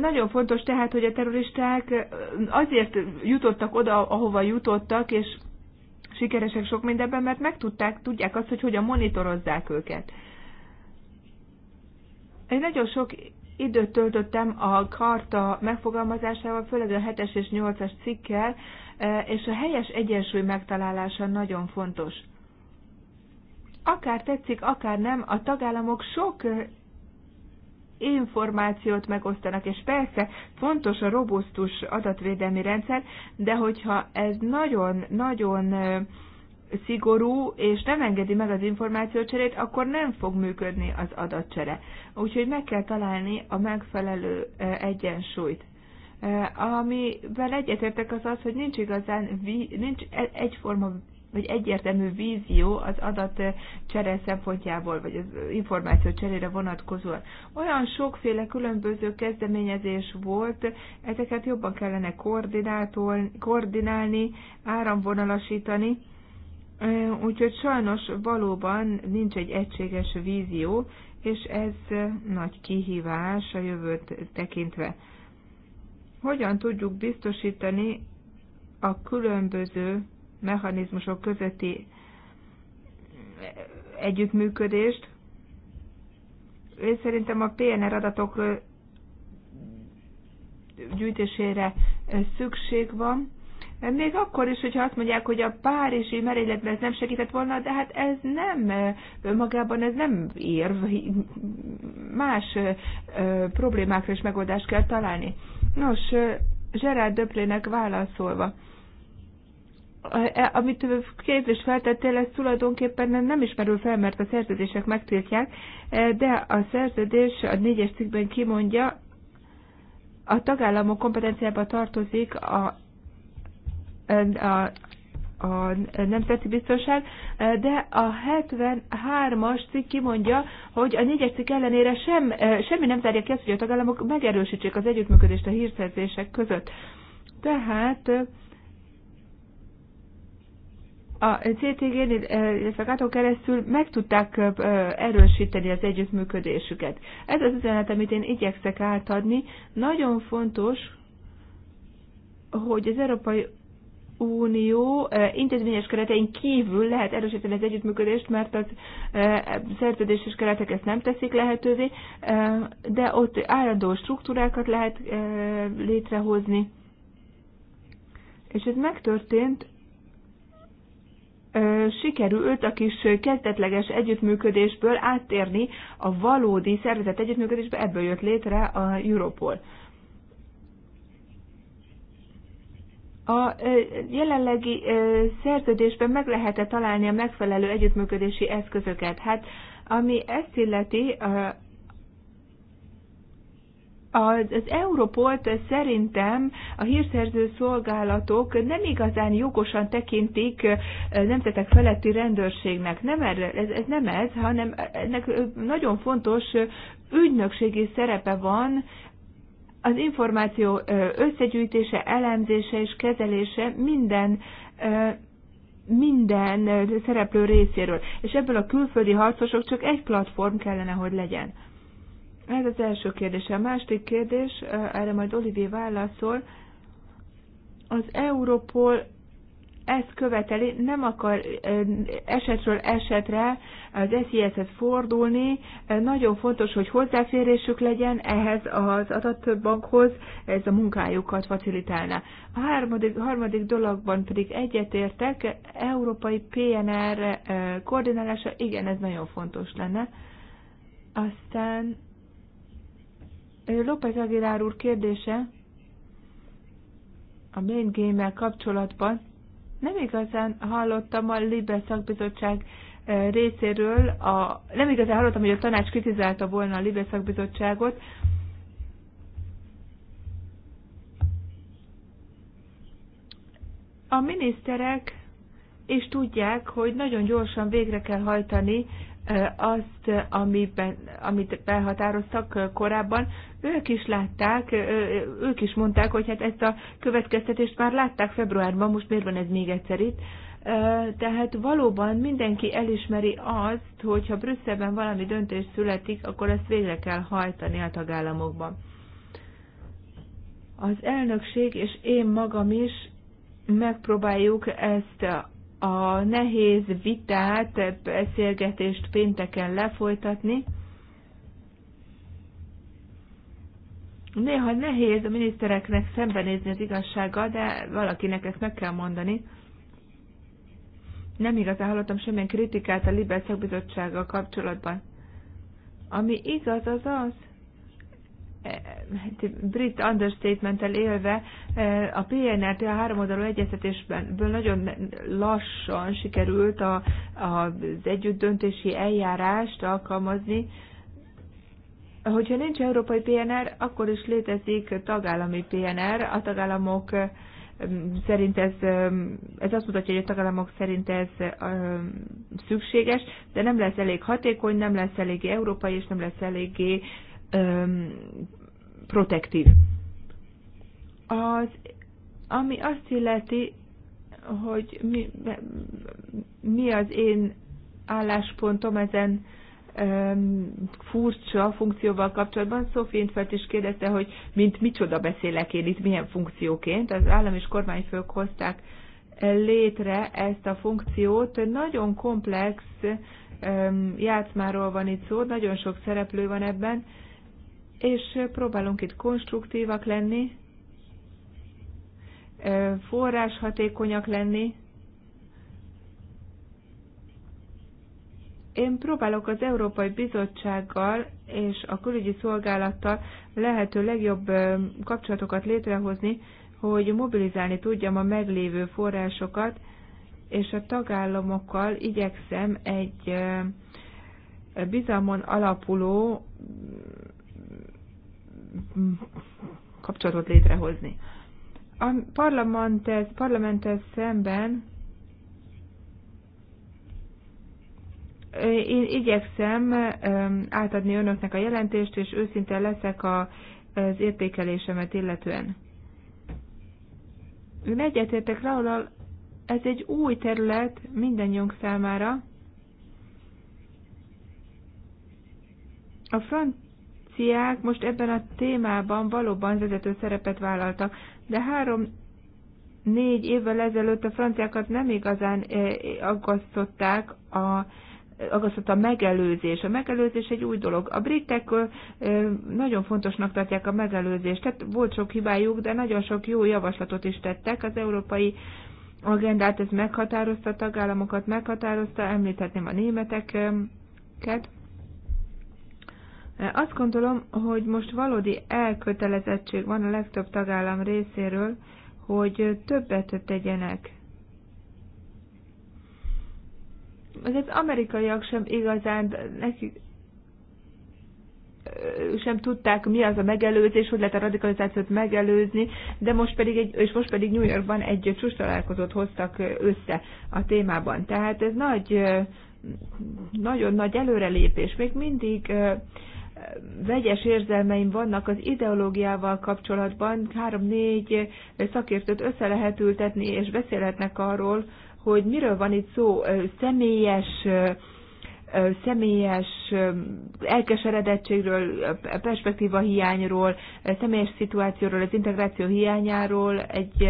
Nagyon fontos tehát, hogy a terroristák azért jutottak oda, ahova jutottak, és sikeresek sok mindenben, mert megtudták, tudják azt, hogy hogyan monitorozzák őket. Én nagyon sok időt töltöttem a karta megfogalmazásával, főleg a 7-es és 8-as cikkel, és a helyes egyensúly megtalálása nagyon fontos. Akár tetszik, akár nem, a tagállamok sok információt megosztanak, és persze fontos a robusztus adatvédelmi rendszer, de hogyha ez nagyon-nagyon szigorú, és nem engedi meg az információcserét, akkor nem fog működni az adatcsere. Úgyhogy meg kell találni a megfelelő egyensúlyt. Amivel egyetértek az az, hogy nincs igazán nincs e- egyforma vagy egyértelmű vízió az adat eh, csere szempontjából, vagy az eh, információ cserére vonatkozóan. Olyan sokféle különböző kezdeményezés volt, ezeket jobban kellene koordinálni, áramvonalasítani, eh, úgyhogy sajnos valóban nincs egy egységes vízió, és ez nagy kihívás a jövőt tekintve. Hogyan tudjuk biztosítani a különböző mechanizmusok közötti együttműködést. Én szerintem a PNR adatok gyűjtésére szükség van. Még akkor is, hogyha azt mondják, hogy a párizsi merényletben ez nem segített volna, de hát ez nem, magában ez nem érv, más problémákra is megoldást kell találni. Nos, Gerard Döplének válaszolva, E, amit kérdést feltettél, ez tulajdonképpen nem ismerül fel, mert a szerződések megtiltják, e, de a szerződés a négyes cikkben kimondja, a tagállamok kompetenciába tartozik a, e, a, a nemzeti biztonság, de a 73-as cikk kimondja, hogy a négyes cikk ellenére sem, semmi nem zárja ki azt, hogy a tagállamok megerősítsék az együttműködést a hírszerzések között. Tehát a ctg nél eh, illetve a keresztül meg tudták eh, eh, erősíteni az együttműködésüket. Ez az üzenet, amit én igyekszek átadni. Nagyon fontos, hogy az Európai Unió intézményes keretein kívül lehet erősíteni az együttműködést, mert az szerződéses keretek ezt nem teszik lehetővé, de ott állandó struktúrákat lehet létrehozni. És ez megtörtént sikerült a kis kezdetleges együttműködésből áttérni a valódi szervezet együttműködésbe, ebből jött létre a Europol. A jelenlegi szerződésben meg lehetett találni a megfelelő együttműködési eszközöket. Hát, ami ezt illeti, az Europolt szerintem a hírszerző szolgálatok nem igazán jogosan tekintik nemzetek feletti rendőrségnek. Nem erre, ez, ez nem ez, hanem ennek nagyon fontos ügynökségi szerepe van, az információ összegyűjtése, elemzése és kezelése minden minden szereplő részéről. És ebből a külföldi harcosok csak egy platform kellene, hogy legyen. Ez az első kérdés. A második kérdés, erre majd Olivier válaszol, az Európol ezt követeli, nem akar esetről esetre az SIS-hez fordulni. Nagyon fontos, hogy hozzáférésük legyen ehhez az adatbankhoz, ez a munkájukat facilitálná. A harmadik, harmadik dologban pedig egyetértek, európai PNR koordinálása, igen, ez nagyon fontos lenne. Aztán López Aguilar úr kérdése a main game kapcsolatban nem igazán hallottam a Libe szakbizottság részéről, a, nem igazán hallottam, hogy a tanács kritizálta volna a Libe szakbizottságot, a miniszterek és tudják, hogy nagyon gyorsan végre kell hajtani azt, amiben, amit behatároztak korábban, ők is látták, ők is mondták, hogy hát ezt a következtetést már látták februárban, most miért van ez még egyszer itt. Tehát valóban mindenki elismeri azt, hogy ha Brüsszelben valami döntés születik, akkor ezt végre kell hajtani a tagállamokban. Az elnökség és én magam is megpróbáljuk ezt a nehéz vitát, beszélgetést pénteken lefolytatni. Néha nehéz a minisztereknek szembenézni az igazsággal, de valakinek ezt meg kell mondani. Nem igazán hallottam semmilyen kritikát a Libel szakbizottsággal kapcsolatban. Ami igaz, az az, brit understatementtel élve eh, a PNR-t a háromoldalú egyeztetésből nagyon lassan sikerült a, az együttdöntési eljárást alkalmazni. Hogyha nincs európai PNR, akkor is létezik tagállami PNR. A tagállamok eh, szerint ez, eh, ez azt mutatja, hogy a tagállamok szerint ez szükséges, de nem lesz elég hatékony, nem lesz eléggé európai, és nem lesz eléggé protektív. Az, ami azt illeti, hogy mi, mi az én álláspontom ezen öm, furcsa funkcióval kapcsolatban. Sophie Intfert is kérdezte, hogy mint micsoda beszélek én itt, milyen funkcióként. Az állam és kormányfők hozták létre ezt a funkciót. Nagyon komplex um, játszmáról van itt szó, nagyon sok szereplő van ebben és próbálunk itt konstruktívak lenni, forráshatékonyak lenni. Én próbálok az Európai Bizottsággal és a külügyi szolgálattal lehető legjobb kapcsolatokat létrehozni, hogy mobilizálni tudjam a meglévő forrásokat, és a tagállamokkal igyekszem egy bizalmon alapuló kapcsolatot létrehozni. A parlamentes parlamenthez szemben eh, én igyekszem átadni önöknek a jelentést, és őszinte leszek az értékelésemet illetően. Ön egyetértek Raulal, ez egy új terület mindannyiunk számára. A front franciák most ebben a témában valóban vezető szerepet vállaltak, de három négy évvel ezelőtt a franciákat nem igazán eh, aggasztották a agasztott a megelőzés. A megelőzés egy új dolog. A britek eh, nagyon fontosnak tartják a megelőzést. Tehát volt sok hibájuk, de nagyon sok jó javaslatot is tettek. Az európai agendát ez meghatározta, tagállamokat meghatározta, említhetném a németeket. Azt gondolom, hogy most valódi elkötelezettség van a legtöbb tagállam részéről, hogy többet tegyenek. Az az amerikaiak sem igazán nekik sem tudták, mi az a megelőzés, hogy lehet a radikalizációt megelőzni, de most pedig egy, és most pedig New Yorkban egy csúcs találkozót hoztak össze a témában. Tehát ez nagy, nagyon nagy előrelépés. Még mindig vegyes érzelmeim vannak az ideológiával kapcsolatban, három-négy szakértőt össze lehet ültetni, és beszélhetnek arról, hogy miről van itt szó, személyes, személyes elkeseredettségről, perspektíva hiányról, személyes szituációról, az integráció hiányáról egy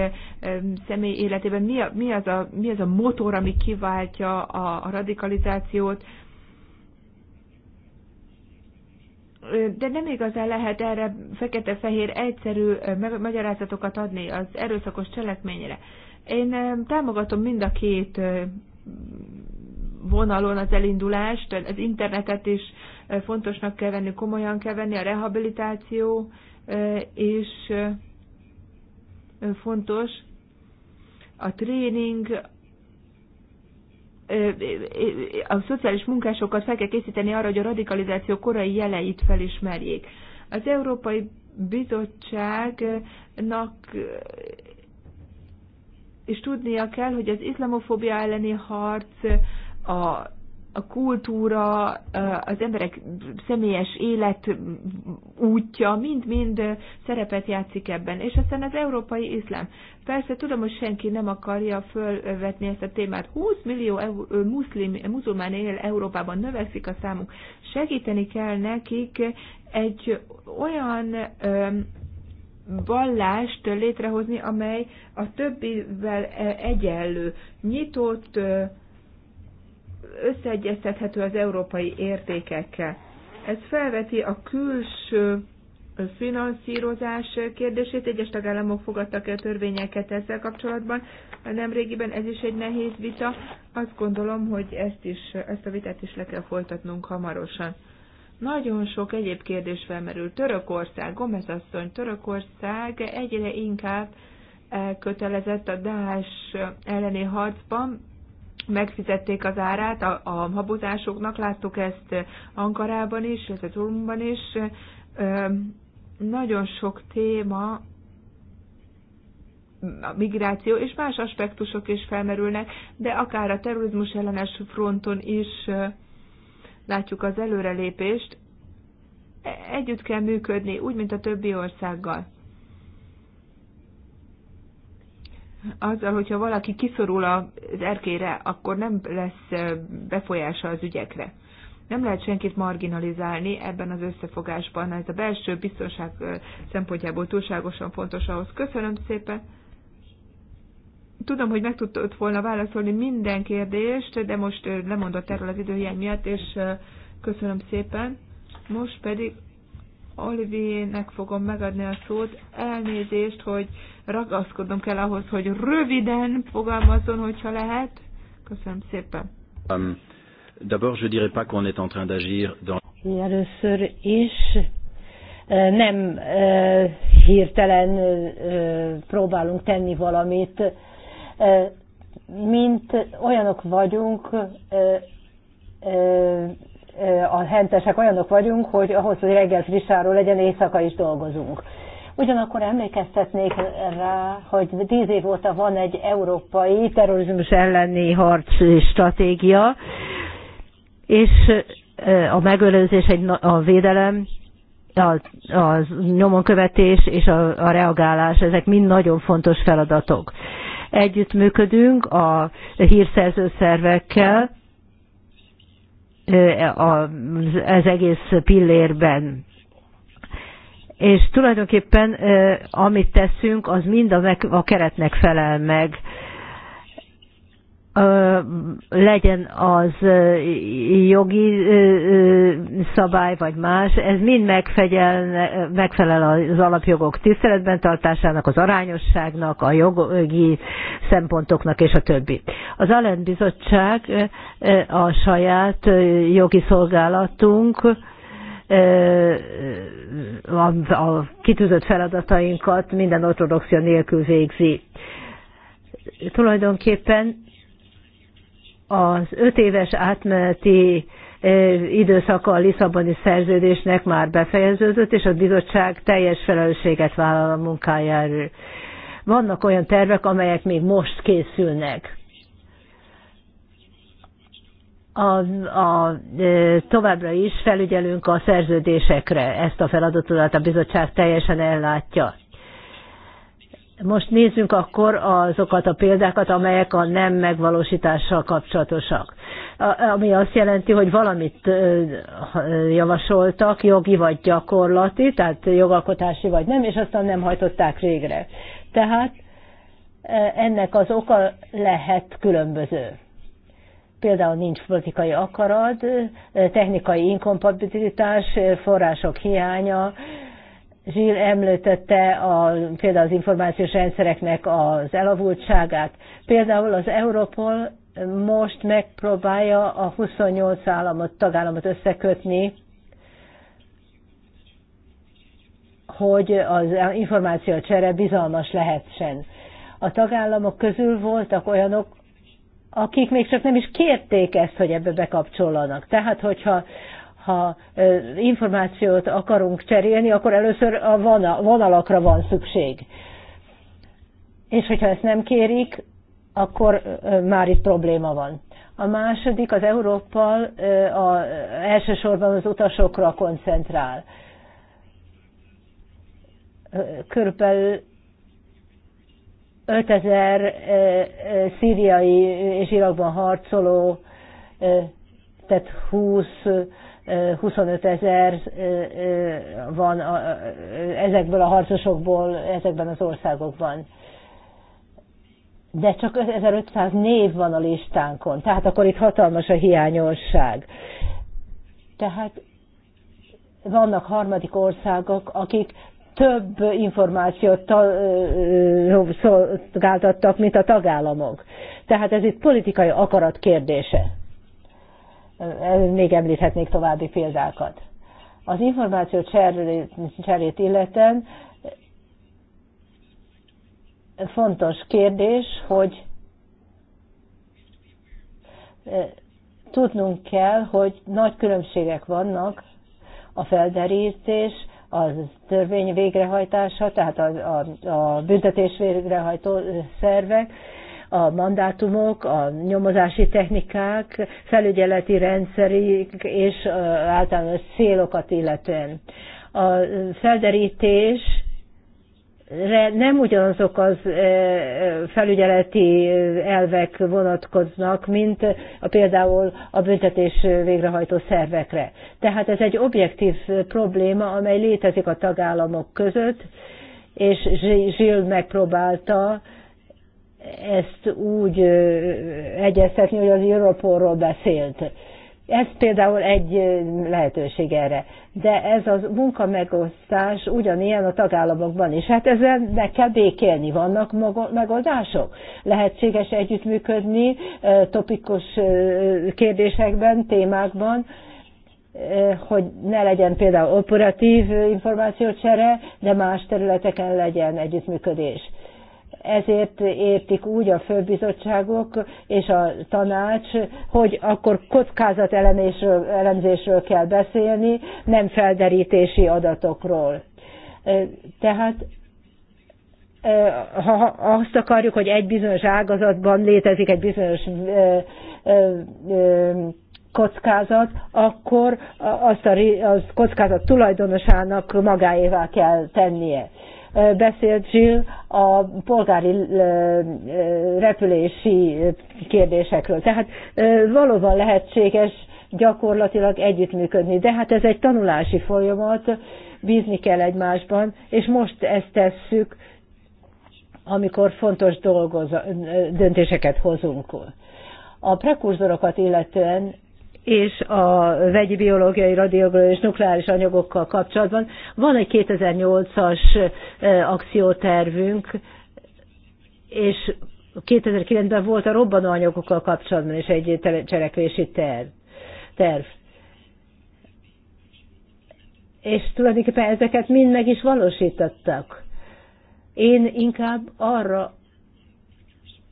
személy életében. Mi, a, mi, az, a, mi az a motor, ami kiváltja a, a radikalizációt, de nem igazán lehet erre fekete-fehér egyszerű magyarázatokat adni az erőszakos cselekményre. Én támogatom mind a két vonalon az elindulást, az internetet is fontosnak kell venni, komolyan kell venni, a rehabilitáció és fontos, a tréning, a szociális munkásokat fel kell készíteni arra, hogy a radikalizáció korai jeleit felismerjék. Az Európai Bizottságnak és tudnia kell, hogy az iszlamofóbia elleni harc, a a kultúra, az emberek személyes élet útja, mind-mind szerepet játszik ebben. És aztán az európai iszlám. Persze tudom, hogy senki nem akarja fölvetni ezt a témát. 20 millió muszlim, muzulmán él Európában, növekszik a számuk. Segíteni kell nekik egy olyan vallást létrehozni, amely a többivel egyenlő, nyitott, összeegyeztethető az európai értékekkel. Ez felveti a külső finanszírozás kérdését. Egyes tagállamok fogadtak el törvényeket ezzel kapcsolatban. Nemrégiben ez is egy nehéz vita. Azt gondolom, hogy ezt, is, ezt a vitát is le kell folytatnunk hamarosan. Nagyon sok egyéb kérdés felmerül. Törökország, Gomez asszony, Törökország egyre inkább kötelezett a Dás elleni harcban, megfizették az árát a, a habozásoknak, láttuk ezt Ankarában is, ez a Turumban is. Nagyon sok téma a migráció és más aspektusok is felmerülnek, de akár a terrorizmus ellenes fronton is látjuk az előrelépést. E-, együtt kell működni, úgy, mint a többi országgal. azzal, hogyha valaki kiszorul az erkére, akkor nem lesz befolyása az ügyekre. Nem lehet senkit marginalizálni ebben az összefogásban. Ez a belső biztonság szempontjából túlságosan fontos ahhoz. Köszönöm szépen! Tudom, hogy meg tudtad volna válaszolni minden kérdést, de most lemondott erről az időhiány miatt, és köszönöm szépen. Most pedig Oliviernek fogom megadni a szót. Elnézést, hogy ragaszkodnom kell ahhoz, hogy röviden fogalmazzon, hogyha lehet. Köszönöm szépen. Um, D'abord, je dirais pas qu'on est en train d'agir dans... Először is nem hirtelen próbálunk tenni valamit, mint olyanok vagyunk, a hentesek olyanok vagyunk, hogy ahhoz, hogy reggel frissáról legyen, éjszaka is dolgozunk. Ugyanakkor emlékeztetnék rá, hogy 10 év óta van egy európai terrorizmus elleni harc stratégia, és eh, a megölőzés, a védelem, a, a nyomonkövetés és a, a reagálás, ezek mind nagyon fontos feladatok. Együttműködünk a hírszerző szervekkel eh, az egész pillérben és tulajdonképpen amit teszünk, az mind a, meg, a keretnek felel meg. Legyen az jogi szabály vagy más, ez mind megfegyel, megfelel az alapjogok tiszteletben tartásának, az arányosságnak, a jogi szempontoknak és a többi. Az Allen Bizottság a saját jogi szolgálatunk, a, a kitűzött feladatainkat minden ortodoxia nélkül végzi. Tulajdonképpen az öt éves átmeneti időszaka a Lisszaboni szerződésnek már befejeződött, és a bizottság teljes felelősséget vállal a munkájáról. Vannak olyan tervek, amelyek még most készülnek a, a, e, továbbra is felügyelünk a szerződésekre. Ezt a feladatodat a bizottság teljesen ellátja. Most nézzünk akkor azokat a példákat, amelyek a nem megvalósítással kapcsolatosak. Ami azt jelenti, hogy valamit e, e, javasoltak, jogi vagy gyakorlati, tehát jogalkotási vagy nem, és aztán nem hajtották végre. Tehát ennek az oka lehet különböző például nincs politikai akarat, technikai inkompatibilitás, források hiánya, Zsill említette a, például az információs rendszereknek az elavultságát. Például az Europol most megpróbálja a 28 államot, tagállamot összekötni, hogy az információ csere bizalmas lehessen. A tagállamok közül voltak olyanok, akik még csak nem is kérték ezt, hogy ebbe bekapcsolanak. Tehát, hogyha ha információt akarunk cserélni, akkor először a vonalakra van szükség. És hogyha ezt nem kérik, akkor már itt probléma van. A második az Európpal a, elsősorban az utasokra koncentrál. Körülbelül 5000 szíriai és Irakban harcoló, tehát 20 25 ezer van ezekből a harcosokból ezekben az országokban. De csak 1500 név van a listánkon, tehát akkor itt hatalmas a hiányosság. Tehát vannak harmadik országok, akik több információt szolgáltattak, mint a tagállamok. Tehát ez itt politikai akarat kérdése. Még említhetnék további példákat. Az információ cserét, cserét illeten fontos kérdés, hogy tudnunk kell, hogy nagy különbségek vannak a felderítés a törvény végrehajtása, tehát a, a, a büntetés végrehajtó szervek, a mandátumok, a nyomozási technikák, felügyeleti rendszerik és általános célokat illetően. A felderítés nem ugyanazok az e, e, felügyeleti elvek vonatkoznak, mint a, például a büntetés végrehajtó szervekre. Tehát ez egy objektív probléma, amely létezik a tagállamok között, és Zsill megpróbálta ezt úgy e, egyeztetni, hogy az Europolról beszélt ez például egy lehetőség erre. De ez a munkamegosztás ugyanilyen a tagállamokban is. Hát ezzel meg kell békélni. Vannak megoldások? Lehetséges együttműködni topikus kérdésekben, témákban, hogy ne legyen például operatív információcsere, de más területeken legyen együttműködés ezért értik úgy a főbizottságok és a tanács, hogy akkor kockázat elemzésről kell beszélni, nem felderítési adatokról. Tehát ha azt akarjuk, hogy egy bizonyos ágazatban létezik egy bizonyos kockázat, akkor azt a, kockázat tulajdonosának magáévá kell tennie beszélt Jill a polgári repülési kérdésekről. Tehát valóban lehetséges gyakorlatilag együttműködni. De hát ez egy tanulási folyamat, bízni kell egymásban, és most ezt tesszük, amikor fontos dolgoz, döntéseket hozunk. A prekurzorokat illetően és a vegyi, biológiai, radiológiai és nukleáris anyagokkal kapcsolatban. Van egy 2008-as akciótervünk, és 2009-ben volt a robbanóanyagokkal kapcsolatban is egy cselekvési terv. terv. És tulajdonképpen ezeket mind meg is valósítottak. Én inkább arra,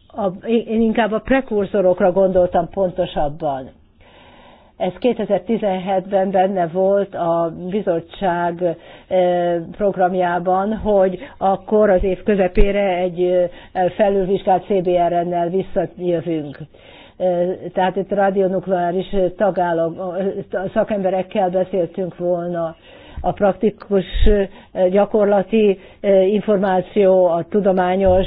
a, én inkább a prekurzorokra gondoltam pontosabban ez 2017-ben benne volt a bizottság eh, programjában, hogy akkor az év közepére egy eh, felülvizsgált CBRN-nel visszajövünk eh, tehát itt radionukleáris tagállam, szakemberekkel beszéltünk volna, a praktikus gyakorlati információ, a tudományos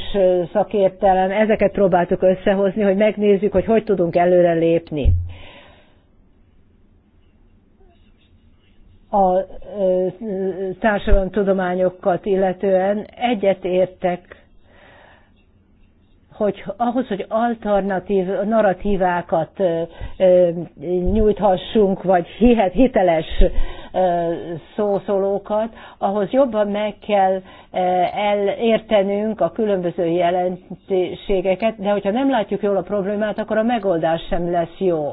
szakértelem, ezeket próbáltuk összehozni, hogy megnézzük, hogy hogy tudunk előrelépni. a társadalomtudományokat illetően egyetértek hogy ahhoz, hogy alternatív narratívákat nyújthassunk, vagy hihet, hiteles szószólókat, ahhoz jobban meg kell elértenünk a különböző jelentségeket, de hogyha nem látjuk jól a problémát, akkor a megoldás sem lesz jó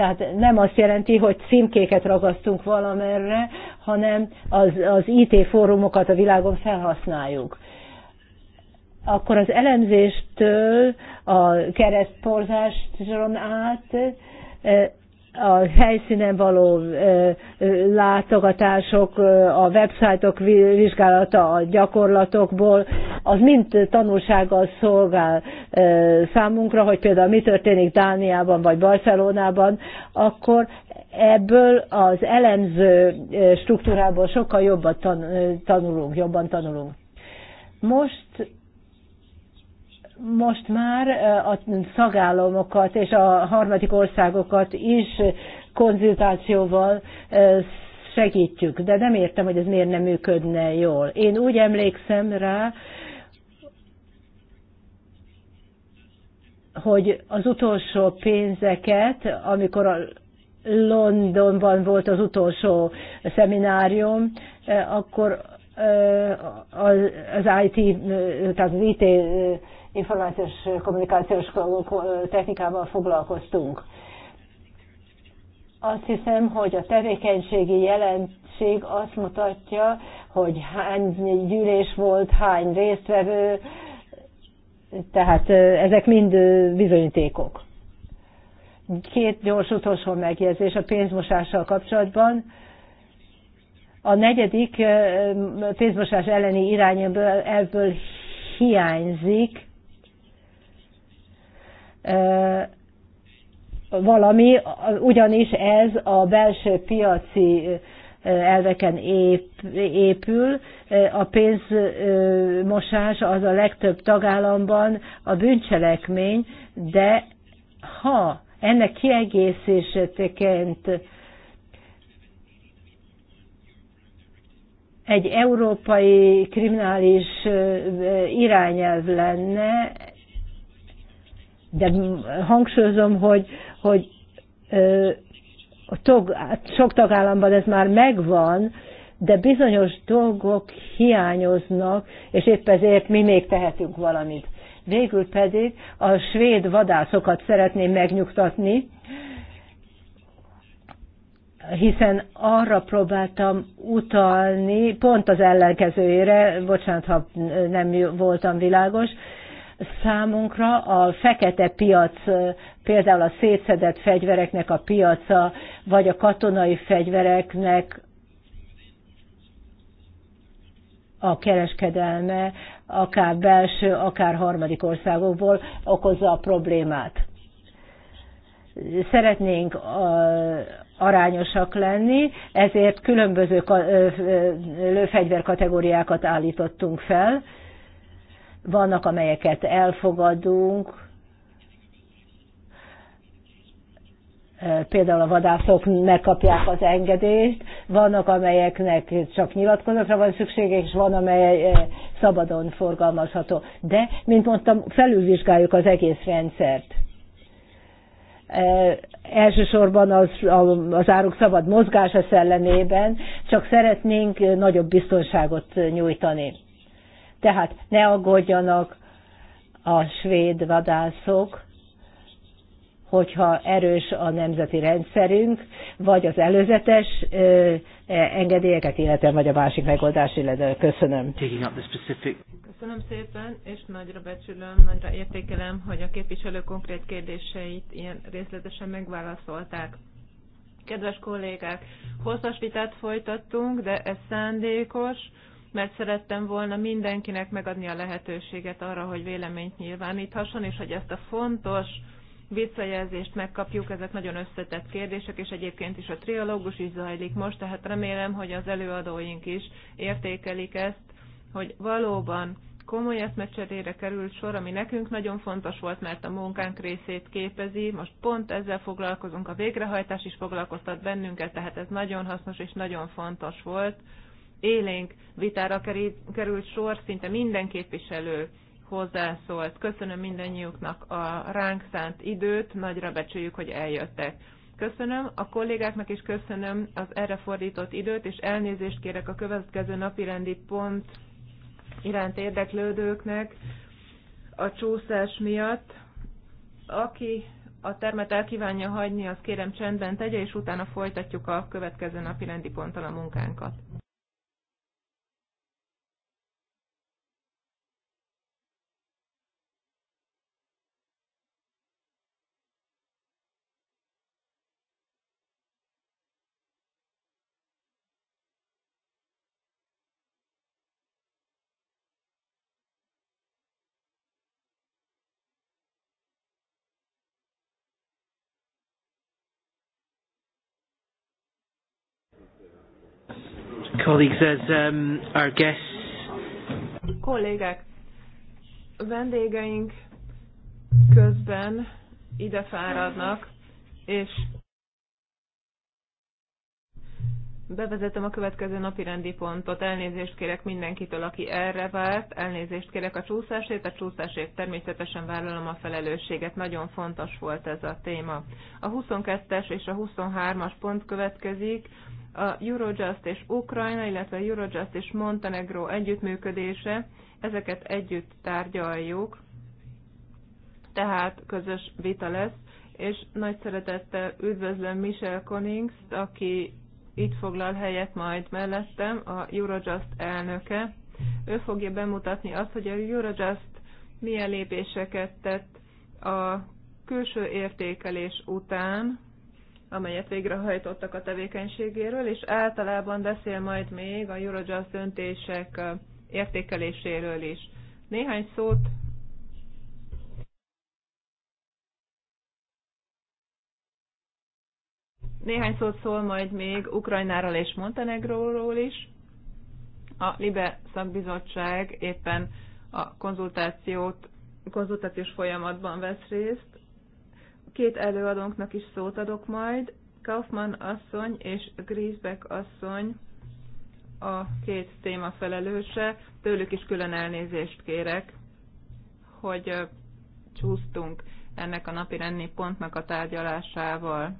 tehát nem azt jelenti, hogy címkéket ragasztunk valamerre, hanem az, az IT fórumokat a világon felhasználjuk. Akkor az elemzéstől a keresztporzáson át a helyszínen való látogatások, a websájtok vizsgálata a gyakorlatokból, az mind tanulsággal szolgál számunkra, hogy például mi történik Dániában vagy Barcelonában, akkor ebből az elemző struktúrából sokkal jobban tanulunk, jobban tanulunk. Most most már a szagállamokat és a harmadik országokat is konzultációval segítjük, de nem értem, hogy ez miért nem működne jól. Én úgy emlékszem rá, hogy az utolsó pénzeket, amikor a Londonban volt az utolsó szeminárium, akkor az IT, tehát az IT információs kommunikációs technikával foglalkoztunk. Azt hiszem, hogy a tevékenységi jelentség azt mutatja, hogy hány gyűlés volt, hány résztvevő, tehát ezek mind bizonyítékok. Két gyors utolsó megjegyzés a pénzmosással kapcsolatban. A negyedik pénzmosás elleni irányból hiányzik, valami, ugyanis ez a belső piaci elveken épül. A pénzmosás az a legtöbb tagállamban a bűncselekmény, de ha ennek kiegészítéseként egy európai kriminális irányelv lenne, de hangsúlyozom, hogy, hogy a tog, sok tagállamban ez már megvan, de bizonyos dolgok hiányoznak, és épp ezért mi még tehetünk valamit. Végül pedig a svéd vadászokat szeretném megnyugtatni, hiszen arra próbáltam utalni, pont az ellenkezőjére, bocsánat, ha nem voltam világos, Számunkra a fekete piac, például a szétszedett fegyvereknek a piaca, vagy a katonai fegyvereknek a kereskedelme, akár belső, akár harmadik országokból okozza a problémát. Szeretnénk arányosak lenni, ezért különböző lőfegyverkategóriákat állítottunk fel, vannak, amelyeket elfogadunk, például a vadászok megkapják az engedést, vannak amelyeknek csak nyilatkozatra van szüksége, és van amely eh, szabadon forgalmazható. De, mint mondtam, felülvizsgáljuk az egész rendszert. Eh, elsősorban az, az áruk szabad mozgása szellemében, csak szeretnénk nagyobb biztonságot nyújtani tehát ne aggódjanak a svéd vadászok, hogyha erős a nemzeti rendszerünk, vagy az előzetes ö, e, engedélyeket, illetve vagy a másik megoldás, illetve köszönöm. Köszönöm szépen, és nagyra becsülöm, nagyra értékelem, hogy a képviselő konkrét kérdéseit ilyen részletesen megválaszolták. Kedves kollégák, hosszas vitát folytattunk, de ez szándékos, mert szerettem volna mindenkinek megadni a lehetőséget arra, hogy véleményt nyilváníthasson, és hogy ezt a fontos visszajelzést megkapjuk, ezek nagyon összetett kérdések, és egyébként is a triológus is zajlik most, tehát remélem, hogy az előadóink is értékelik ezt, hogy valóban komoly eszmecserére került sor, ami nekünk nagyon fontos volt, mert a munkánk részét képezi. Most pont ezzel foglalkozunk, a végrehajtás is foglalkoztat bennünket, tehát ez nagyon hasznos és nagyon fontos volt élénk vitára került sor, szinte minden képviselő hozzászólt. Köszönöm mindannyiuknak a ránk szánt időt, nagyra becsüljük, hogy eljöttek. Köszönöm a kollégáknak is köszönöm az erre fordított időt, és elnézést kérek a következő napirendi pont iránt érdeklődőknek a csúszás miatt. Aki a termet elkívánja hagyni, az kérem csendben tegye, és utána folytatjuk a következő napi rendi ponttal a munkánkat. Colleagues, as um, our guests. Kollégák, vendégeink közben ide fáradnak, és Bevezetem a következő napi rendi pontot. Elnézést kérek mindenkitől, aki erre várt. Elnézést kérek a csúszásért. A csúszásért természetesen vállalom a felelősséget. Nagyon fontos volt ez a téma. A 22-es és a 23-as pont következik. A Eurojust és Ukrajna, illetve a Eurojust és Montenegro együttműködése. Ezeket együtt tárgyaljuk. Tehát közös vita lesz és nagy szeretettel üdvözlöm Michelle Konings, aki itt foglal helyet majd mellettem a Eurojust elnöke. Ő fogja bemutatni azt, hogy a Eurojust milyen lépéseket tett a külső értékelés után, amelyet végrehajtottak a tevékenységéről, és általában beszél majd még a Eurojust döntések értékeléséről is. Néhány szót Néhány szót szól majd még Ukrajnáról és Montenegróról is. A Libe szakbizottság éppen a konzultációt, konzultációs folyamatban vesz részt. Két előadónknak is szót adok majd. Kaufmann asszony és Griesbeck asszony a két téma felelőse. Tőlük is külön elnézést kérek, hogy csúsztunk ennek a napi rendi pontnak a tárgyalásával.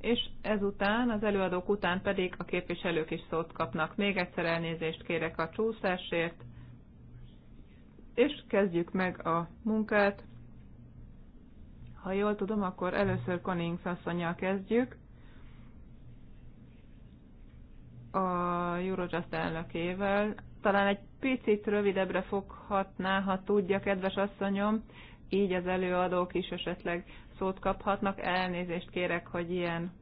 és ezután, az előadók után pedig a képviselők is szót kapnak. Még egyszer elnézést kérek a csúszásért, és kezdjük meg a munkát. Ha jól tudom, akkor először Konings asszonyjal kezdjük. a Eurojust elnökével. Talán egy picit rövidebbre foghatná, ha tudja, kedves asszonyom, így az előadók is esetleg szót kaphatnak. Elnézést kérek, hogy ilyen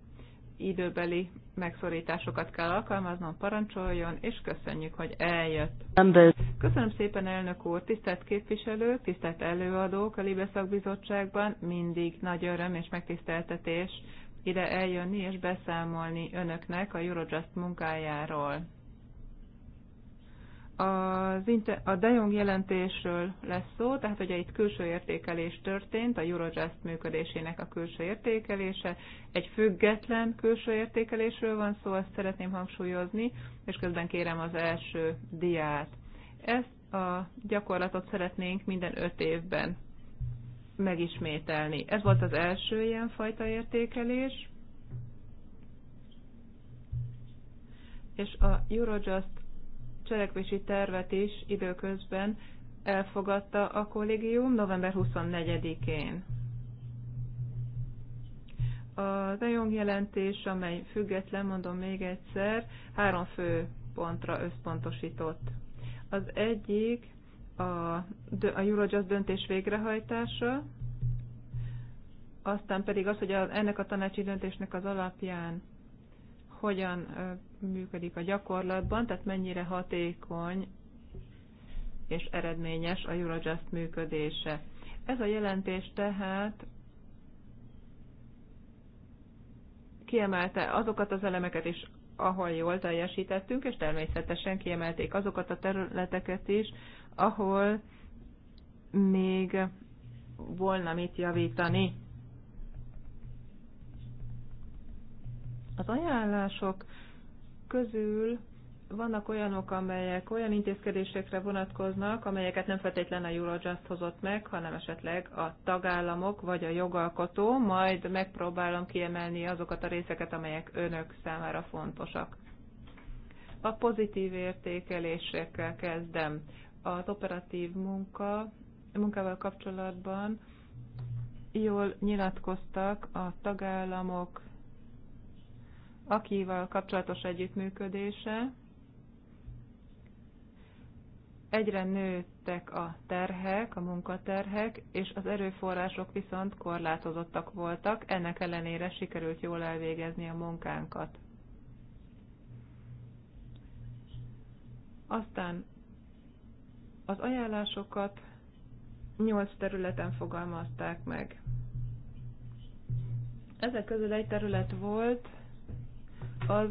időbeli megszorításokat kell alkalmaznom, parancsoljon, és köszönjük, hogy eljött. Köszönöm szépen, elnök úr, tisztelt képviselők, tisztelt előadók a Libe mindig nagy öröm és megtiszteltetés ide eljönni és beszámolni önöknek a Eurojust munkájáról. Az inter- a De Jong jelentésről lesz szó, tehát ugye itt külső értékelés történt, a Eurojust működésének a külső értékelése. Egy független külső értékelésről van szó, ezt szeretném hangsúlyozni, és közben kérem az első diát. Ezt a gyakorlatot szeretnénk minden öt évben megismételni. Ez volt az első ilyen fajta értékelés, és a Eurojust cselekvési tervet is időközben elfogadta a kollégium november 24-én. A EON jelentés, amely független, mondom még egyszer, három fő pontra összpontosított. Az egyik a, a Eurojust döntés végrehajtása, aztán pedig az, hogy a, ennek a tanácsi döntésnek az alapján hogyan működik a gyakorlatban, tehát mennyire hatékony és eredményes a Eurojust működése. Ez a jelentés tehát kiemelte azokat az elemeket is, ahol jól teljesítettünk, és természetesen kiemelték azokat a területeket is, ahol még volna mit javítani. Az ajánlások közül vannak olyanok, amelyek olyan intézkedésekre vonatkoznak, amelyeket nem feltétlenül a Eurojust hozott meg, hanem esetleg a tagállamok vagy a jogalkotó, majd megpróbálom kiemelni azokat a részeket, amelyek önök számára fontosak. A pozitív értékelésekkel kezdem. Az operatív munka, munkával kapcsolatban jól nyilatkoztak a tagállamok, akivel kapcsolatos együttműködése. Egyre nőttek a terhek, a munkaterhek, és az erőforrások viszont korlátozottak voltak, ennek ellenére sikerült jól elvégezni a munkánkat. Aztán az ajánlásokat nyolc területen fogalmazták meg. Ezek közül egy terület volt, az,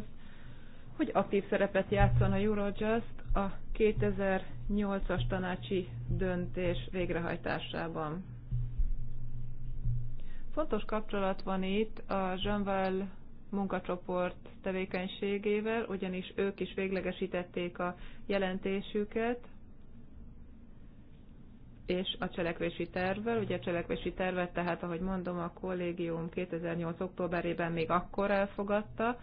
hogy aktív szerepet játszon a Eurojust a 2008-as tanácsi döntés végrehajtásában. Fontos kapcsolat van itt a Jeanval munkacsoport tevékenységével, ugyanis ők is véglegesítették a jelentésüket, és a cselekvési tervvel. Ugye a cselekvési tervet, tehát ahogy mondom, a kollégium 2008. októberében még akkor elfogadta,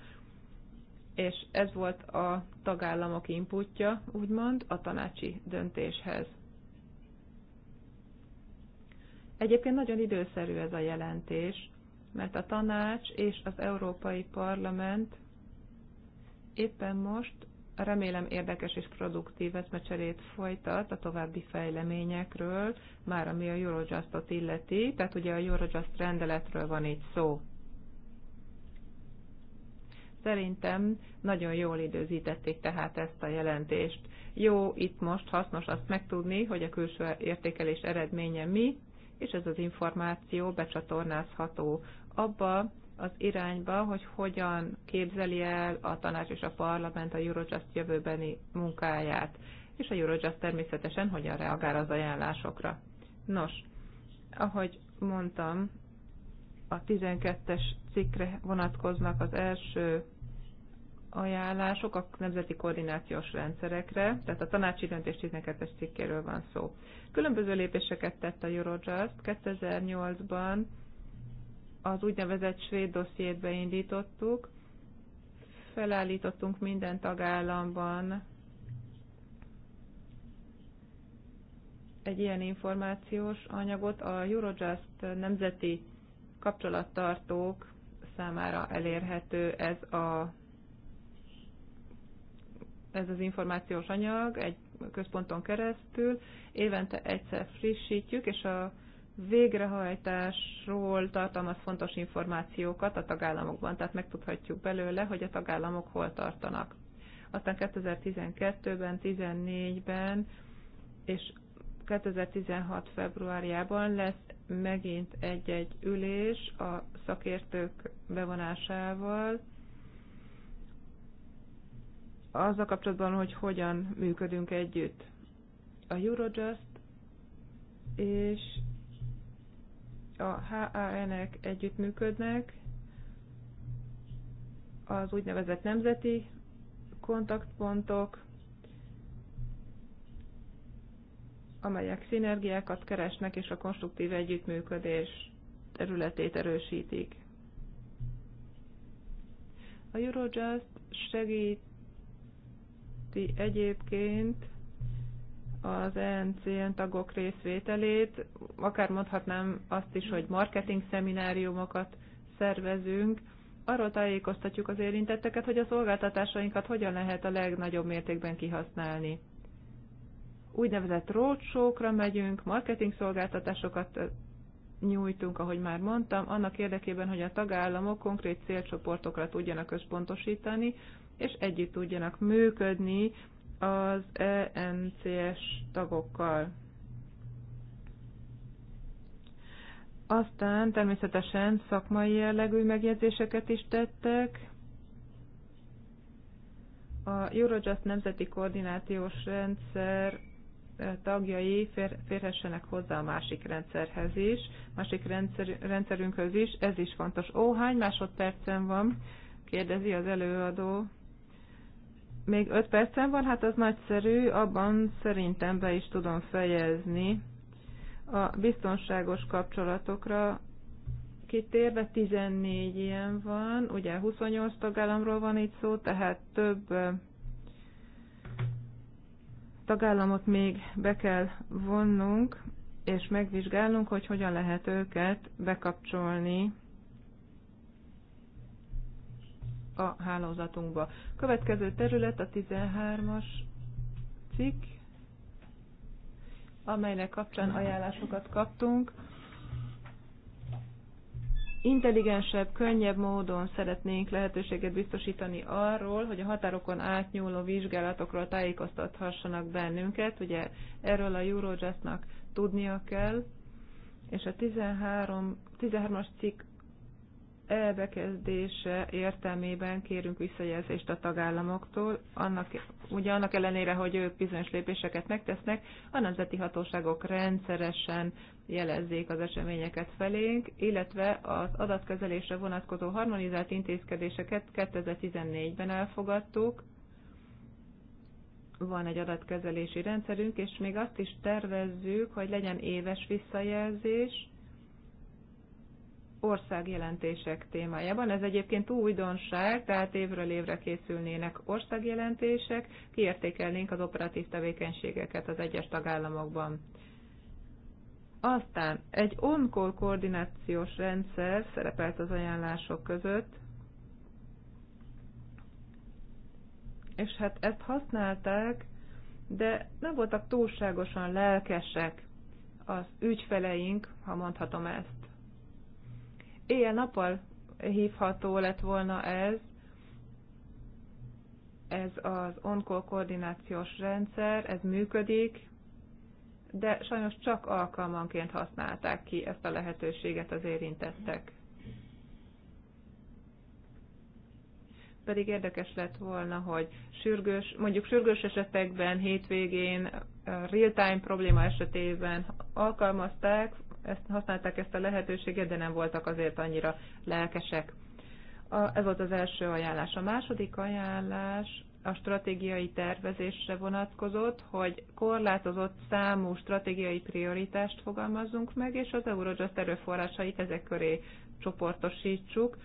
és ez volt a tagállamok inputja, úgymond, a tanácsi döntéshez. Egyébként nagyon időszerű ez a jelentés, mert a tanács és az Európai Parlament éppen most remélem érdekes és produktív eszmecserét folytat a további fejleményekről, már ami a Eurojustot illeti, tehát ugye a Eurojust rendeletről van itt szó. Szerintem nagyon jól időzítették tehát ezt a jelentést. Jó itt most hasznos azt megtudni, hogy a külső értékelés eredménye mi, és ez az információ becsatornázható abba az irányba, hogy hogyan képzeli el a tanács és a parlament a Eurojust jövőbeni munkáját, és a Eurojust természetesen hogyan reagál az ajánlásokra. Nos, ahogy mondtam, a 12-es cikkre vonatkoznak az első ajánlások a nemzeti koordinációs rendszerekre, tehát a tanácsi döntés 12-es cikkéről van szó. Különböző lépéseket tett a Eurojust. 2008-ban az úgynevezett svéd dossziét beindítottuk, felállítottunk minden tagállamban egy ilyen információs anyagot a Eurojust nemzeti kapcsolattartók számára elérhető ez a ez az információs anyag egy központon keresztül. Évente egyszer frissítjük, és a végrehajtásról tartalmaz fontos információkat a tagállamokban, tehát megtudhatjuk belőle, hogy a tagállamok hol tartanak. Aztán 2012-ben, 14 ben és 2016. februárjában lesz megint egy-egy ülés a szakértők bevonásával, azzal kapcsolatban, hogy hogyan működünk együtt. A Eurojust és a HAN-ek együttműködnek, az úgynevezett nemzeti kontaktpontok, amelyek szinergiákat keresnek és a konstruktív együttműködés területét erősítik. A Eurojust segíti egyébként az ENCN tagok részvételét, akár mondhatnám azt is, hogy marketing szemináriumokat szervezünk, arról tájékoztatjuk az érintetteket, hogy a szolgáltatásainkat hogyan lehet a legnagyobb mértékben kihasználni úgynevezett roadshow-kra megyünk, marketing szolgáltatásokat nyújtunk, ahogy már mondtam, annak érdekében, hogy a tagállamok konkrét célcsoportokra tudjanak összpontosítani, és együtt tudjanak működni az ENCS tagokkal. Aztán természetesen szakmai jellegű megjegyzéseket is tettek. A Eurojust nemzeti koordinációs rendszer tagjai fér, férhessenek hozzá a másik rendszerhez is, másik rendszer, rendszerünkhöz is, ez is fontos. Ó, hány másodpercen van? kérdezi az előadó. Még öt percen van, hát az nagyszerű, abban szerintem be is tudom fejezni. A biztonságos kapcsolatokra kitérve 14 ilyen van, ugye 28 tagállamról van itt szó, tehát több tagállamot még be kell vonnunk, és megvizsgálnunk, hogy hogyan lehet őket bekapcsolni a hálózatunkba. Következő terület a 13-as cikk, amelynek kapcsán ajánlásokat kaptunk intelligensebb, könnyebb módon szeretnénk lehetőséget biztosítani arról, hogy a határokon átnyúló vizsgálatokról tájékoztathassanak bennünket. Ugye erről a Eurojustnak tudnia kell, és a 13, 13-as cikk elbekezdése értelmében kérünk visszajelzést a tagállamoktól, annak, ugye annak ellenére, hogy ők bizonyos lépéseket megtesznek, a nemzeti hatóságok rendszeresen jelezzék az eseményeket felénk, illetve az adatkezelésre vonatkozó harmonizált intézkedéseket 2014-ben elfogadtuk. Van egy adatkezelési rendszerünk, és még azt is tervezzük, hogy legyen éves visszajelzés országjelentések témájában. Ez egyébként újdonság, tehát évről évre készülnének országjelentések, kiértékelnénk az operatív tevékenységeket az egyes tagállamokban aztán egy on-call koordinációs rendszer szerepelt az ajánlások között, és hát ezt használták, de nem voltak túlságosan lelkesek az ügyfeleink, ha mondhatom ezt. Éjjel-nappal hívható lett volna ez, ez az onkol koordinációs rendszer, ez működik, de sajnos csak alkalmanként használták ki ezt a lehetőséget az érintettek. Pedig érdekes lett volna, hogy sürgős, mondjuk sürgős esetekben, hétvégén, real-time probléma esetében alkalmazták, ezt, használták ezt a lehetőséget, de nem voltak azért annyira lelkesek. A, ez volt az első ajánlás. A második ajánlás a stratégiai tervezésre vonatkozott, hogy korlátozott számú stratégiai prioritást fogalmazzunk meg, és az Eurojust erőforrásait ezek köré csoportosítsuk,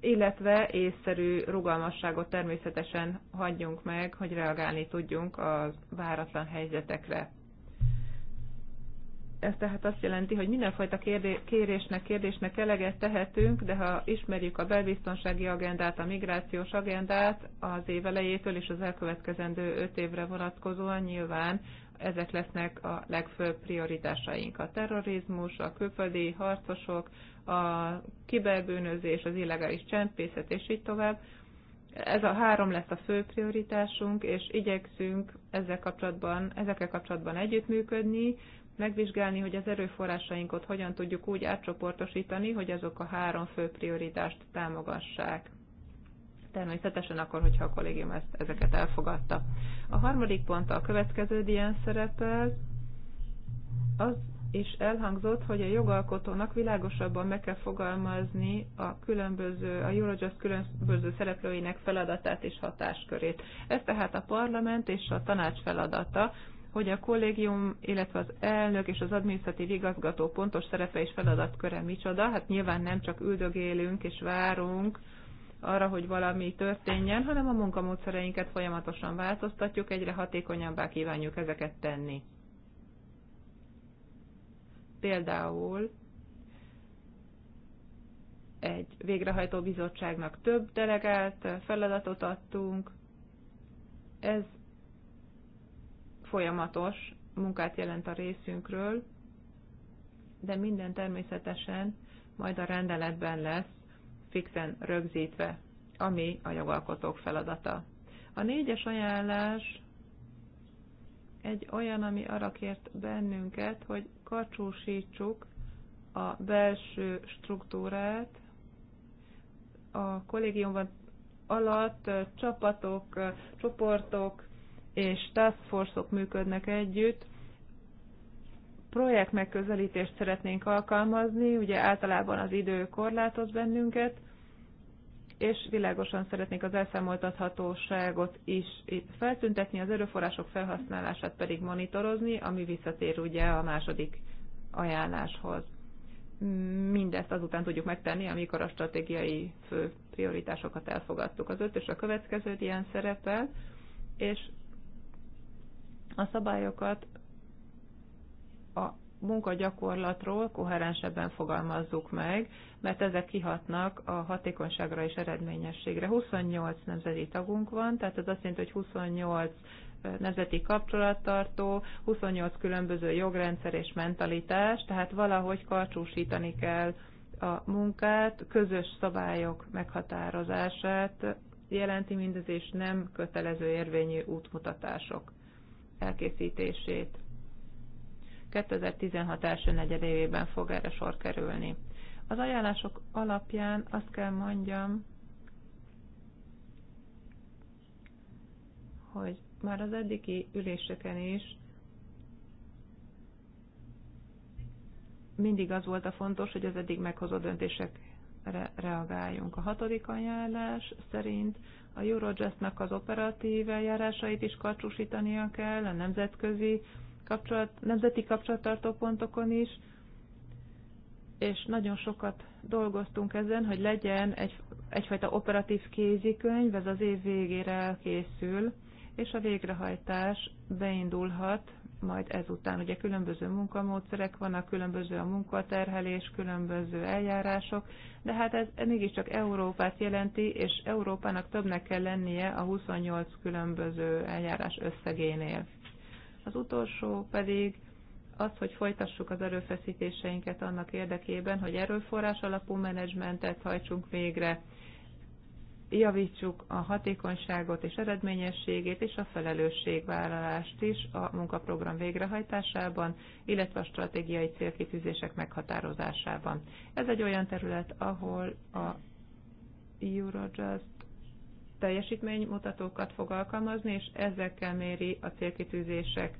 illetve észszerű rugalmasságot természetesen hagyjunk meg, hogy reagálni tudjunk a váratlan helyzetekre. Ez tehát azt jelenti, hogy mindenfajta kérésnek, kérdésnek eleget tehetünk, de ha ismerjük a belbiztonsági agendát, a migrációs agendát az év elejétől és az elkövetkezendő öt évre vonatkozóan nyilván ezek lesznek a legfőbb prioritásaink. A terrorizmus, a külföldi harcosok, a kiberbűnözés, az illegális csempészet, és így tovább. Ez a három lesz a fő prioritásunk, és igyekszünk ezzel kapcsolatban, ezekkel kapcsolatban együttműködni, megvizsgálni, hogy az erőforrásainkat hogyan tudjuk úgy átcsoportosítani, hogy azok a három fő prioritást támogassák. Természetesen akkor, hogyha a kollégium ezt, ezeket elfogadta. A harmadik pont a következő ilyen szerepel, az is elhangzott, hogy a jogalkotónak világosabban meg kell fogalmazni a különböző, a Eurojust különböző szereplőinek feladatát és hatáskörét. Ez tehát a parlament és a tanács feladata, hogy a kollégium, illetve az elnök és az adminisztratív igazgató pontos szerepe és feladatköre micsoda. Hát nyilván nem csak üldögélünk és várunk arra, hogy valami történjen, hanem a munkamódszereinket folyamatosan változtatjuk, egyre hatékonyabbá kívánjuk ezeket tenni. Például egy végrehajtó bizottságnak több delegált feladatot adtunk. Ez folyamatos munkát jelent a részünkről, de minden természetesen majd a rendeletben lesz fixen rögzítve, ami a jogalkotók feladata. A négyes ajánlás egy olyan, ami arra kért bennünket, hogy karcsúsítsuk a belső struktúrát. A kollégiumban alatt csapatok, csoportok, és task force -ok működnek együtt, projekt megközelítést szeretnénk alkalmazni, ugye általában az idő korlátoz bennünket, és világosan szeretnék az elszámoltathatóságot is itt feltüntetni, az erőforrások felhasználását pedig monitorozni, ami visszatér ugye a második ajánláshoz. Mindezt azután tudjuk megtenni, amikor a stratégiai fő prioritásokat elfogadtuk. Az ötös a következő ilyen szerepel, és a szabályokat a munkagyakorlatról koherensebben fogalmazzuk meg, mert ezek kihatnak a hatékonyságra és eredményességre. 28 nemzeti tagunk van, tehát ez azt jelenti, hogy 28 nemzeti kapcsolattartó, 28 különböző jogrendszer és mentalitás, tehát valahogy karcsúsítani kell a munkát, közös szabályok meghatározását jelenti mindez, és nem kötelező érvényű útmutatások elkészítését. 2016 első negyedévében fog erre sor kerülni. Az ajánlások alapján azt kell mondjam, hogy már az eddigi üléseken is mindig az volt a fontos, hogy az eddig meghozott döntésekre reagáljunk. A hatodik ajánlás szerint a Eurojustnak az operatív eljárásait is karcsúsítania kell, a nemzetközi kapcsolat, nemzeti kapcsolattartó pontokon is, és nagyon sokat dolgoztunk ezen, hogy legyen egy, egyfajta operatív kézikönyv, ez az év végére elkészül, és a végrehajtás beindulhat majd ezután. Ugye különböző munkamódszerek vannak, különböző a munkaterhelés, különböző eljárások, de hát ez mégiscsak Európát jelenti, és Európának többnek kell lennie a 28 különböző eljárás összegénél. Az utolsó pedig az, hogy folytassuk az erőfeszítéseinket annak érdekében, hogy erőforrás alapú menedzsmentet hajtsunk végre, javítsuk a hatékonyságot és eredményességét és a felelősségvállalást is a munkaprogram végrehajtásában, illetve a stratégiai célkitűzések meghatározásában. Ez egy olyan terület, ahol a Eurojust teljesítménymutatókat fog alkalmazni, és ezekkel méri a célkitűzések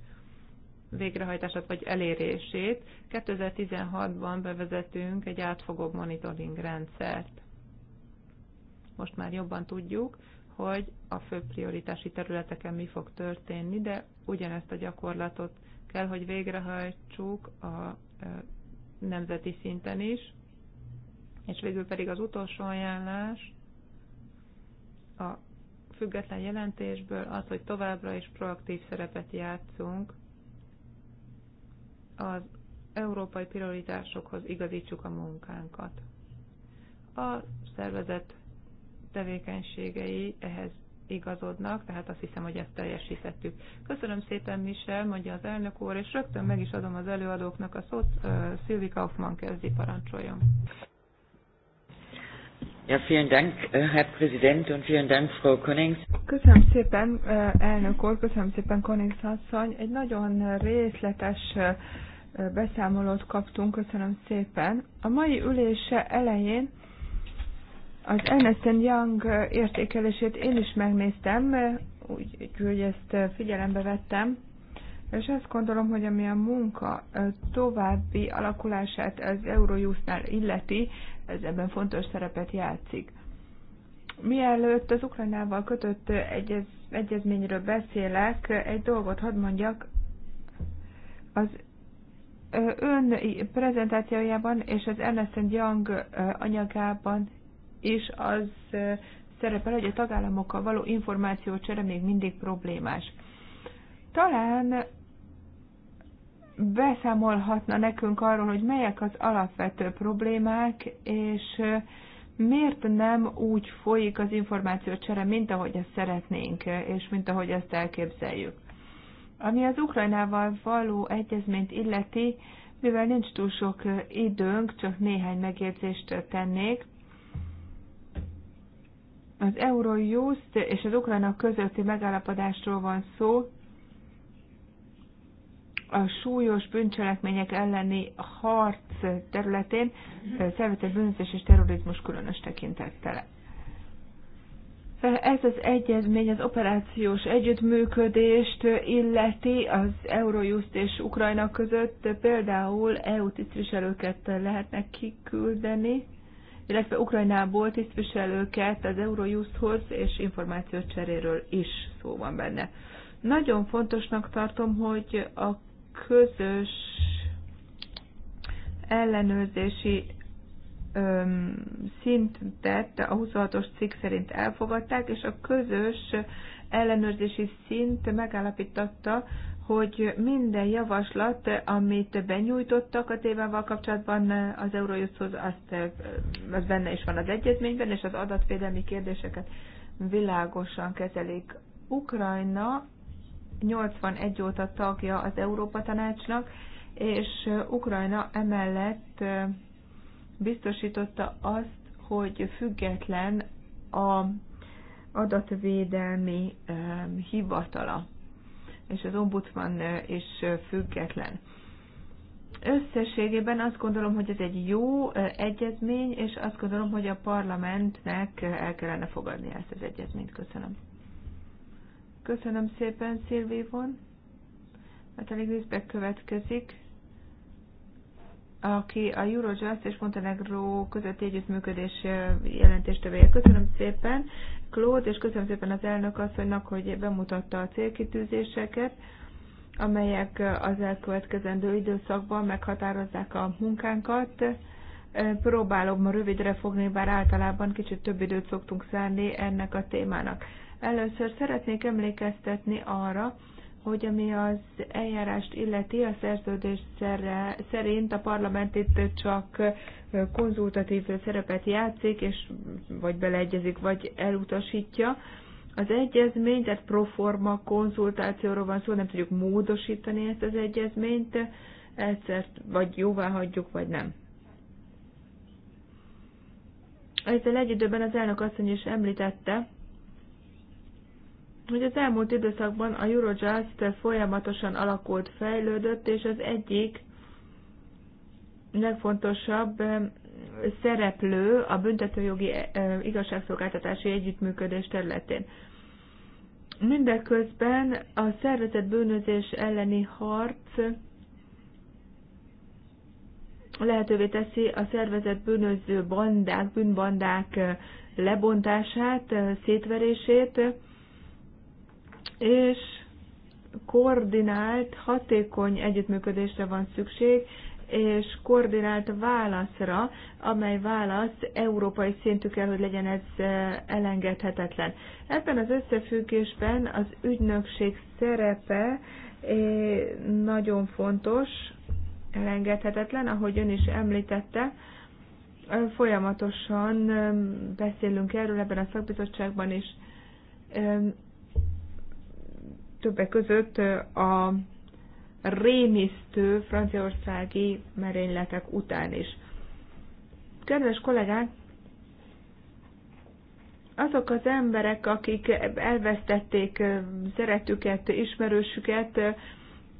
végrehajtását vagy elérését. 2016-ban bevezetünk egy átfogóbb monitoring rendszert most már jobban tudjuk, hogy a fő prioritási területeken mi fog történni, de ugyanezt a gyakorlatot kell, hogy végrehajtsuk a nemzeti szinten is. És végül pedig az utolsó ajánlás a független jelentésből az, hogy továbbra is proaktív szerepet játszunk az európai prioritásokhoz igazítsuk a munkánkat. A szervezet tevékenységei ehhez igazodnak, tehát azt hiszem, hogy ezt teljesítettük. Köszönöm szépen, Michel, mondja az elnök úr, és rögtön meg is adom az előadóknak a szót. Uh, Szilvi Kaufmann kezdi, parancsoljon. Ja, vielen Dank, äh, Herr Präsident, und vielen Dank, Frau Konings. Köszönöm szépen, elnök úr, köszönöm szépen, Konings asszony. Egy nagyon részletes beszámolót kaptunk, köszönöm szépen. A mai ülése elején az Ernest Young értékelését én is megnéztem, úgyhogy ezt figyelembe vettem, és azt gondolom, hogy ami a munka további alakulását az Eurojustnál illeti, ez ebben fontos szerepet játszik. Mielőtt az Ukrajnával kötött egyez, egyezményről beszélek, egy dolgot hadd mondjak. Az ön prezentációjában és az Ernest Young anyagában és az szerepel, hogy a tagállamokkal való információcsere még mindig problémás. Talán beszámolhatna nekünk arról, hogy melyek az alapvető problémák, és miért nem úgy folyik az információcsere, mint ahogy ezt szeretnénk, és mint ahogy ezt elképzeljük. Ami az Ukrajnával való egyezményt illeti, mivel nincs túl sok időnk, csak néhány megjegyzést tennék. Az Eurojust és az Ukrajna közötti megállapodásról van szó, a súlyos bűncselekmények elleni harc területén szervezett bűnözés és terrorizmus különös tekintettel. Ez az egyezmény az operációs együttműködést illeti az Eurojust és Ukrajna között. Például EU tisztviselőket lehetnek kiküldeni, illetve Ukrajnából tisztviselőket az Eurojusthoz és cseréről is szó van benne. Nagyon fontosnak tartom, hogy a közös ellenőrzési öm, szintet a 26-os cikk szerint elfogadták, és a közös ellenőrzési szint megállapította, hogy minden javaslat, amit benyújtottak a témával kapcsolatban az Eurojuszhoz, azt, az benne is van az egyezményben, és az adatvédelmi kérdéseket világosan kezelik. Ukrajna 81 óta tagja az Európa Tanácsnak, és Ukrajna emellett biztosította azt, hogy független a adatvédelmi eh, hivatala és az ombudsman is független. Összességében azt gondolom, hogy ez egy jó egyezmény, és azt gondolom, hogy a parlamentnek el kellene fogadni ezt az egyezményt. Köszönöm. Köszönöm szépen, Szilvi von. Natalie Grisbeck következik aki a Eurojust és Montenegro közötti együttműködés jelentéstevője. Köszönöm szépen. Claude, és köszönöm szépen az elnök asszonynak, hogy bemutatta a célkitűzéseket, amelyek az elkövetkezendő időszakban meghatározzák a munkánkat. Próbálom ma rövidre fogni, bár általában kicsit több időt szoktunk szánni ennek a témának. Először szeretnék emlékeztetni arra, hogy ami az eljárást illeti, a szerződés szerint a parlament itt csak konzultatív szerepet játszik, és vagy beleegyezik, vagy elutasítja. Az egyezmény, tehát proforma konzultációról van szó, nem tudjuk módosítani ezt az egyezményt, egyszer vagy jóvá hagyjuk, vagy nem. Ezzel egy időben az elnök asszony is említette, hogy az elmúlt időszakban a Eurojazz folyamatosan alakult, fejlődött, és az egyik legfontosabb szereplő a büntetőjogi igazságszolgáltatási együttműködés területén. Mindeközben a szervezett bűnözés elleni harc lehetővé teszi a szervezett bűnöző bandák, bűnbandák eh, lebontását, eh, szétverését, és koordinált, hatékony együttműködésre van szükség, és koordinált válaszra, amely válasz európai szintű kell, hogy legyen ez e, elengedhetetlen. Ebben az összefüggésben az ügynökség szerepe nagyon fontos, elengedhetetlen, ahogy ön is említette, e, folyamatosan e, beszélünk erről ebben a szakbizottságban is többek között a rémisztő franciaországi merényletek után is. Kedves kollégák, azok az emberek, akik elvesztették szeretüket, ismerősüket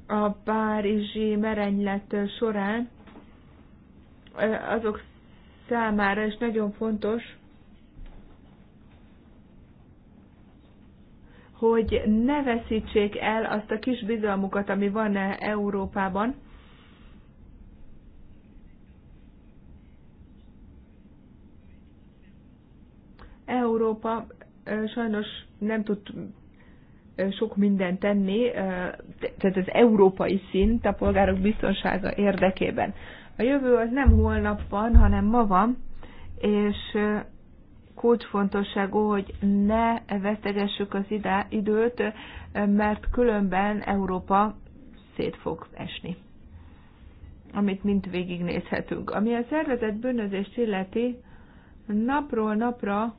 a párizsi merenylet során, azok számára is nagyon fontos, hogy ne veszítsék el azt a kis bizalmukat, ami van -e Európában, Európa sajnos nem tud sok mindent tenni, tehát az európai szint a polgárok biztonsága érdekében. A jövő az nem holnap van, hanem ma van, és kulcsfontosságú, hogy ne vesztegessük az idá, időt, mert különben Európa szét fog esni, amit mind végignézhetünk. Ami a szervezet bűnözést illeti, napról napra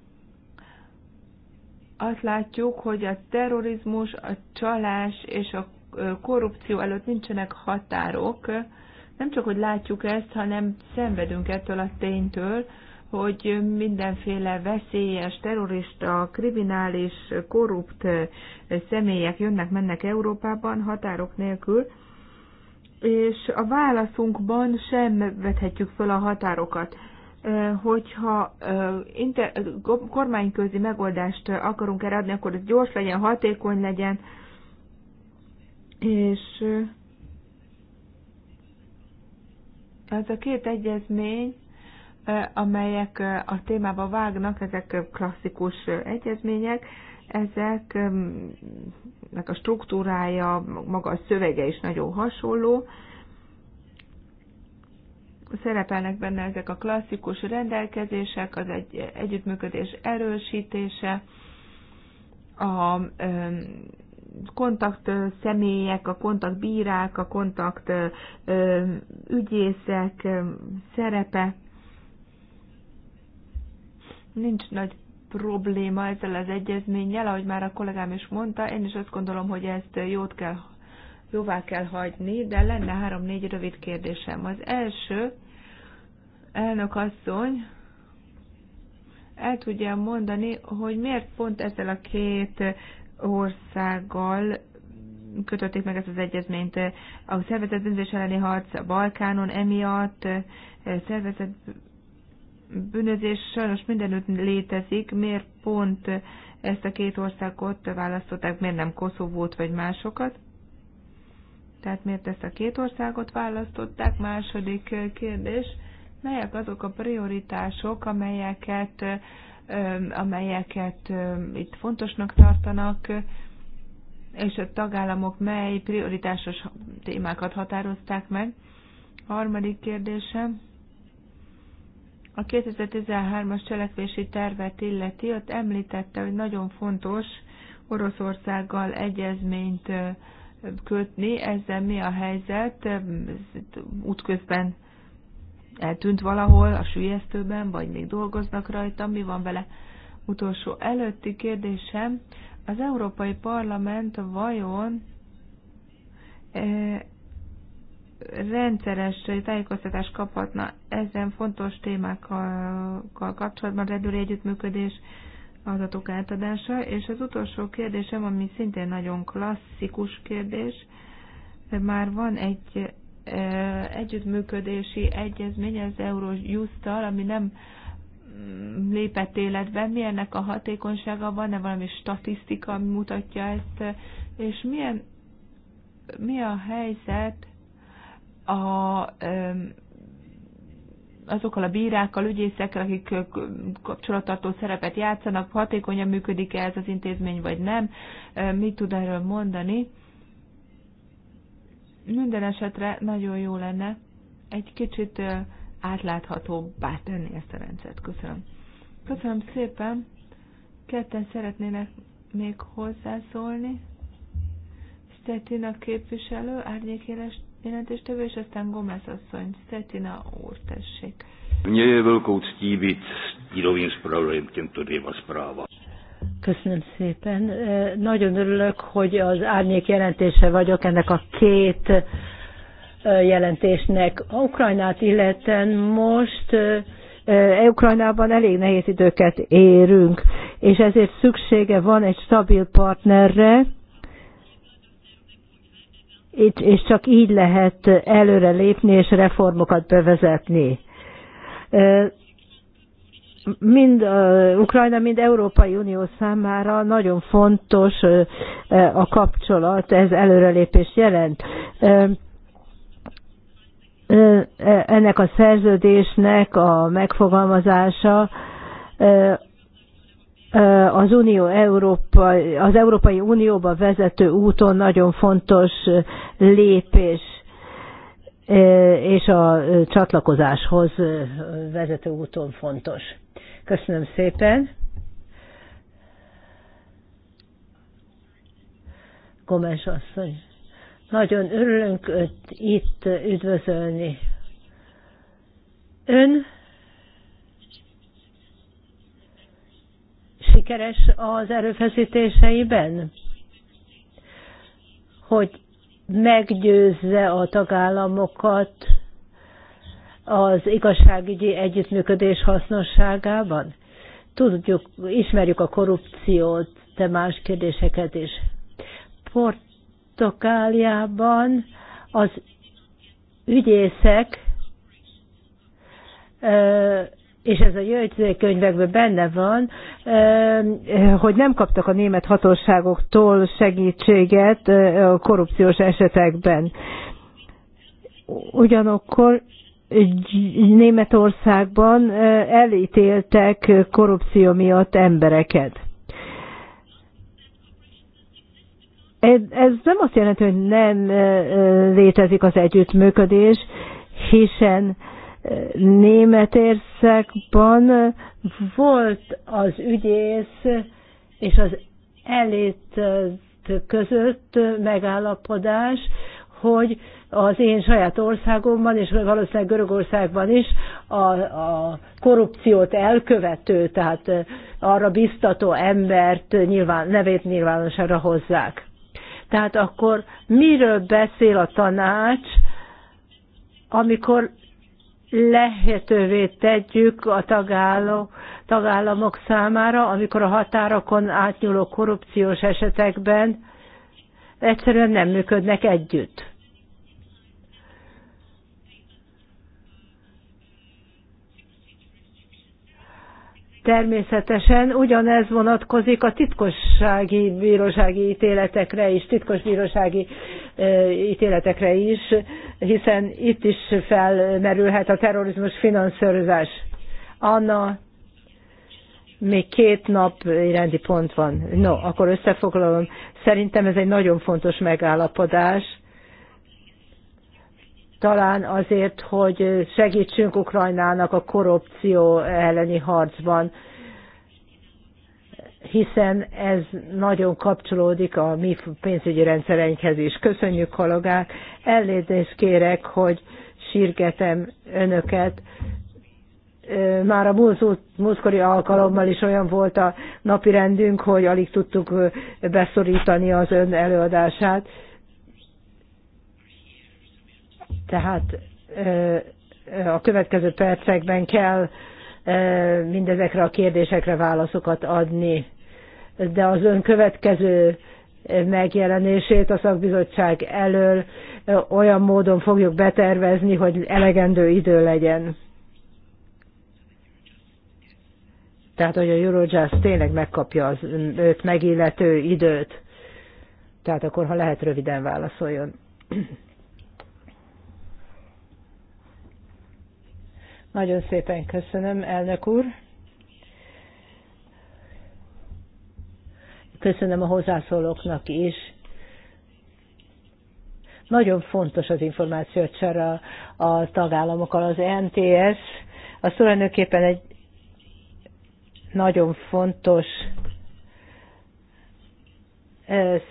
azt látjuk, hogy a terrorizmus, a csalás és a korrupció előtt nincsenek határok. Nem csak, hogy látjuk ezt, hanem szenvedünk ettől a ténytől, hogy mindenféle veszélyes, terrorista, kriminális, korrupt személyek jönnek-mennek Európában határok nélkül, és a válaszunkban sem vethetjük föl a határokat. Hogyha kormányközi megoldást akarunk erre adni, akkor ez gyors legyen, hatékony legyen, és ez a két egyezmény amelyek a témába vágnak, ezek klasszikus egyezmények, ezeknek a struktúrája, maga a szövege is nagyon hasonló. Szerepelnek benne ezek a klasszikus rendelkezések, az egy, együttműködés erősítése, a kontakt személyek, a kontakt bírák, a kontakt ügyészek szerepe, nincs nagy probléma ezzel az egyezménnyel, ahogy már a kollégám is mondta, én is azt gondolom, hogy ezt jót kell, jóvá kell hagyni, de lenne három-négy rövid kérdésem. Az első, elnök asszony, el tudja mondani, hogy miért pont ezzel a két országgal kötötték meg ezt az egyezményt. A szervezetbűnzés elleni harc a Balkánon emiatt, szervezet bűnözés sajnos mindenütt létezik, miért pont ezt a két országot választották, miért nem Koszovót vagy másokat? Tehát miért ezt a két országot választották? Második kérdés, melyek azok a prioritások, amelyeket, amelyeket itt fontosnak tartanak, és a tagállamok mely prioritásos témákat határozták meg? Harmadik kérdésem a 2013-as cselekvési tervet illeti, ott említette, hogy nagyon fontos Oroszországgal egyezményt kötni, ezzel mi a helyzet, útközben eltűnt valahol a sülyeztőben, vagy még dolgoznak rajta, mi van vele? Utolsó előtti kérdésem, az Európai Parlament vajon rendszeres tájékoztatást kaphatna ezen fontos témákkal kapcsolatban rendőri együttműködés, adatok átadása, és az utolsó kérdésem, ami szintén nagyon klasszikus kérdés, már van egy együttműködési egyezmény az Eurojust-tal, ami nem mm, lépett életbe, mi ennek a hatékonysága, van-e valami statisztika, ami mutatja ezt, és milyen, mi a helyzet a, azokkal a bírákkal, ügyészekkel, akik kapcsolattartó szerepet játszanak, hatékonyan működik-e ez az intézmény, vagy nem, mit tud erről mondani. Minden esetre nagyon jó lenne egy kicsit átláthatóbbá tenni ezt a rendszert. Köszönöm. Köszönöm szépen. Ketten szeretnének még hozzászólni. Stettina képviselő, árnyékéles jelentéstevő, és aztán Gomez asszony, Szetina úr, tessék. Mě je velkou ctí být stínovým zpravodajem těmto dvěma zprávám. Köszönöm szépen. Nagyon örülök, hogy az árnyék jelentése vagyok ennek a két jelentésnek. A Ukrajnát illeten most e Ukrajnában elég nehéz időket érünk, és ezért szüksége van egy stabil partnerre, és csak így lehet előre lépni és reformokat bevezetni. Mind Ukrajna, mind Európai Unió számára nagyon fontos a kapcsolat, ez előrelépés jelent ennek a szerződésnek a megfogalmazása az Unió Európa, az Európai Unióba vezető úton nagyon fontos lépés és a csatlakozáshoz vezető úton fontos. Köszönöm szépen. Gomes asszony. Nagyon örülünk itt üdvözölni. Ön sikeres az erőfeszítéseiben, hogy meggyőzze a tagállamokat az igazságügyi együttműködés hasznosságában? Tudjuk, ismerjük a korrupciót, de más kérdéseket is. Portokáliában az ügyészek és ez a könyvekben benne van, hogy nem kaptak a német hatóságoktól segítséget a korrupciós esetekben. Ugyanakkor Németországban elítéltek korrupció miatt embereket. Ez nem azt jelenti, hogy nem létezik az együttműködés, hiszen Németérszekban volt az ügyész és az elit között megállapodás, hogy az én saját országomban, és valószínűleg Görögországban is a, a korrupciót elkövető, tehát arra biztató embert nyilván, nevét nyilvánosságra hozzák. Tehát akkor miről beszél a tanács, amikor lehetővé tegyük a tagállamok, tagállamok számára, amikor a határokon átnyúló korrupciós esetekben egyszerűen nem működnek együtt. Természetesen ugyanez vonatkozik a titkossági bírósági ítéletekre is, titkos bírósági ítéletekre is, hiszen itt is felmerülhet a terrorizmus finanszírozás. Anna, még két nap rendi pont van. No, akkor összefoglalom. Szerintem ez egy nagyon fontos megállapodás talán azért, hogy segítsünk Ukrajnának a korrupció elleni harcban, hiszen ez nagyon kapcsolódik a mi pénzügyi rendszereinkhez is. Köszönjük, kollégák! Elnézést kérek, hogy sírgetem önöket. Már a múltkori alkalommal is olyan volt a napi rendünk, hogy alig tudtuk beszorítani az ön előadását tehát a következő percekben kell mindezekre a kérdésekre válaszokat adni. De az ön következő megjelenését a szakbizottság elől olyan módon fogjuk betervezni, hogy elegendő idő legyen. Tehát, hogy a Eurojazz tényleg megkapja az őt megillető időt. Tehát akkor, ha lehet, röviden válaszoljon. Nagyon szépen köszönöm, elnök úr. Köszönöm a hozzászólóknak is. Nagyon fontos az információcsere a tagállamokkal. Az NTS az tulajdonképpen egy nagyon fontos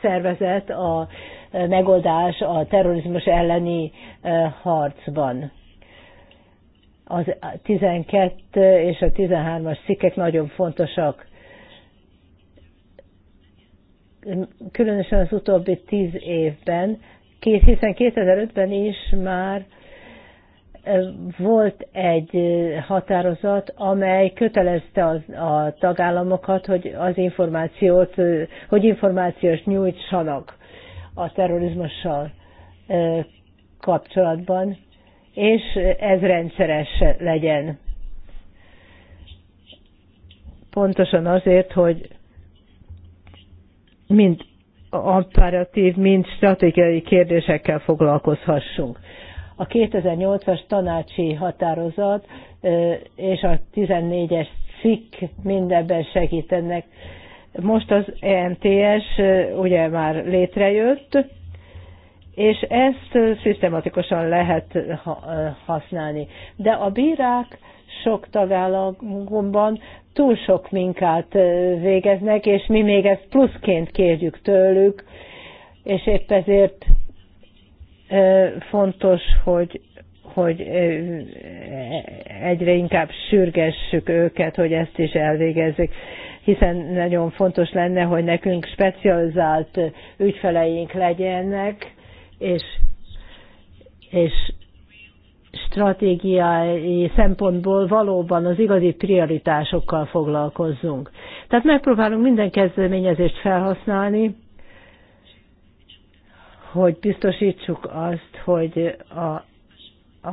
szervezet a megoldás a terrorizmus elleni harcban az 12 és a 13-as cikkek nagyon fontosak. Különösen az utóbbi 10 évben, hiszen 2005-ben is már e, volt egy e, határozat, amely kötelezte a, a tagállamokat, hogy az információt, e, hogy információs nyújtsanak a terrorizmussal kapcsolatban és ez rendszeres legyen. Pontosan azért, hogy mind operatív, mind stratégiai kérdésekkel foglalkozhassunk. A 2008-as tanácsi határozat és a 14-es cikk mindebben segítenek. Most az EMTS ugye már létrejött, és ezt szisztematikusan lehet használni. De a bírák sok tagállamban túl sok minkát végeznek, és mi még ezt pluszként kérjük tőlük, és épp ezért fontos, hogy, hogy egyre inkább sürgessük őket, hogy ezt is elvégezzük, hiszen nagyon fontos lenne, hogy nekünk specializált ügyfeleink legyenek, és, és stratégiai szempontból valóban az igazi prioritásokkal foglalkozzunk. Tehát megpróbálunk minden kezdeményezést felhasználni, hogy biztosítsuk azt, hogy a,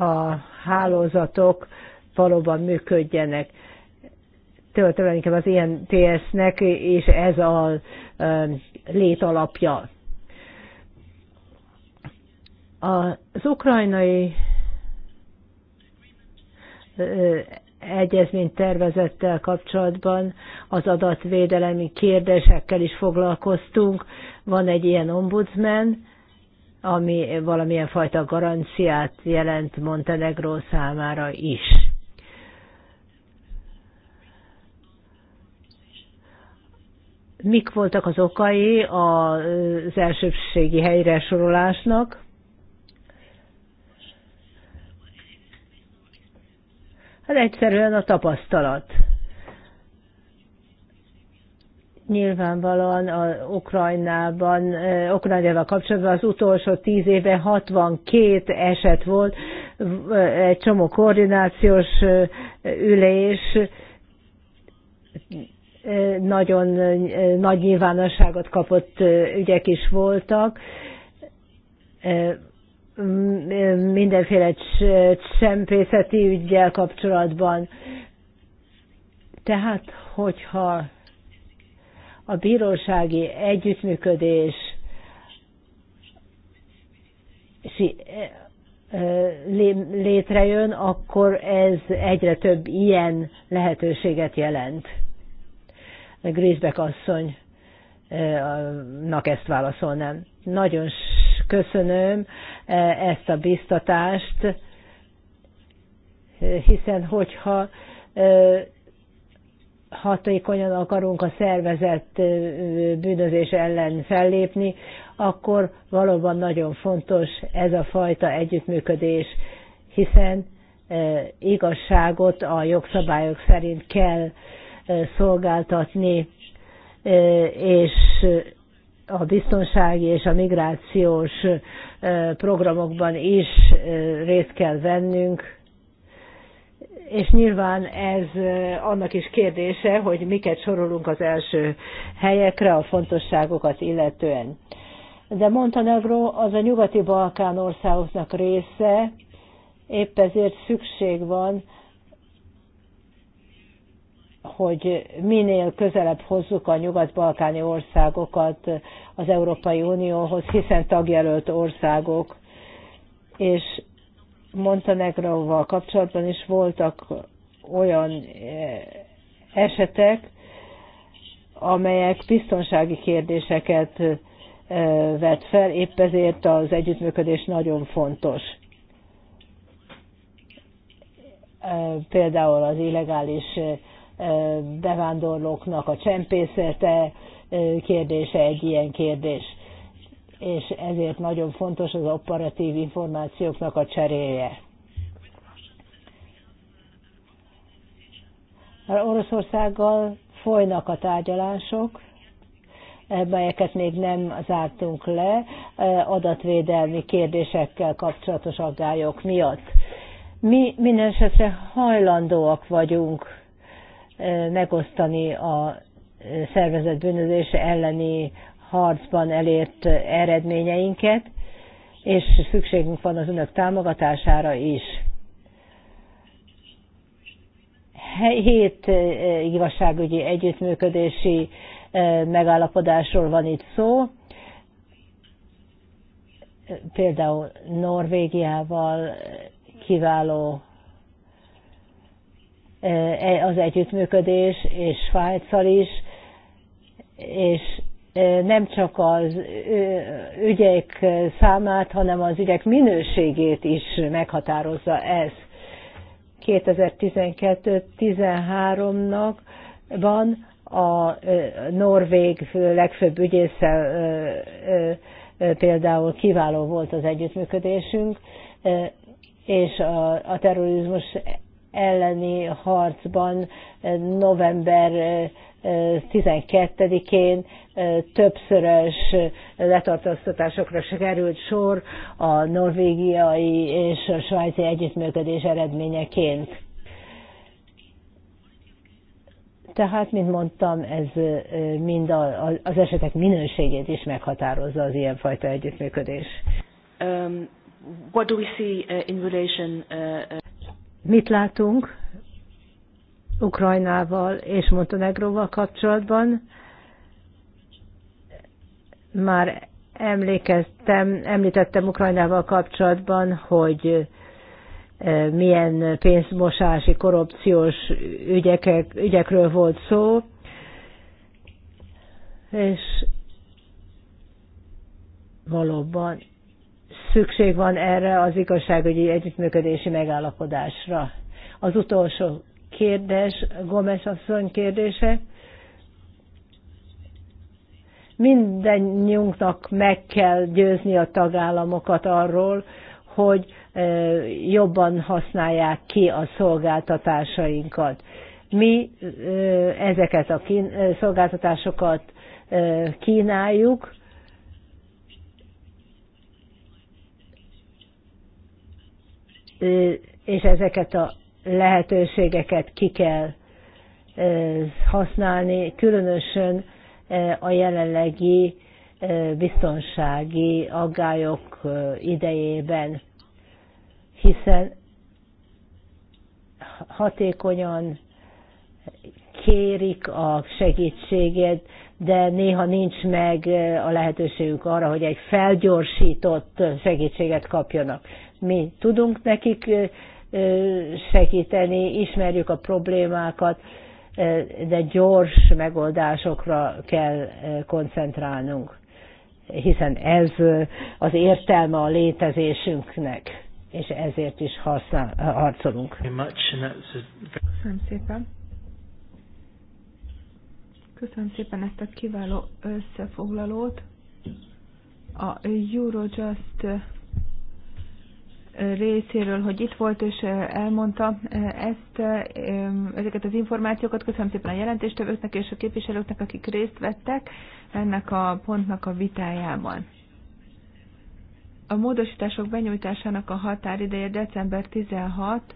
a hálózatok valóban működjenek. Tulajdonképpen az ilyen ts nek és ez a létalapja. Az ukrajnai egyezmény tervezettel kapcsolatban az adatvédelemi kérdésekkel is foglalkoztunk. Van egy ilyen ombudsman, ami valamilyen fajta garanciát jelent Montenegró számára is. Mik voltak az okai az elsőbségi helyre sorolásnak? Hát egyszerűen a tapasztalat. Nyilvánvalóan a Ukrajnában, Ukrajnával kapcsolatban az utolsó tíz évben 62 eset volt, egy csomó koordinációs ülés, nagyon nagy nyilvánosságot kapott ügyek is voltak mindenféle csempészeti ügyjel kapcsolatban. Tehát, hogyha a bírósági együttműködés e, e, létrejön, akkor ez egyre több ilyen lehetőséget jelent. Grisbeck asszonynak ezt válaszolnám. Nagyon köszönöm e, ezt a biztatást, hiszen hogyha e, hatékonyan akarunk a szervezett e, bűnözés ellen fellépni, akkor valóban nagyon fontos ez a fajta együttműködés, hiszen igazságot a jogszabályok szerint kell szolgáltatni, és a biztonsági és a migrációs programokban is részt kell vennünk, és nyilván ez annak is kérdése, hogy miket sorolunk az első helyekre, a fontosságokat illetően. De Montenegro az a nyugati Balkán országoknak része, épp ezért szükség van hogy minél közelebb hozzuk a nyugat-balkáni országokat az Európai Unióhoz, hiszen tagjelölt országok, és Montenegróval kapcsolatban is voltak olyan eh, esetek, amelyek biztonsági kérdéseket eh, vett fel, épp ezért az együttműködés nagyon fontos. Eh, például az illegális bevándorlóknak a csempészete kérdése egy ilyen kérdés. És ezért nagyon fontos az operatív információknak a cseréje. Oroszországgal folynak a tárgyalások, melyeket még nem zártunk le adatvédelmi kérdésekkel kapcsolatos aggályok miatt. Mi minden esetre hajlandóak vagyunk megosztani a szervezett bűnözése elleni harcban elért eredményeinket, és szükségünk van az önök támogatására is. Hét igazságügyi együttműködési megállapodásról van itt szó, például Norvégiával kiváló E, e, az együttműködés, és Svájccal is, és e, nem csak az ügyek számát, hanem az ügyek minőségét is meghatározza ez. 2012-13-nak van a norvég legfőbb ügyésze például kiváló volt az együttműködésünk, és a terrorizmus elleni harcban eh, november 12-én eh, eh, többszörös letartóztatásokra se került sor a norvégiai és a svájci együttműködés eredményeként. Tehát, mint mondtam, ez mind a, az esetek minőségét is meghatározza az ilyenfajta együttműködés. Um, what do we see uh, in relation, uh, uh Mit látunk Ukrajnával és Montenegróval kapcsolatban? Már emlékeztem, említettem Ukrajnával kapcsolatban, hogy e, milyen pénzmosási, korrupciós ügyek, ügyekről volt szó, és valóban szükség van erre az igazságügyi együttműködési megállapodásra. Az utolsó kérdés, Gomes asszony kérdése. Mindennyiunknak meg kell győzni a tagállamokat arról, hogy e, jobban használják ki a szolgáltatásainkat. Mi e, ezeket a szolgáltatásokat e, kínáljuk, és ezeket a lehetőségeket ki kell használni, különösen a jelenlegi biztonsági aggályok idejében, hiszen hatékonyan kérik a segítséget, de néha nincs meg a lehetőségük arra, hogy egy felgyorsított segítséget kapjanak. Mi tudunk nekik segíteni, ismerjük a problémákat, de gyors megoldásokra kell koncentrálnunk, hiszen ez az értelme a létezésünknek, és ezért is használ, harcolunk. Köszönöm szépen. Köszönöm szépen ezt a kiváló összefoglalót. A Eurojust részéről, hogy itt volt és elmondta ezt, ezeket az információkat. Köszönöm szépen a jelentéstevőknek és a képviselőknek, akik részt vettek ennek a pontnak a vitájában. A módosítások benyújtásának a határideje december 16,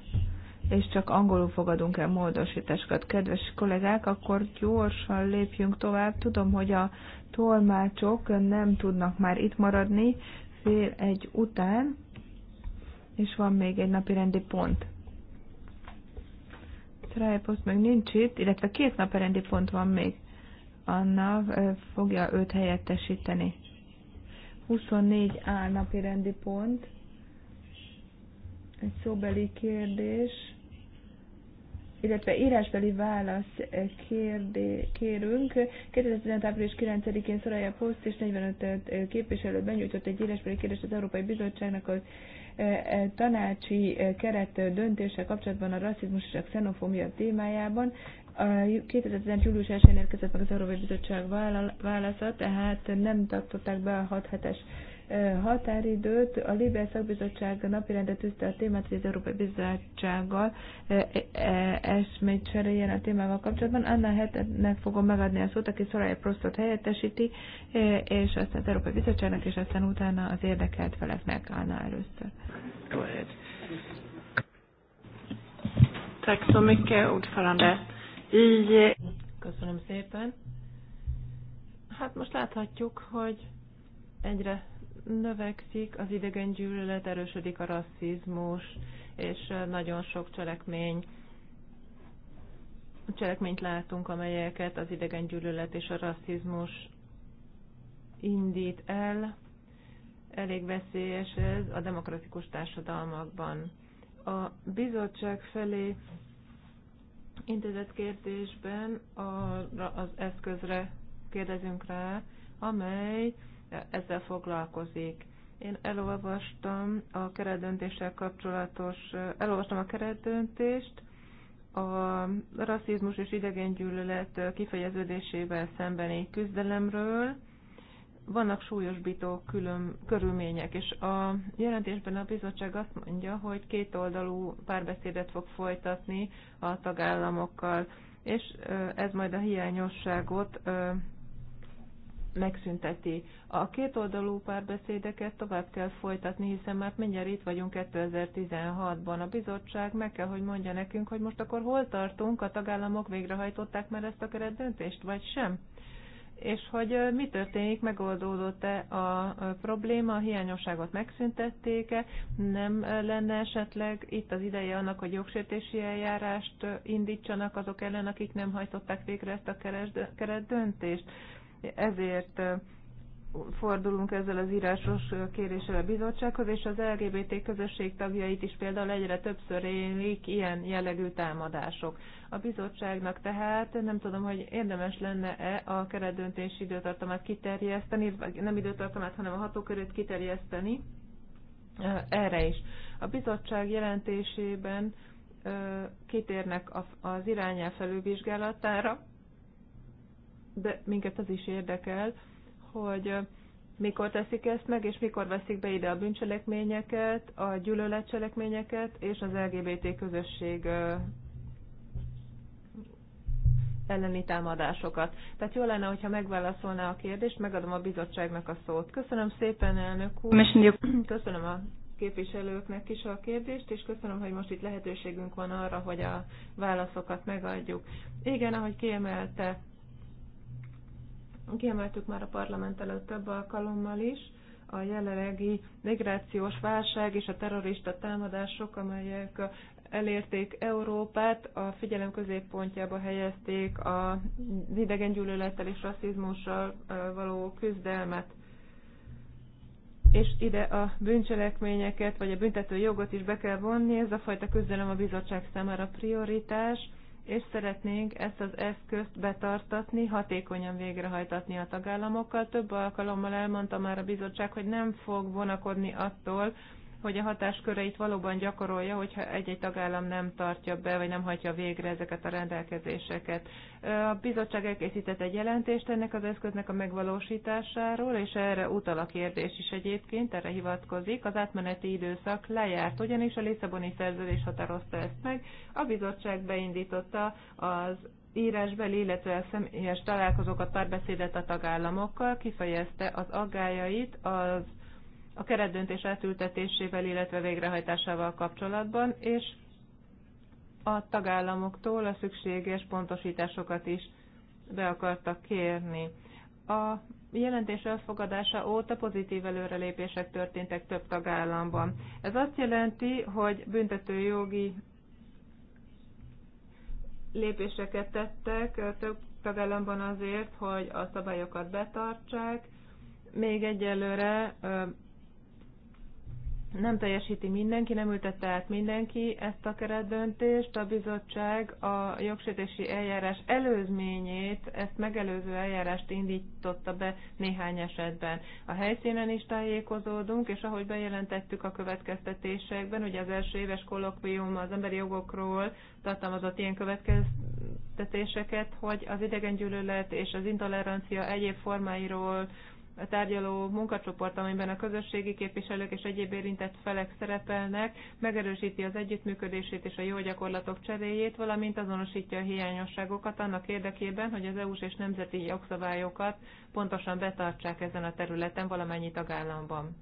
és csak angolul fogadunk el módosításokat. Kedves kollégák, akkor gyorsan lépjünk tovább. Tudom, hogy a tolmácsok nem tudnak már itt maradni fél egy után, és van még egy napi rendi pont. Trájpost meg nincs itt, illetve két napi rendi pont van még. Anna fogja őt helyettesíteni. 24A napi rendi pont. Egy szóbeli kérdés, illetve írásbeli válasz kérdé, kérünk. 2015. április 9-én Szoraja Poszt és 45 képviselő benyújtott egy írásbeli kérdést az Európai Bizottságnak az E, e, tanácsi e, keret döntése kapcsolatban a rasszizmus és a xenofómia témájában. a 2010. július 1-én érkezett meg az Európai Bizottság válasza, tehát nem tartották be a 6 hetes határidőt. A Libel Szakbizottság napirendre tűzte a témát, hogy az Európai Bizottsággal e, e, esmét cseréljen a témával kapcsolatban. Annál hetednek fogom megadni a szót, aki Soraya Prostot helyettesíti, és aztán az Európai Bizottságnak, és aztán utána az érdekelt feleknek Anna először. Eh, Köszönöm szépen. Hát most láthatjuk, hogy egyre növekszik, az idegen gyűlölet erősödik a rasszizmus, és nagyon sok cselekmény cselekményt látunk, amelyeket az idegen gyűlölet és a rasszizmus indít el. Elég veszélyes ez a demokratikus társadalmakban. A bizottság felé intézett kérdésben az eszközre kérdezünk rá, amely ezzel foglalkozik. Én elolvastam a keretdöntéssel kapcsolatos, elolvastam a keretdöntést, a rasszizmus és idegengyűlölet kifejeződésével szembeni küzdelemről, vannak súlyosbító külön, körülmények, és a jelentésben a bizottság azt mondja, hogy kétoldalú párbeszédet fog folytatni a tagállamokkal, és ez majd a hiányosságot megszünteti. A kétoldalú párbeszédeket tovább kell folytatni, hiszen már mindjárt itt vagyunk 2016-ban. A bizottság meg kell, hogy mondja nekünk, hogy most akkor hol tartunk, a tagállamok végrehajtották már ezt a keretdöntést, vagy sem. És hogy mi történik, megoldódott-e a probléma, a hiányosságot megszüntették-e, nem lenne esetleg itt az ideje annak, hogy jogsértési eljárást indítsanak azok ellen, akik nem hajtották végre ezt a keretdöntést ezért fordulunk ezzel az írásos kéréssel a bizottsághoz, és az LGBT közösség tagjait is például egyre többször élik ilyen jellegű támadások. A bizottságnak tehát nem tudom, hogy érdemes lenne-e a keretdöntési időtartamát kiterjeszteni, vagy nem időtartamát, hanem a hatókörét kiterjeszteni erre is. A bizottság jelentésében kitérnek az irányel felülvizsgálatára, de minket az is érdekel, hogy mikor teszik ezt meg, és mikor veszik be ide a bűncselekményeket, a gyűlöletcselekményeket és az LGBT közösség elleni támadásokat. Tehát jó lenne, hogyha megválaszolná a kérdést, megadom a bizottságnak a szót. Köszönöm szépen, elnök úr. Köszönöm a képviselőknek is a kérdést, és köszönöm, hogy most itt lehetőségünk van arra, hogy a válaszokat megadjuk. Igen, ahogy kiemelte Kiemeltük már a parlament előtt több alkalommal is, a jelenlegi migrációs válság és a terrorista támadások, amelyek elérték Európát, a figyelem középpontjába helyezték az idegengyűlölettel és rasszizmussal való küzdelmet és ide a bűncselekményeket, vagy a büntető jogot is be kell vonni. Ez a fajta közelem a bizottság számára prioritás, és szeretnénk ezt az eszközt betartatni, hatékonyan végrehajtatni a tagállamokkal. Több alkalommal elmondta már a bizottság, hogy nem fog vonakodni attól, hogy a hatásköreit valóban gyakorolja, hogyha egy-egy tagállam nem tartja be, vagy nem hagyja végre ezeket a rendelkezéseket. A bizottság elkészített egy jelentést ennek az eszköznek a megvalósításáról, és erre utal a kérdés is egyébként, erre hivatkozik. Az átmeneti időszak lejárt, ugyanis a Lisszaboni szerződés határozta ezt meg. A bizottság beindította az írásbeli, illetve személyes találkozókat, párbeszédet a tagállamokkal, kifejezte az aggájait az a keretdöntés átültetésével, illetve végrehajtásával kapcsolatban, és a tagállamoktól a szükséges pontosításokat is be akartak kérni. A jelentés elfogadása óta pozitív előrelépések történtek több tagállamban. Ez azt jelenti, hogy büntetőjogi lépéseket tettek több tagállamban azért, hogy a szabályokat betartsák. Még egyelőre nem teljesíti mindenki, nem ültette át mindenki ezt a keretdöntést. A bizottság a jogsértési eljárás előzményét, ezt megelőző eljárást indította be néhány esetben. A helyszínen is tájékozódunk, és ahogy bejelentettük a következtetésekben, ugye az első éves kollokvium az emberi jogokról tartalmazott ilyen következtetéseket, hogy az idegengyűlölet és az intolerancia egyéb formáiról tárgyaló munkacsoport, amiben a közösségi képviselők és egyéb érintett felek szerepelnek, megerősíti az együttműködését és a jó gyakorlatok cseréjét, valamint azonosítja a hiányosságokat annak érdekében, hogy az EU-s és nemzeti jogszabályokat pontosan betartsák ezen a területen valamennyi tagállamban.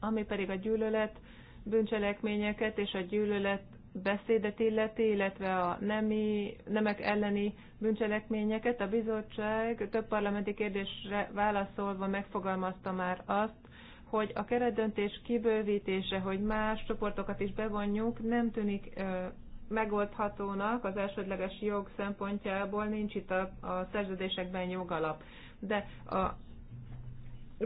Ami pedig a gyűlölet bűncselekményeket és a gyűlölet beszédet illeti, illetve a nemi, nemek elleni bűncselekményeket, a bizottság több parlamenti kérdésre válaszolva megfogalmazta már azt, hogy a keretdöntés kibővítése, hogy más csoportokat is bevonjunk, nem tűnik ö, megoldhatónak az elsődleges jog szempontjából, nincs itt a, a szerződésekben jogalap. De a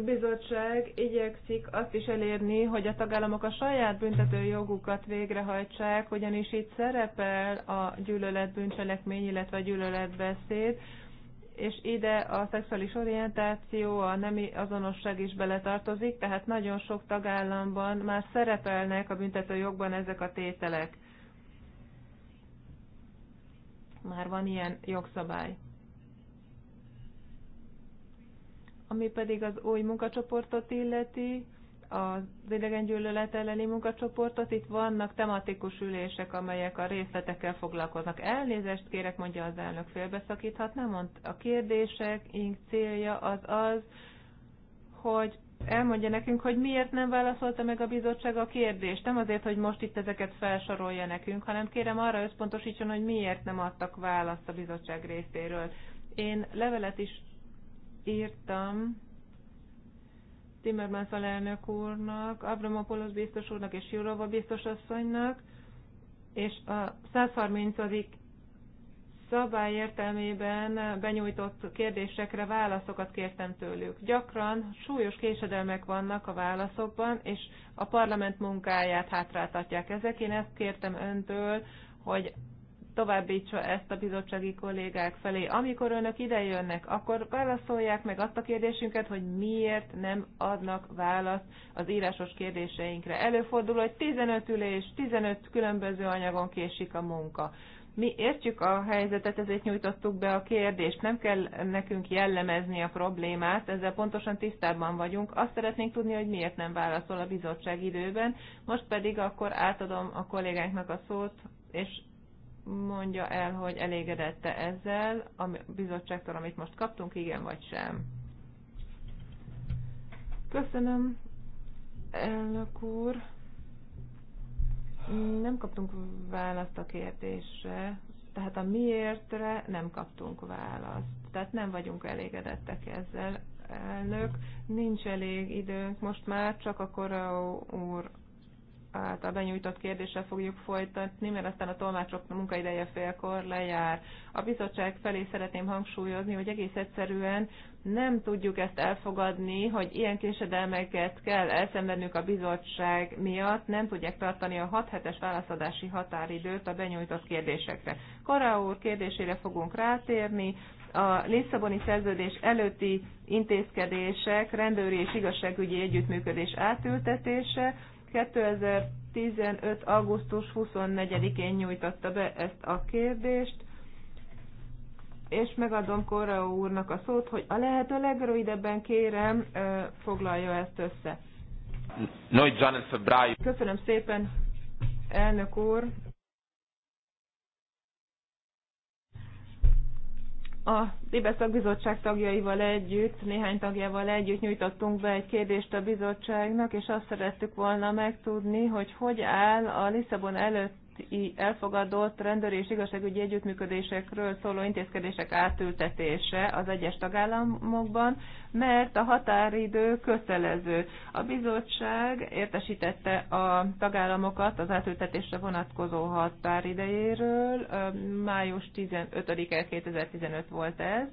bizottság igyekszik azt is elérni, hogy a tagállamok a saját büntető jogukat végrehajtsák, ugyanis itt szerepel a gyűlöletbűncselekmény, illetve a gyűlöletbeszéd, és ide a szexuális orientáció, a nemi azonosság is beletartozik, tehát nagyon sok tagállamban már szerepelnek a büntető jogban ezek a tételek. Már van ilyen jogszabály. Ami pedig az új munkacsoportot illeti, az gyűlölet elleni munkacsoportot, itt vannak tematikus ülések, amelyek a részletekkel foglalkoznak. Elnézést kérek, mondja az elnök, nem, mond a kérdések célja az az, hogy elmondja nekünk, hogy miért nem válaszolta meg a bizottság a kérdést. Nem azért, hogy most itt ezeket felsorolja nekünk, hanem kérem arra összpontosítson, hogy miért nem adtak választ a bizottság részéről. Én levelet is írtam Timmermans alelnök úrnak, Abramopoulos biztos úrnak és Jurova biztos asszonynak, és a 130. szabály értelmében benyújtott kérdésekre válaszokat kértem tőlük. Gyakran súlyos késedelmek vannak a válaszokban, és a parlament munkáját hátráltatják ezek. Én ezt kértem öntől, hogy továbbítsa ezt a bizottsági kollégák felé. Amikor önök idejönnek, akkor válaszolják meg azt a kérdésünket, hogy miért nem adnak választ az írásos kérdéseinkre. Előfordul, hogy 15 ülés, 15 különböző anyagon késik a munka. Mi értjük a helyzetet, ezért nyújtottuk be a kérdést. Nem kell nekünk jellemezni a problémát, ezzel pontosan tisztában vagyunk. Azt szeretnénk tudni, hogy miért nem válaszol a bizottság időben. Most pedig akkor átadom a kollégánknak a szót, és mondja el, hogy elégedette ezzel a bizottságtól, amit most kaptunk, igen vagy sem. Köszönöm, elnök úr. Nem kaptunk választ a kérdésre, tehát a miértre nem kaptunk választ. Tehát nem vagyunk elégedettek ezzel, elnök. Nincs elég időnk most már, csak a Korau úr által benyújtott kérdéssel fogjuk folytatni, mert aztán a tolmácsok munkaideje félkor lejár. A bizottság felé szeretném hangsúlyozni, hogy egész egyszerűen nem tudjuk ezt elfogadni, hogy ilyen késedelmeket kell elszenvednünk a bizottság miatt, nem tudják tartani a 6 hetes válaszadási határidőt a benyújtott kérdésekre. Kora úr kérdésére fogunk rátérni, a Lisszaboni szerződés előtti intézkedések, rendőri és igazságügyi együttműködés átültetése, 2015. augusztus 24-én nyújtotta be ezt a kérdést, és megadom Kora úrnak a szót, hogy a lehető legrövidebben kérem, foglalja ezt össze. Köszönöm szépen, elnök úr. A Libeszak bizottság tagjaival együtt, néhány tagjával együtt nyújtottunk be egy kérdést a bizottságnak, és azt szerettük volna megtudni, hogy hogy áll a Lisszabon előtt elfogadott rendőri és igazságügyi együttműködésekről szóló intézkedések átültetése az egyes tagállamokban, mert a határidő kötelező. A bizottság értesítette a tagállamokat az átültetésre vonatkozó határidejéről, május 15-e 2015 volt ez.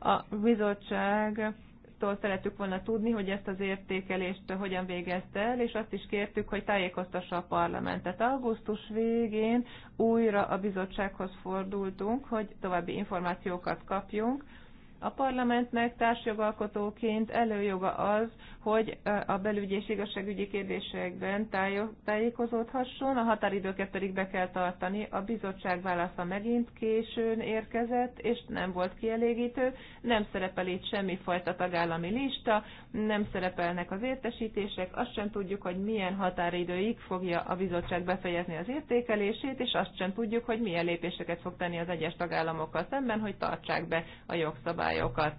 A bizottság tól szeretük volna tudni, hogy ezt az értékelést hogyan végezte el, és azt is kértük, hogy tájékoztassa a parlamentet. Augusztus végén újra a bizottsághoz fordultunk, hogy további információkat kapjunk, a parlamentnek társjogalkotóként előjoga az, hogy a belügyi és igazságügyi kérdésekben tájékozódhasson, a határidőket pedig be kell tartani. A bizottság válasza megint későn érkezett, és nem volt kielégítő, nem szerepel itt semmifajta tagállami lista, nem szerepelnek az értesítések, azt sem tudjuk, hogy milyen határidőig fogja a bizottság befejezni az értékelését, és azt sem tudjuk, hogy milyen lépéseket fog tenni az egyes tagállamokkal szemben, hogy tartsák be a jogszabályt szabályokat.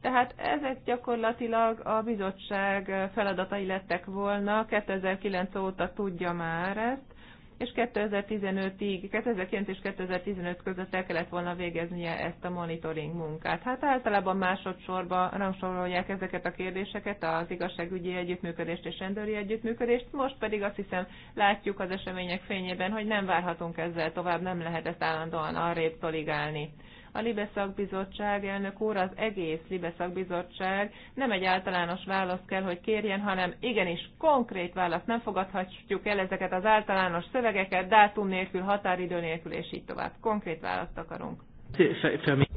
Tehát ezek gyakorlatilag a bizottság feladatai lettek volna, 2009 óta tudja már ezt, és 2015-ig, 2009 és 2015 között el kellett volna végeznie ezt a monitoring munkát. Hát általában másodszorban rangsorolják ezeket a kérdéseket, az igazságügyi együttműködést és rendőri együttműködést, most pedig azt hiszem látjuk az események fényében, hogy nem várhatunk ezzel tovább, nem lehet ezt állandóan arrébb toligálni. A Libe szakbizottság elnök úr, az egész Libe bizottság nem egy általános választ kell, hogy kérjen, hanem igenis konkrét választ. Nem fogadhatjuk el ezeket az általános szövegeket, dátum nélkül, határidő nélkül, és így tovább. Konkrét választ akarunk.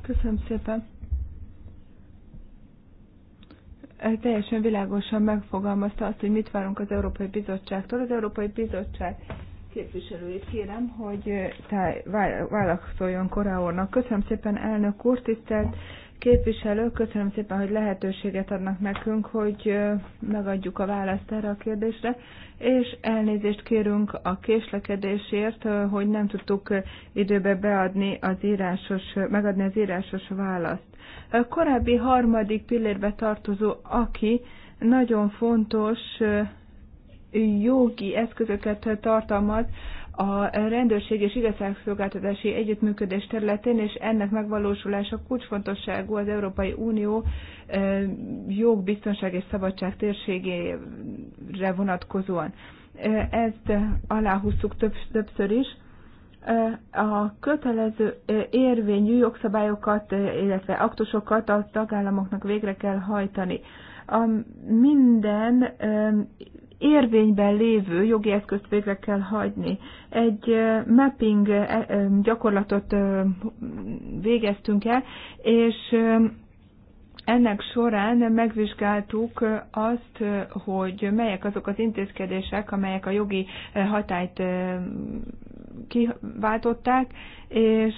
Köszönöm szépen teljesen világosan megfogalmazta azt, hogy mit várunk az Európai Bizottságtól. Az Európai Bizottság képviselőjét kérem, hogy válaszoljon koráornak. Köszönöm szépen, elnök úr, tisztelt képviselő, köszönöm szépen, hogy lehetőséget adnak nekünk, hogy megadjuk a választ erre a kérdésre, és elnézést kérünk a késlekedésért, hogy nem tudtuk időbe beadni az írásos, megadni az írásos választ. A korábbi harmadik pillérbe tartozó, aki nagyon fontos jogi eszközöket tartalmaz a rendőrség és igazságszolgáltatási együttműködés területén, és ennek megvalósulása kulcsfontosságú az Európai Unió jogbiztonság és szabadság térségére vonatkozóan. Ezt aláhúztuk többször is a kötelező érvényű jogszabályokat, illetve aktusokat a tagállamoknak végre kell hajtani. A minden érvényben lévő jogi eszközt végre kell hagyni. Egy mapping gyakorlatot végeztünk el, és ennek során megvizsgáltuk azt, hogy melyek azok az intézkedések, amelyek a jogi hatályt kiváltották, és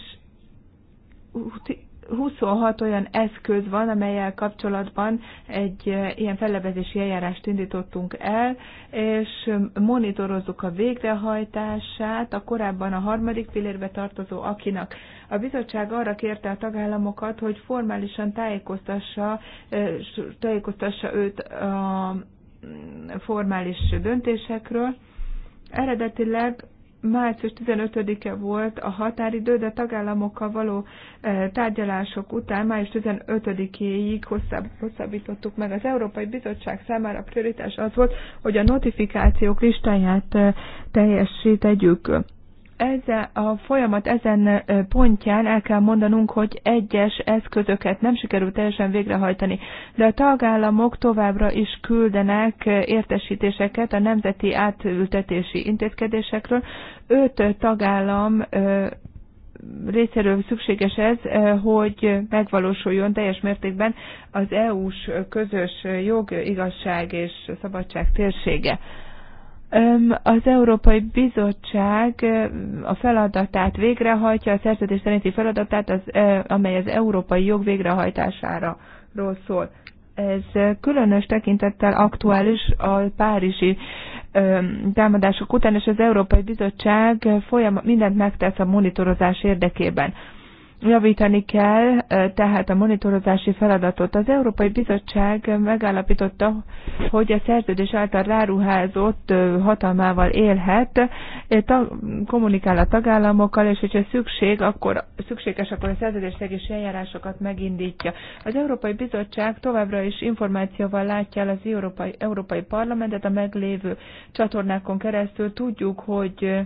26 olyan eszköz van, amelyel kapcsolatban egy eh, ilyen fellebezési eljárást indítottunk el, és eh, monitorozzuk a végrehajtását a korábban a harmadik pillérbe tartozó akinak. A bizottság arra kérte a tagállamokat, hogy formálisan tájékoztassa, eh, tájékoztassa őt a mm, formális döntésekről. Eredetileg március 15-e volt a határidő, de tagállamokkal való e, tárgyalások után május 15-éig hosszabb, hosszabbítottuk meg. Az Európai Bizottság számára a prioritás az volt, hogy a notifikációk listáját e, teljesítegyük ez a folyamat ezen pontján el kell mondanunk, hogy egyes eszközöket nem sikerült teljesen végrehajtani, de a tagállamok továbbra is küldenek értesítéseket a nemzeti átültetési intézkedésekről. Öt tagállam részéről szükséges ez, hogy megvalósuljon teljes mértékben az EU-s közös jog, igazság és szabadság térsége. Az Európai Bizottság a feladatát végrehajtja, a szerződés szerinti feladatát, az, amely az európai jog végrehajtására szól. Ez különös tekintettel aktuális a párizsi támadások után, és az Európai Bizottság folyam, mindent megtesz a monitorozás érdekében javítani kell tehát a monitorozási feladatot. Az Európai Bizottság megállapította, hogy a szerződés által ráruházott hatalmával élhet, kommunikál a tagállamokkal, és hogyha szükség, akkor, szükséges, akkor a szerződésszegési eljárásokat megindítja. Az Európai Bizottság továbbra is információval látja el az Európai, Európai Parlamentet a meglévő csatornákon keresztül. Tudjuk, hogy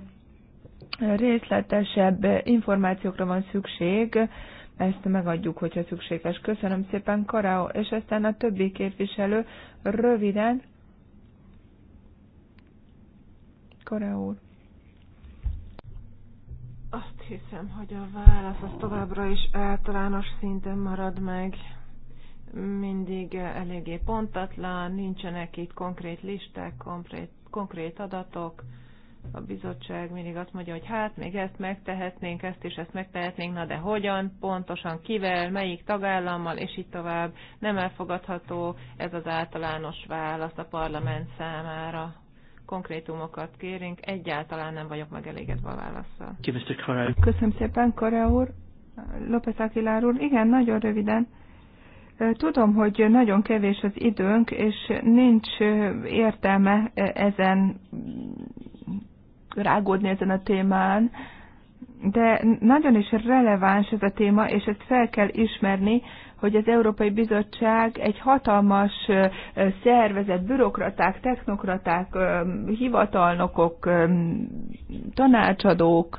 részletesebb információkra van szükség, ezt megadjuk, hogyha szükséges. Köszönöm szépen, Karao, és aztán a többi képviselő röviden. Karao Azt hiszem, hogy a válasz az továbbra is általános szinten marad meg. Mindig eléggé pontatlan, nincsenek itt konkrét listák, konkrét, konkrét adatok a bizottság mindig azt mondja, hogy hát még ezt megtehetnénk, ezt is ezt megtehetnénk, na de hogyan, pontosan kivel, melyik tagállammal, és így tovább. Nem elfogadható ez az általános válasz a parlament számára. Konkrétumokat kérünk, egyáltalán nem vagyok megelégedve a válaszsal. Köszönöm szépen, Kora úr, López Akilár úr. Igen, nagyon röviden. Tudom, hogy nagyon kevés az időnk, és nincs értelme ezen rágódni ezen a témán, de nagyon is releváns ez a téma, és ezt fel kell ismerni, hogy az Európai Bizottság egy hatalmas szervezet, bürokraták, technokraták, hivatalnokok, tanácsadók,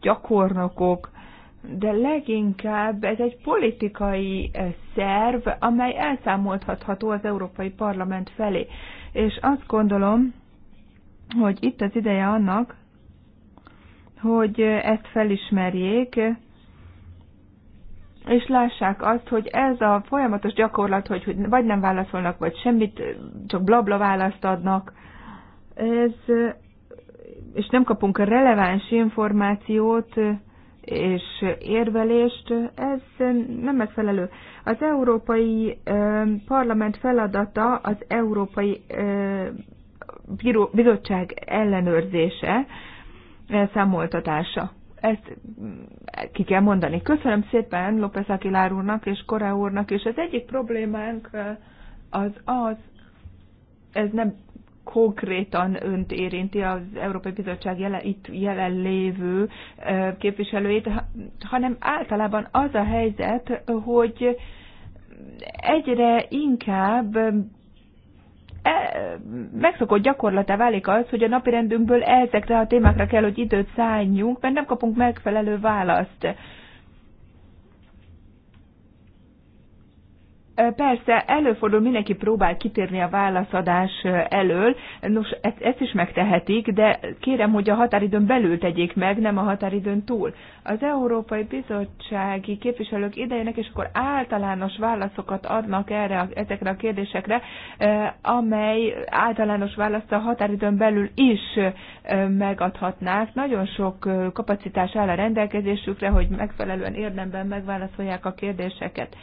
gyakornokok, de leginkább ez egy politikai szerv, amely elszámoltatható az Európai Parlament felé. És azt gondolom, hogy itt az ideje annak, hogy ezt felismerjék, és lássák azt, hogy ez a folyamatos gyakorlat, hogy, hogy vagy nem válaszolnak, vagy semmit, csak blabla választ adnak, ez, és nem kapunk releváns információt és érvelést, ez nem megfelelő. Az Európai Parlament feladata az európai bíró, bizottság ellenőrzése, eh, számoltatása. Ezt mm, ki kell mondani. Köszönöm szépen López Akilár úrnak és Korá úrnak, és az egyik problémánk eh, az az, ez nem konkrétan önt érinti az Európai Bizottság jele, itt jelenlévő eh, képviselőjét, hanem általában az a helyzet, hogy egyre inkább e, megszokott gyakorlata válik az, hogy a napirendünkből ezekre a témákra kell, hogy időt szálljunk, mert nem kapunk megfelelő választ. Persze, előfordul, mindenki próbál kitérni a válaszadás elől, nos, ezt, ezt is megtehetik, de kérem, hogy a határidőn belül tegyék meg, nem a határidőn túl. Az Európai Bizottsági képviselők idejének, és akkor általános válaszokat adnak erre, ezekre a kérdésekre, amely általános választ a határidőn belül is megadhatnák. Nagyon sok kapacitás áll a rendelkezésükre, hogy megfelelően érdemben megválaszolják a kérdéseket.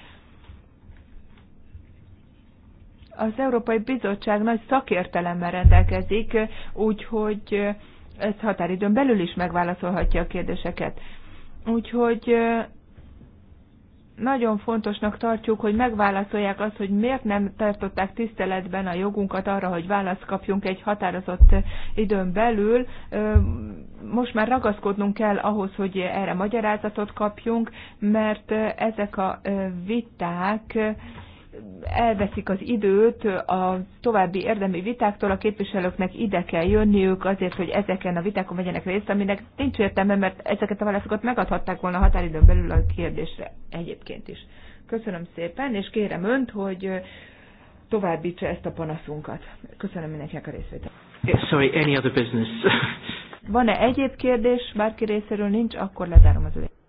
Az Európai Bizottság nagy szakértelemmel rendelkezik, úgyhogy ez határidőn belül is megválaszolhatja a kérdéseket. Úgyhogy nagyon fontosnak tartjuk, hogy megválaszolják azt, hogy miért nem tartották tiszteletben a jogunkat arra, hogy választ kapjunk egy határozott időn belül. Most már ragaszkodnunk kell ahhoz, hogy erre magyarázatot kapjunk, mert ezek a viták elveszik az időt a további érdemi vitáktól, a képviselőknek ide kell jönniük azért, hogy ezeken a vitákon vegyenek részt, aminek nincs értelme, mert ezeket a válaszokat megadhatták volna a határidőn belül a kérdésre egyébként is. Köszönöm szépen, és kérem önt, hogy továbbítsa ezt a panaszunkat. Köszönöm mindenkinek a részvételt. Sorry, any other business? Van-e egyéb kérdés? Bárki részéről nincs, akkor lezárom az ülést.